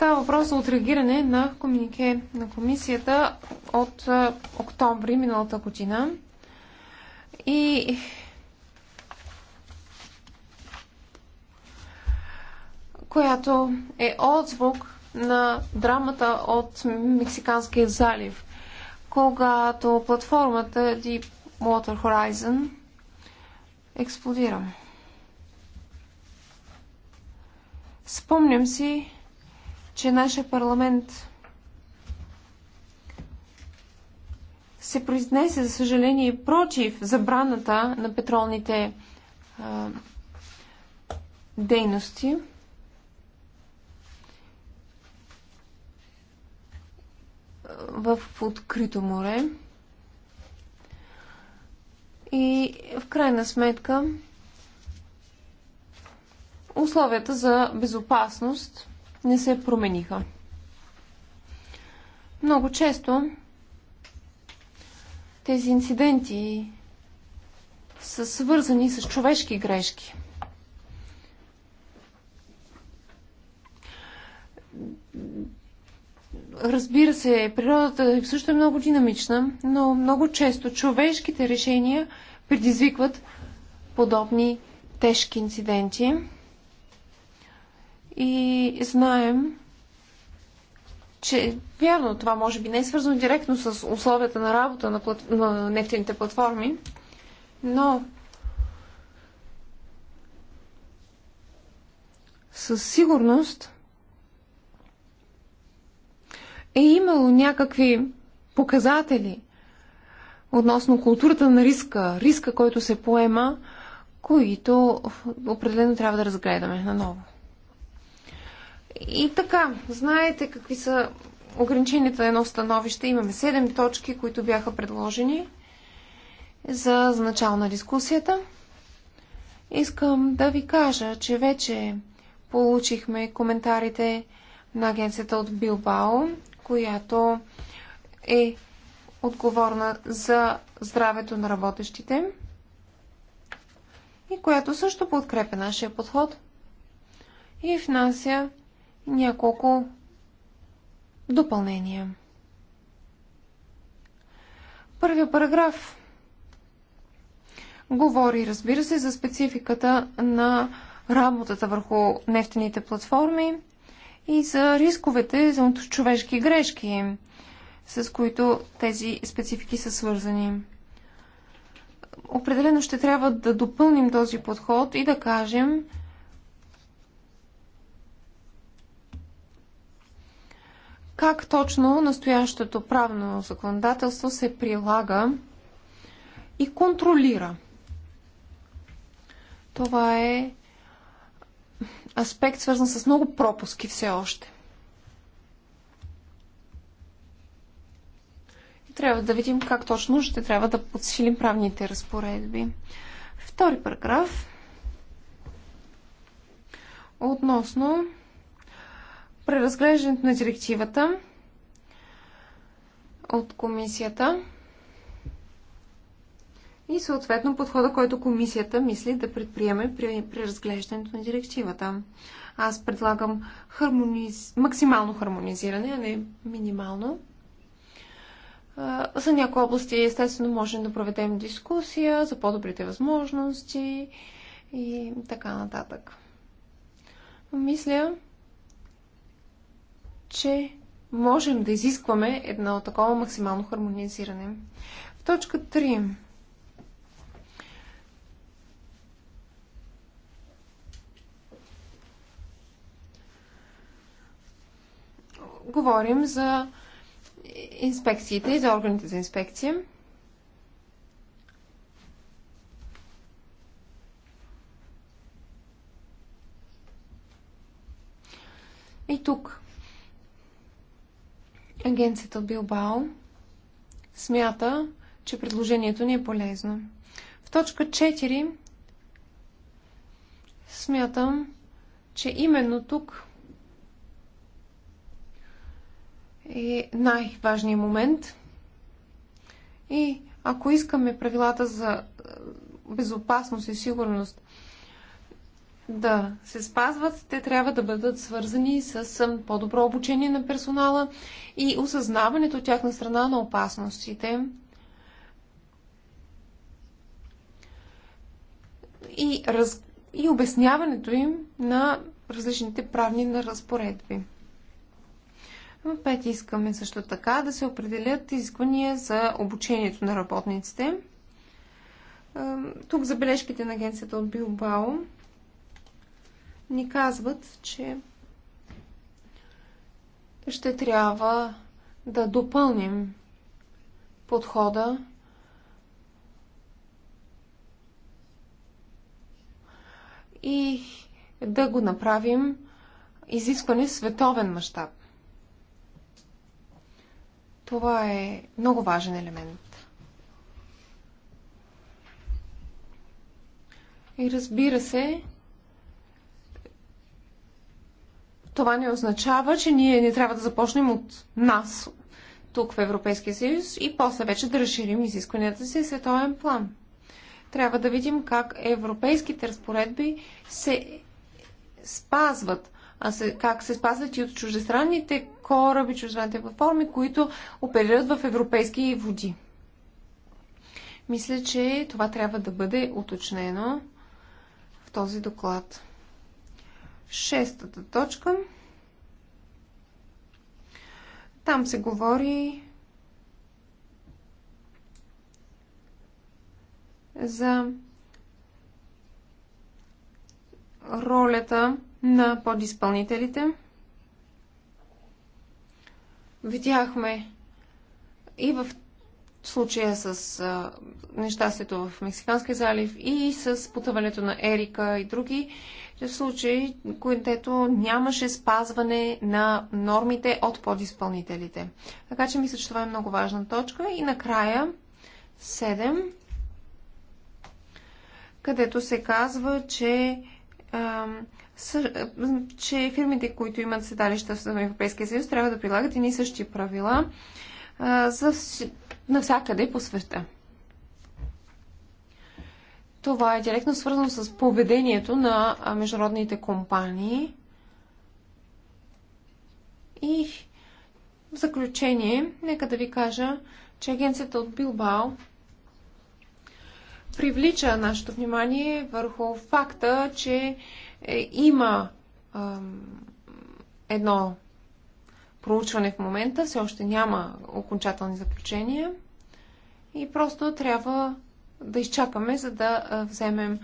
Става въпрос за отреагиране на комунике на комисията от октомври миналата година. И която е отзвук на драмата от Мексиканския залив, когато платформата Water Horizon експлодира. Спомням си че нашия парламент се произнесе, за съжаление, против забраната на петролните а, дейности. в открито море. И в крайна сметка условията за безопасност – не се промениха. Много често тези инциденти са свързани с човешки грешки. Разбира се, природата също е много динамична, но много често човешките решения предизвикват подобни тежки инциденти. И знаем, че вярно, това може би не е свързано директно с условията на работа на, плат... на нефтените платформи, но със сигурност е имало някакви показатели относно културата на риска, риска, който се поема, които определено трябва да разгледаме наново. И така, знаете какви са ограниченията на едно становище. Имаме 7 точки, които бяха предложени за начало на дискусията. Искам да ви кажа, че вече получихме коментарите на агенцията от Билбао, която е отговорна за здравето на работещите и която също подкрепя нашия подход и внася няколко допълнения. Първия параграф говори, разбира се, за спецификата на работата върху нефтените платформи и за рисковете за човешки грешки, с които тези специфики са свързани. Определено ще трябва да допълним този подход и да кажем, как точно настоящото правно законодателство се прилага и контролира. Това е аспект, свързан с много пропуски все още. И трябва да видим как точно ще трябва да подсилим правните разпоредби. Втори параграф относно преразглеждането на директивата от комисията и съответно подхода, който комисията мисли да предприеме при преразглеждането на директивата. Аз предлагам хармониз... максимално хармонизиране, а не минимално. За някои области, естествено, можем да проведем дискусия за по-добрите възможности и така нататък. Мисля, че можем да изискваме едно такова максимално хармонизиране. В точка 3 говорим за инспекциите и за органите за инспекция. И тук Агенцията Билбао смята, че предложението ни е полезно. В точка 4 смятам, че именно тук е най-важният момент. И ако искаме правилата за безопасност и сигурност – да се спазват, те трябва да бъдат свързани с по-добро обучение на персонала и осъзнаването от тяхна страна на опасностите. И, раз... и обясняването им на различните правни на разпоредби. В пет искаме също така да се определят изисквания за обучението на работниците. Тук забележките на агенцията от Билбао ни казват, че ще трябва да допълним подхода и да го направим изискване в световен мащаб. Това е много важен елемент. И разбира се, това не означава, че ние не трябва да започнем от нас, тук в Европейския съюз и после вече да разширим изискванията си в световен план. Трябва да видим как европейските разпоредби се спазват, а се, как се спазват и от чуждестранните кораби, чуждестранните платформи, които оперират в европейски води. Мисля, че това трябва да бъде уточнено в този доклад шестата точка. Там се говори за ролята на подизпълнителите. Видяхме и в случая с нещастието в Мексиканския залив и с потъването на Ерика и други, в случаи, където нямаше спазване на нормите от подизпълнителите. Така че мисля, че това е много важна точка. И накрая 7, където се казва, че че фирмите, които имат седалища в Европейския съюз, трябва да прилагат ни същи правила за, навсякъде по света. Това е директно свързано с поведението на международните компании. И в заключение, нека да ви кажа, че агенцията от Билбао привлича нашето внимание върху факта, че е, има едно проучване в момента, все още няма окончателни заключения и просто трябва да изчакаме, за да вземем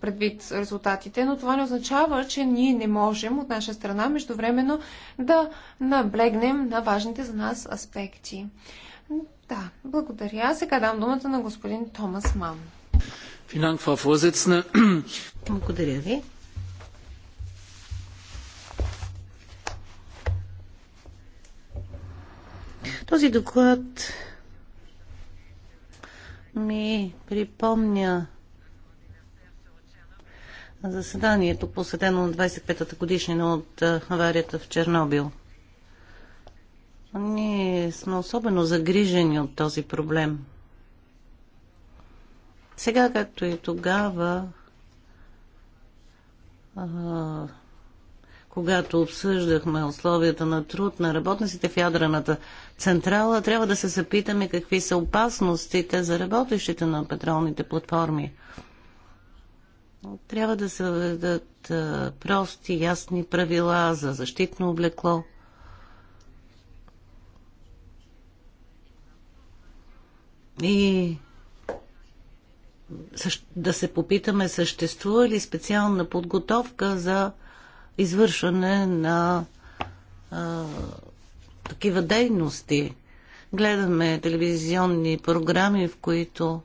предвид резултатите, но това не означава, че ние не можем от наша страна междувременно да наблегнем на важните за нас аспекти. Да, благодаря. Сега дам думата на господин Томас Ман. Благодаря ви. Този доклад ми припомня заседанието, посветено на 25-та годишнина от аварията в Чернобил. Ние сме особено загрижени от този проблем. Сега, както и тогава, когато обсъждахме условията на труд на работниците в ядрената централа, трябва да се запитаме какви са опасностите за работещите на петролните платформи. Трябва да се въведат прости, ясни правила за защитно облекло. И да се попитаме, съществува ли специална подготовка за извършване на а, такива дейности. Гледаме телевизионни програми, в които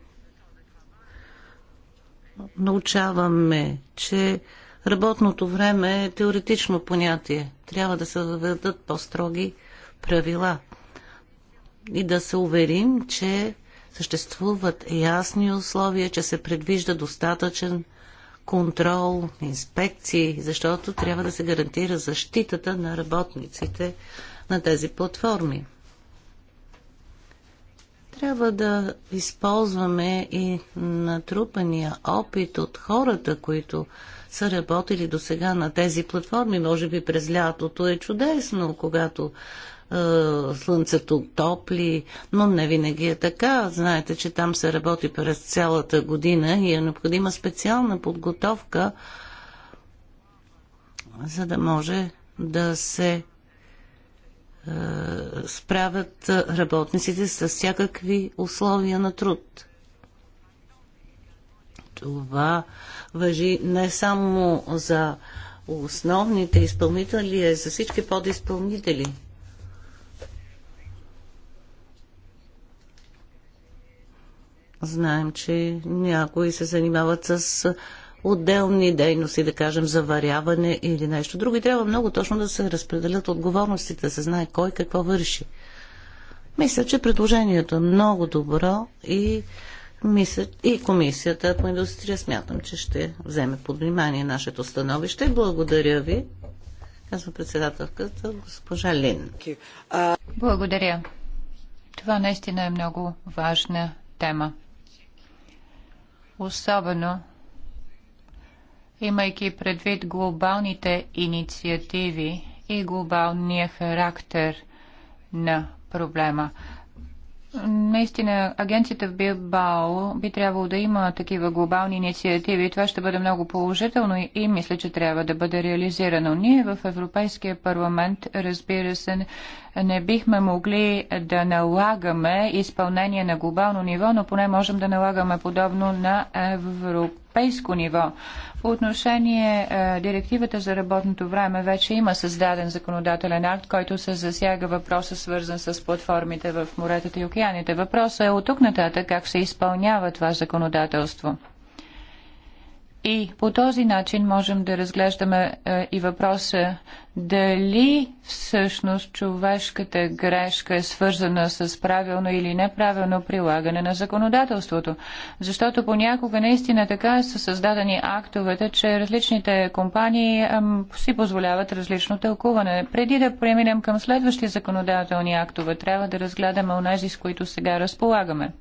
научаваме, че работното време е теоретично понятие. Трябва да се въведат по-строги правила и да се уверим, че съществуват ясни условия, че се предвижда достатъчен контрол, инспекции, защото трябва да се гарантира защитата на работниците на тези платформи. Трябва да използваме и натрупания опит от хората, които са работили до сега на тези платформи. Може би през лятото е чудесно, когато е, слънцето топли, но не винаги е така. Знаете, че там се работи през цялата година и е необходима специална подготовка, за да може да се е, справят работниците с всякакви условия на труд. Това въжи не само за основните изпълнители, а и за всички подизпълнители. Знаем, че някои се занимават с отделни дейности, да кажем, заваряване или нещо друго. И трябва много точно да се разпределят отговорностите, да се знае кой какво върши. Мисля, че предложението е много добро и, мисля, и комисията по индустрия смятам, че ще вземе под внимание нашето становище. Благодаря ви. Казва председателката госпожа Лин. Благодаря. Това наистина е много важна тема особено имайки предвид глобалните инициативи и глобалния характер на проблема. Наистина, агенцията в Билбао би трябвало да има такива глобални инициативи. Това ще бъде много положително и, и мисля, че трябва да бъде реализирано. Ние в Европейския парламент, разбира се, не бихме могли да налагаме изпълнение на глобално ниво, но поне можем да налагаме подобно на Европа европейско ниво. По отношение е, директивата за работното време вече има създаден законодателен акт, който се засяга въпроса свързан с платформите в моретата и океаните. Въпросът е от тук нататък как се изпълнява това законодателство. И по този начин можем да разглеждаме е, и въпроса дали всъщност човешката грешка е свързана с правилно или неправилно прилагане на законодателството. Защото понякога наистина така са създадени актовете, че различните компании ам, си позволяват различно тълкуване. Преди да преминем към следващи законодателни актове, трябва да разгледаме онези, с които сега разполагаме.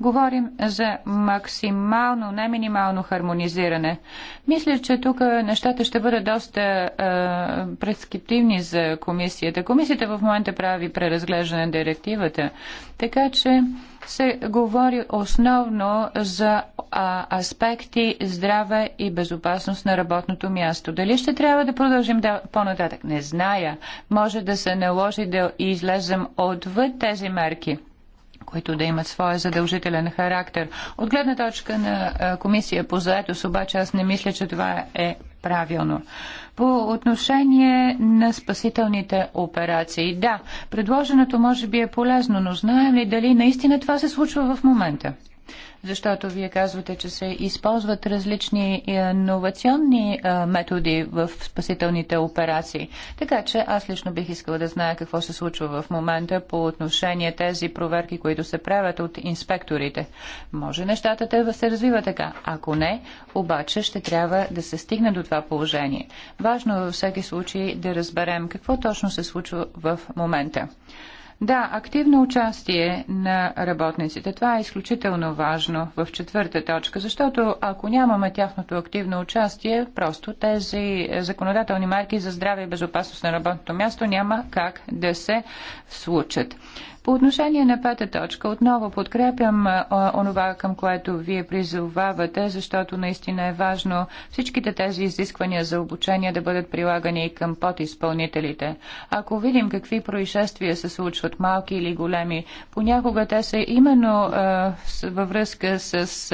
Говорим за максимално, не минимално хармонизиране. Мисля, че тук нещата ще бъдат доста е, прескриптивни за комисията. Комисията в момента прави преразглеждане на директивата, така че се говори основно за а, аспекти здраве и безопасност на работното място. Дали ще трябва да продължим да, по-нататък? Не зная. Може да се наложи да излезем отвъд тези мерки които да имат своя задължителен характер. От гледна точка на комисия по заетост, обаче аз не мисля, че това е правилно. По отношение на спасителните операции, да, предложеното може би е полезно, но знаем ли дали наистина това се случва в момента? Защото вие казвате, че се използват различни иновационни е, е, методи в спасителните операции. Така че аз лично бих искала да зная какво се случва в момента по отношение тези проверки, които се правят от инспекторите. Може нещата да се развиват така. Ако не, обаче ще трябва да се стигне до това положение. Важно е във всеки случай да разберем какво точно се случва в момента. Да, активно участие на работниците. Това е изключително важно в четвърта точка, защото ако нямаме тяхното активно участие, просто тези законодателни марки за здраве и безопасност на работното място няма как да се случат. По отношение на пета точка, отново подкрепям онова, към което вие призовавате, защото наистина е важно всичките тези изисквания за обучение да бъдат прилагани и към подизпълнителите. Ако видим какви происшествия се случват, малки или големи, понякога те са именно е, във връзка с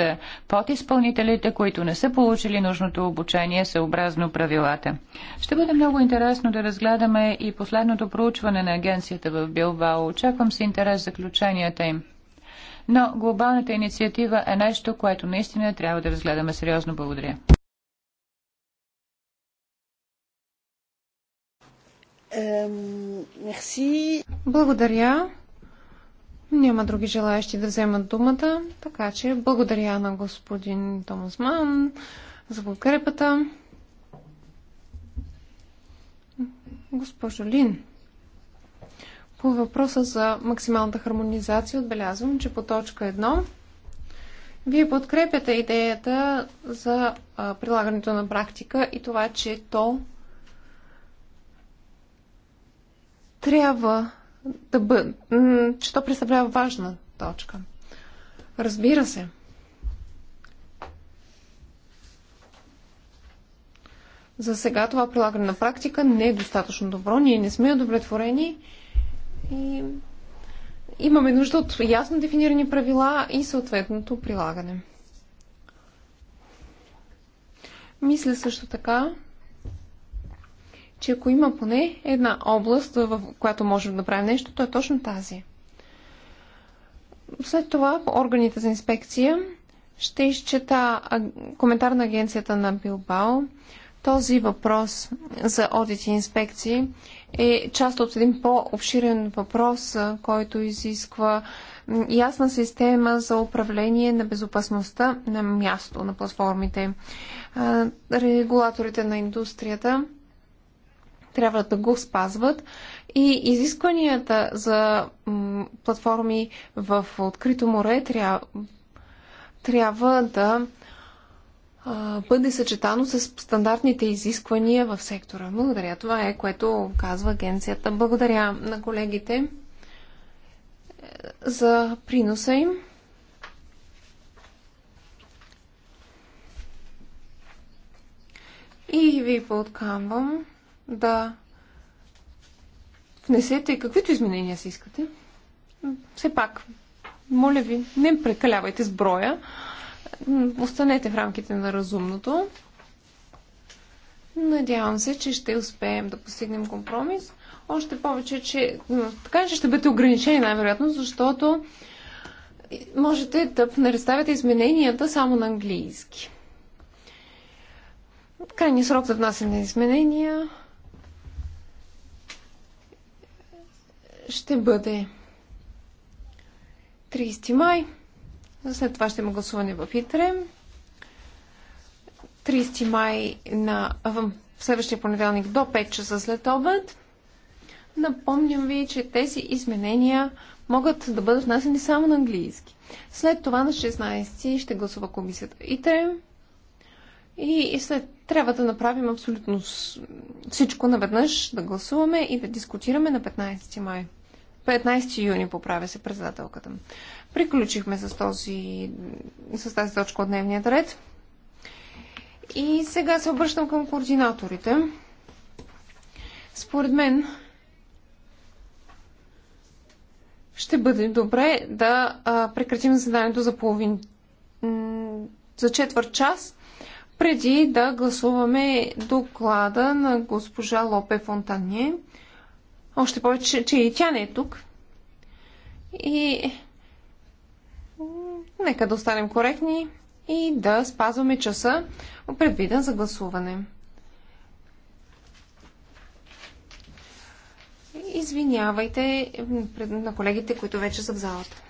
подизпълнителите, които не са получили нужното обучение съобразно правилата. Ще бъде много интересно да разгледаме и последното проучване на агенцията в Билбао. Очаквам си интерес заключенията им. Но глобалната инициатива е нещо, което наистина трябва да разгледаме сериозно. Благодаря. Благодаря. Няма други желаящи да вземат думата, така че благодаря на господин Томас Ман за подкрепата. Госпожо Лин. По въпроса за максималната хармонизация отбелязвам, че по точка 1 вие подкрепяте идеята за а, прилагането на практика и това, че то трябва да бъде, че то представлява важна точка. Разбира се. За сега това прилагане на практика не е достатъчно добро. Ние не сме удовлетворени. И имаме нужда от ясно дефинирани правила и съответното прилагане. Мисля също така, че ако има поне една област, в която можем да направим нещо, то е точно тази. След това органите за инспекция ще изчета коментар на агенцията на Билбао. Този въпрос за одити и инспекции е част от един по-обширен въпрос, който изисква ясна система за управление на безопасността на място на платформите. Регулаторите на индустрията трябва да го спазват и изискванията за платформи в открито море трябва, трябва да бъде съчетано с стандартните изисквания в сектора. Благодаря. Това е което казва агенцията. Благодаря на колегите е, за приноса им. И ви подканвам да внесете каквито изменения си искате. Все пак, моля ви, не прекалявайте с броя останете в рамките на разумното. Надявам се, че ще успеем да постигнем компромис. Още повече, че така че ще бъдете ограничени най-вероятно, защото можете да представяте измененията само на английски. Крайният срок за внасяне на изменения ще бъде 30 май след това ще има гласуване в Итре. 30 май на в следващия понеделник до 5 часа след обед. Напомням ви, че тези изменения могат да бъдат внасени само на английски. След това на 16 ще гласува комисията ИТРЕ и след трябва да направим абсолютно всичко наведнъж, да гласуваме и да дискутираме на 15 май. 15 юни поправя се председателката. Приключихме с, този, с тази точка от дневния ред. И сега се обръщам към координаторите. Според мен ще бъде добре да прекратим заседанието за половин за четвърт час, преди да гласуваме доклада на госпожа Лопе Фонтанье. Още повече, че и тя не е тук. И Нека да останем коректни и да спазваме часа, предвиден за гласуване. Извинявайте на колегите, които вече са в залата.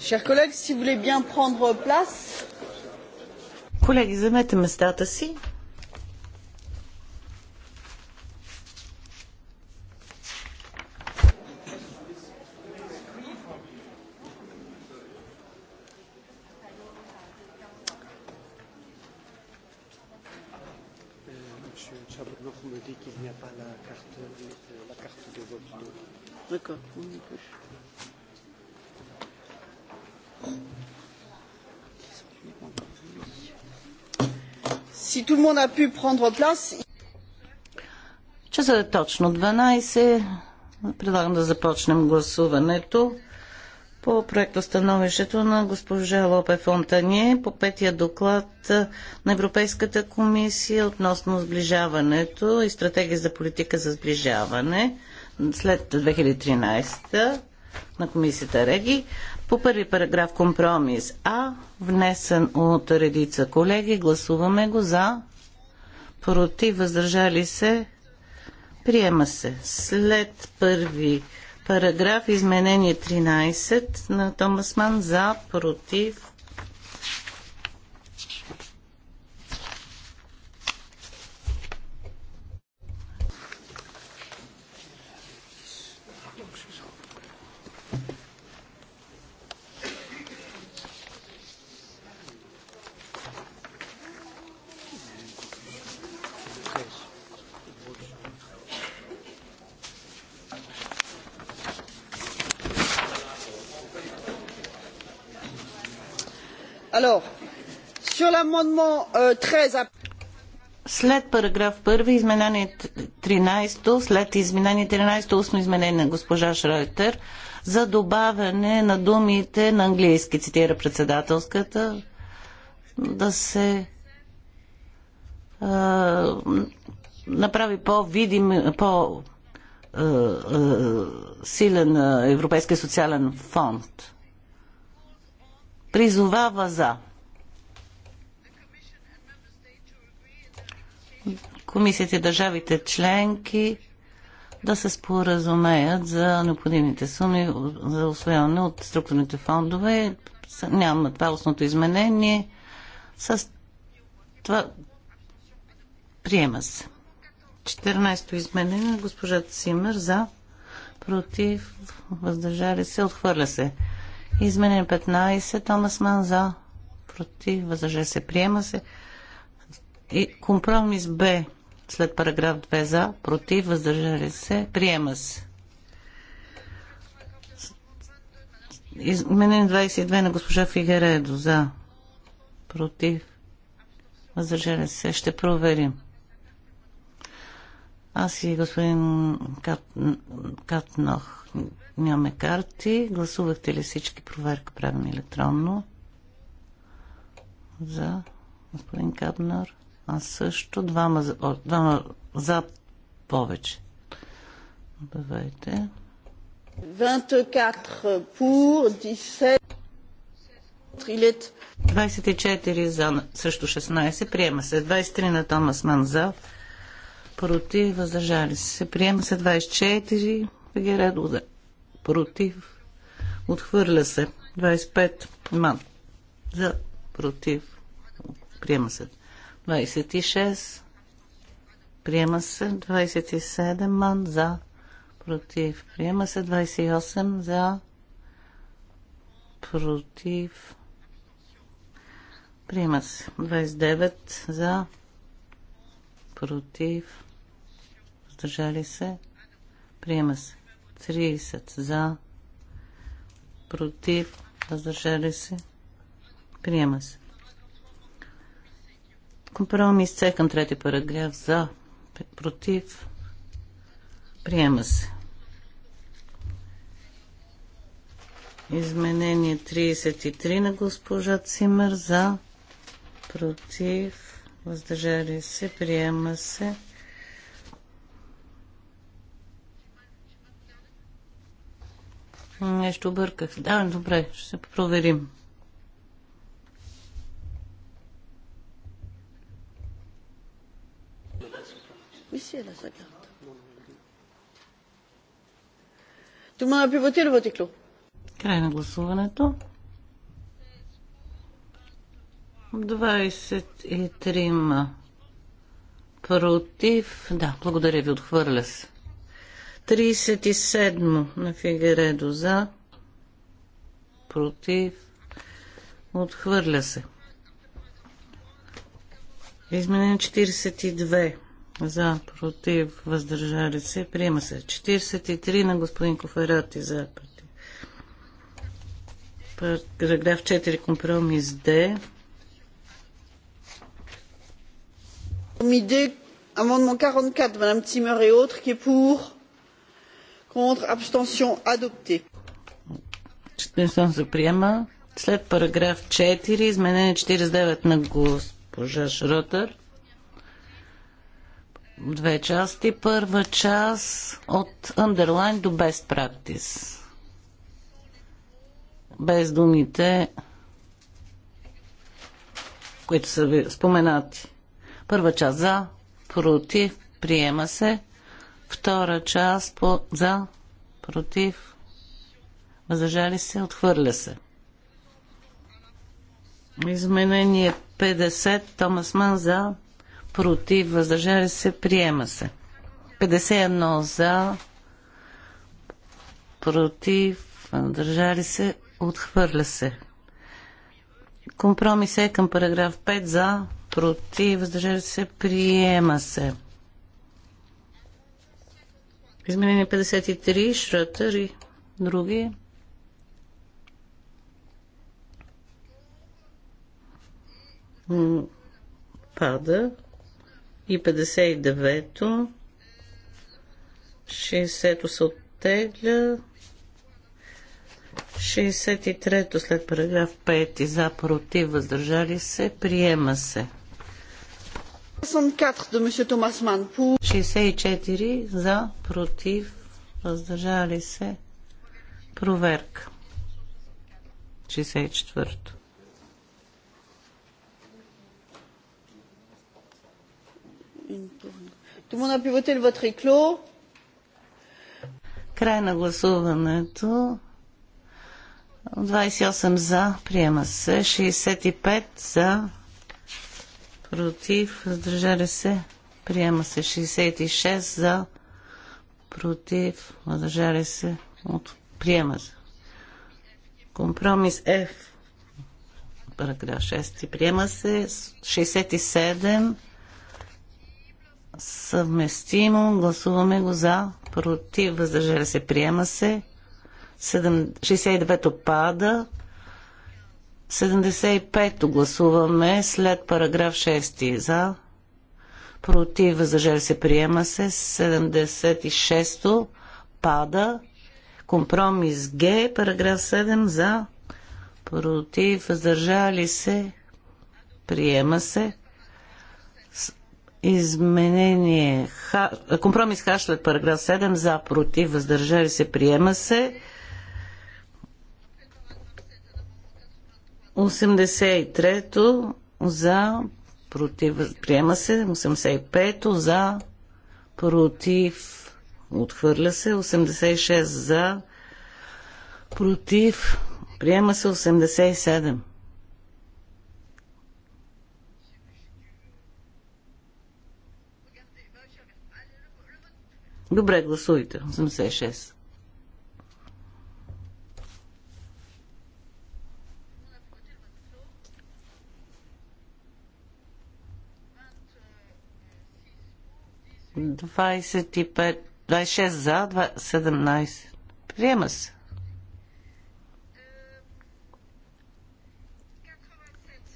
Chers collègues, si vous voulez bien prendre place. Колеги, местата си. monde a pu prendre place. Часът е точно 12. Предлагам да започнем гласуването по становището на госпожа Лопе Фонтане по петия доклад на Европейската комисия относно сближаването и стратегия за политика за сближаване след 2013 на комисията Реги. По първи параграф компромис А, внесен от редица колеги, гласуваме го за против, въздържали се, приема се. След първи параграф, изменение 13 на Томас Ман, за, против, Е, след параграф 1, изменение 13, след изменение 13, устно изменение на госпожа Шройтер, за добавяне на думите на английски, цитира председателската, да се а, направи по-видим, по-, силен Европейски социален фонд. Призовава за. комисията и държавите членки да се споразумеят за необходимите суми за освояване от структурните фондове. Няма това основното изменение. С това приема се. 14-то изменение. Госпожа Цимер за против въздържали се. Отхвърля се. Изменение 15. Томас Ман за против въздържали се. Приема се. И компромис Б след параграф 2 за, против, въздържали се, приема се. Изменен 22 на госпожа Фигередо за, против, въздържали се, ще проверим. Аз и господин Кат... Катнох нямаме карти. Гласувахте ли всички? Проверка правим електронно. За господин Кабнор. А също двама, за, о, двама за повече. Давайте. 24 pour, 17 24 за, също 16. Приема се. 23 на Томас Ман за. Против. Въздържали се. Приема се 24. Вегередо за. Против. Отхвърля се. 25 Ман за. Против. Приема се. 26. Приема се 27 ман за. Против. Приема се 28 за. Против. Приема се 29 за. Против. Въздържали се. Приема се 30 за. Против. Въздържали се. Приема се. Компромис С към трети параграф за, против, приема се. Изменение 33 на госпожа Цимър за, против, въздържали се, приема се. Нещо бърках. Да, добре, ще проверим. Oui, si elle a sa carte. Tout le monde a pu voter, le vote est clos. Край на гласуването. 23 против. Да, благодаря ви, отхвърля се. 37 на Фигередо за. Против. Отхвърля се. Изменение 42 за, против, въздържали се, приема се. 43 на господин Коферати за, против. Параграф 4, компромис Д. Д, amendement 44, мадам Timmer и autres, qui est pour, contre, abstention, adopté. се приема. След параграф 4, изменение 49 на госпожа Шротър две части. Първа част от underline до best practice. Без думите, които са ви споменати. Първа част за, против, приема се. Втора част по, за, против, въздържали се, отхвърля се. Изменение 50, Томас Ман за, против, въздържали се, приема се. 51 за, против, въздържали се, отхвърля се. Компромис е към параграф 5 за, против, въздържали се, приема се. Изменение 53, Шрътър и други. Пада и 59-то. 60-то се оттегля. 63-то след параграф 5 за против въздържали се приема се. 64 за против въздържали се проверка. 64-то. вътре Край на гласуването. 28 за, приема се. 65 за, против, въздържали се, приема се. 66 за, против, въздържали се, от, приема се. Компромис F, параграф 6, приема се. 67 Съвместимо. Гласуваме го за. Против. Въздържали се. Приема се. 69-то пада. 75-то гласуваме след параграф 6 за. Против. Въздържали се. Приема се. 76-то пада. Компромис Г. Параграф 7 за. Против. Въздържали се. Приема се. Изменение. Ха... Компромис Хашлет, параграф 7 за против въздържали се приема се. 83-то за против приема се. 85-то за против отхвърля се. 86 за против приема се. 87. Добре, гласувайте. 86. Двадесет и пет, двадесет шест за, седемнадесет. Приема се.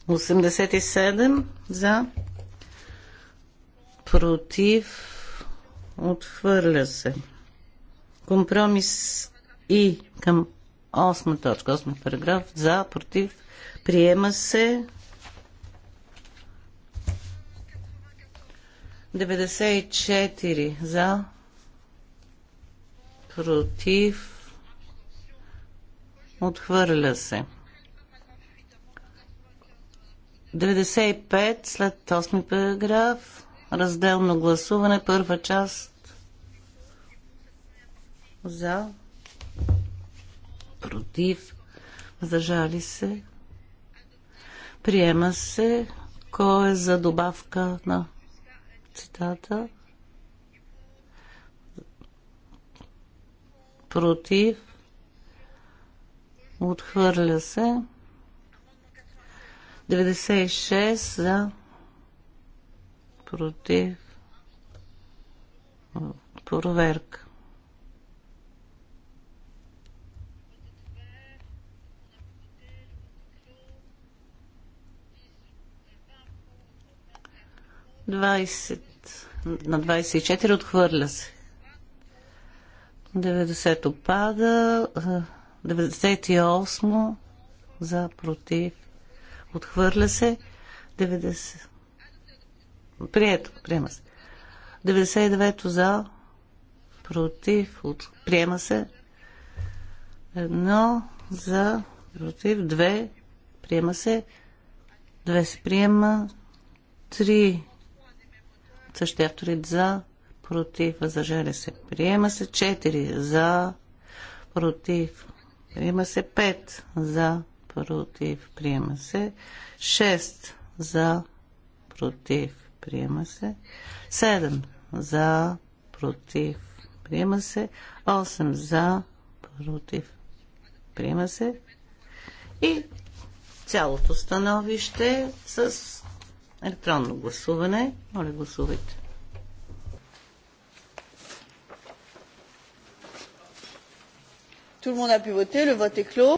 Осемдесет и седем за, против Отхвърля се. Компромис и към 8 точка, 8 параграф. За, против, приема се. 94 за, против, отхвърля се. 95 след 8 параграф, разделно гласуване, първа част за, против, Зажали се, приема се, кой е за добавка на цитата, против, отхвърля се, 96 за, против, проверка. 20 на 24 отхвърля се. 90 опада. 98 за против. Отхвърля се. 90. Прието. Приема се. 99 за против. От... Приема се. Едно за против. Две. Приема се. Две се приема. Три същия автори е за, против, възражали се. Приема се 4 за, против. Приема се 5 за, против. Приема се 6 за, против. Приема се 7 за, против. Приема се 8 за, против. Приема се и цялото становище с Електронно гласуване. Моля, гласувайте.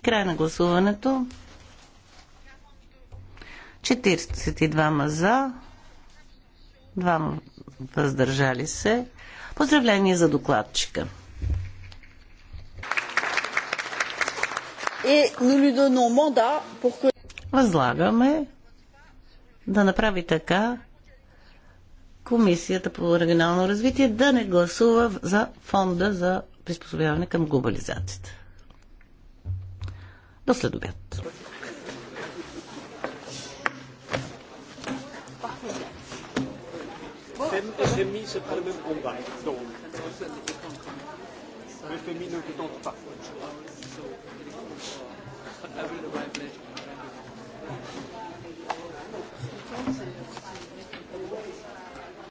Край на гласуването. 42 за, 2 въздържали се. Поздравление за докладчика. Възлагаме да направи така Комисията по регионално развитие да не гласува за фонда за приспособяване към глобализацията. До след обяд.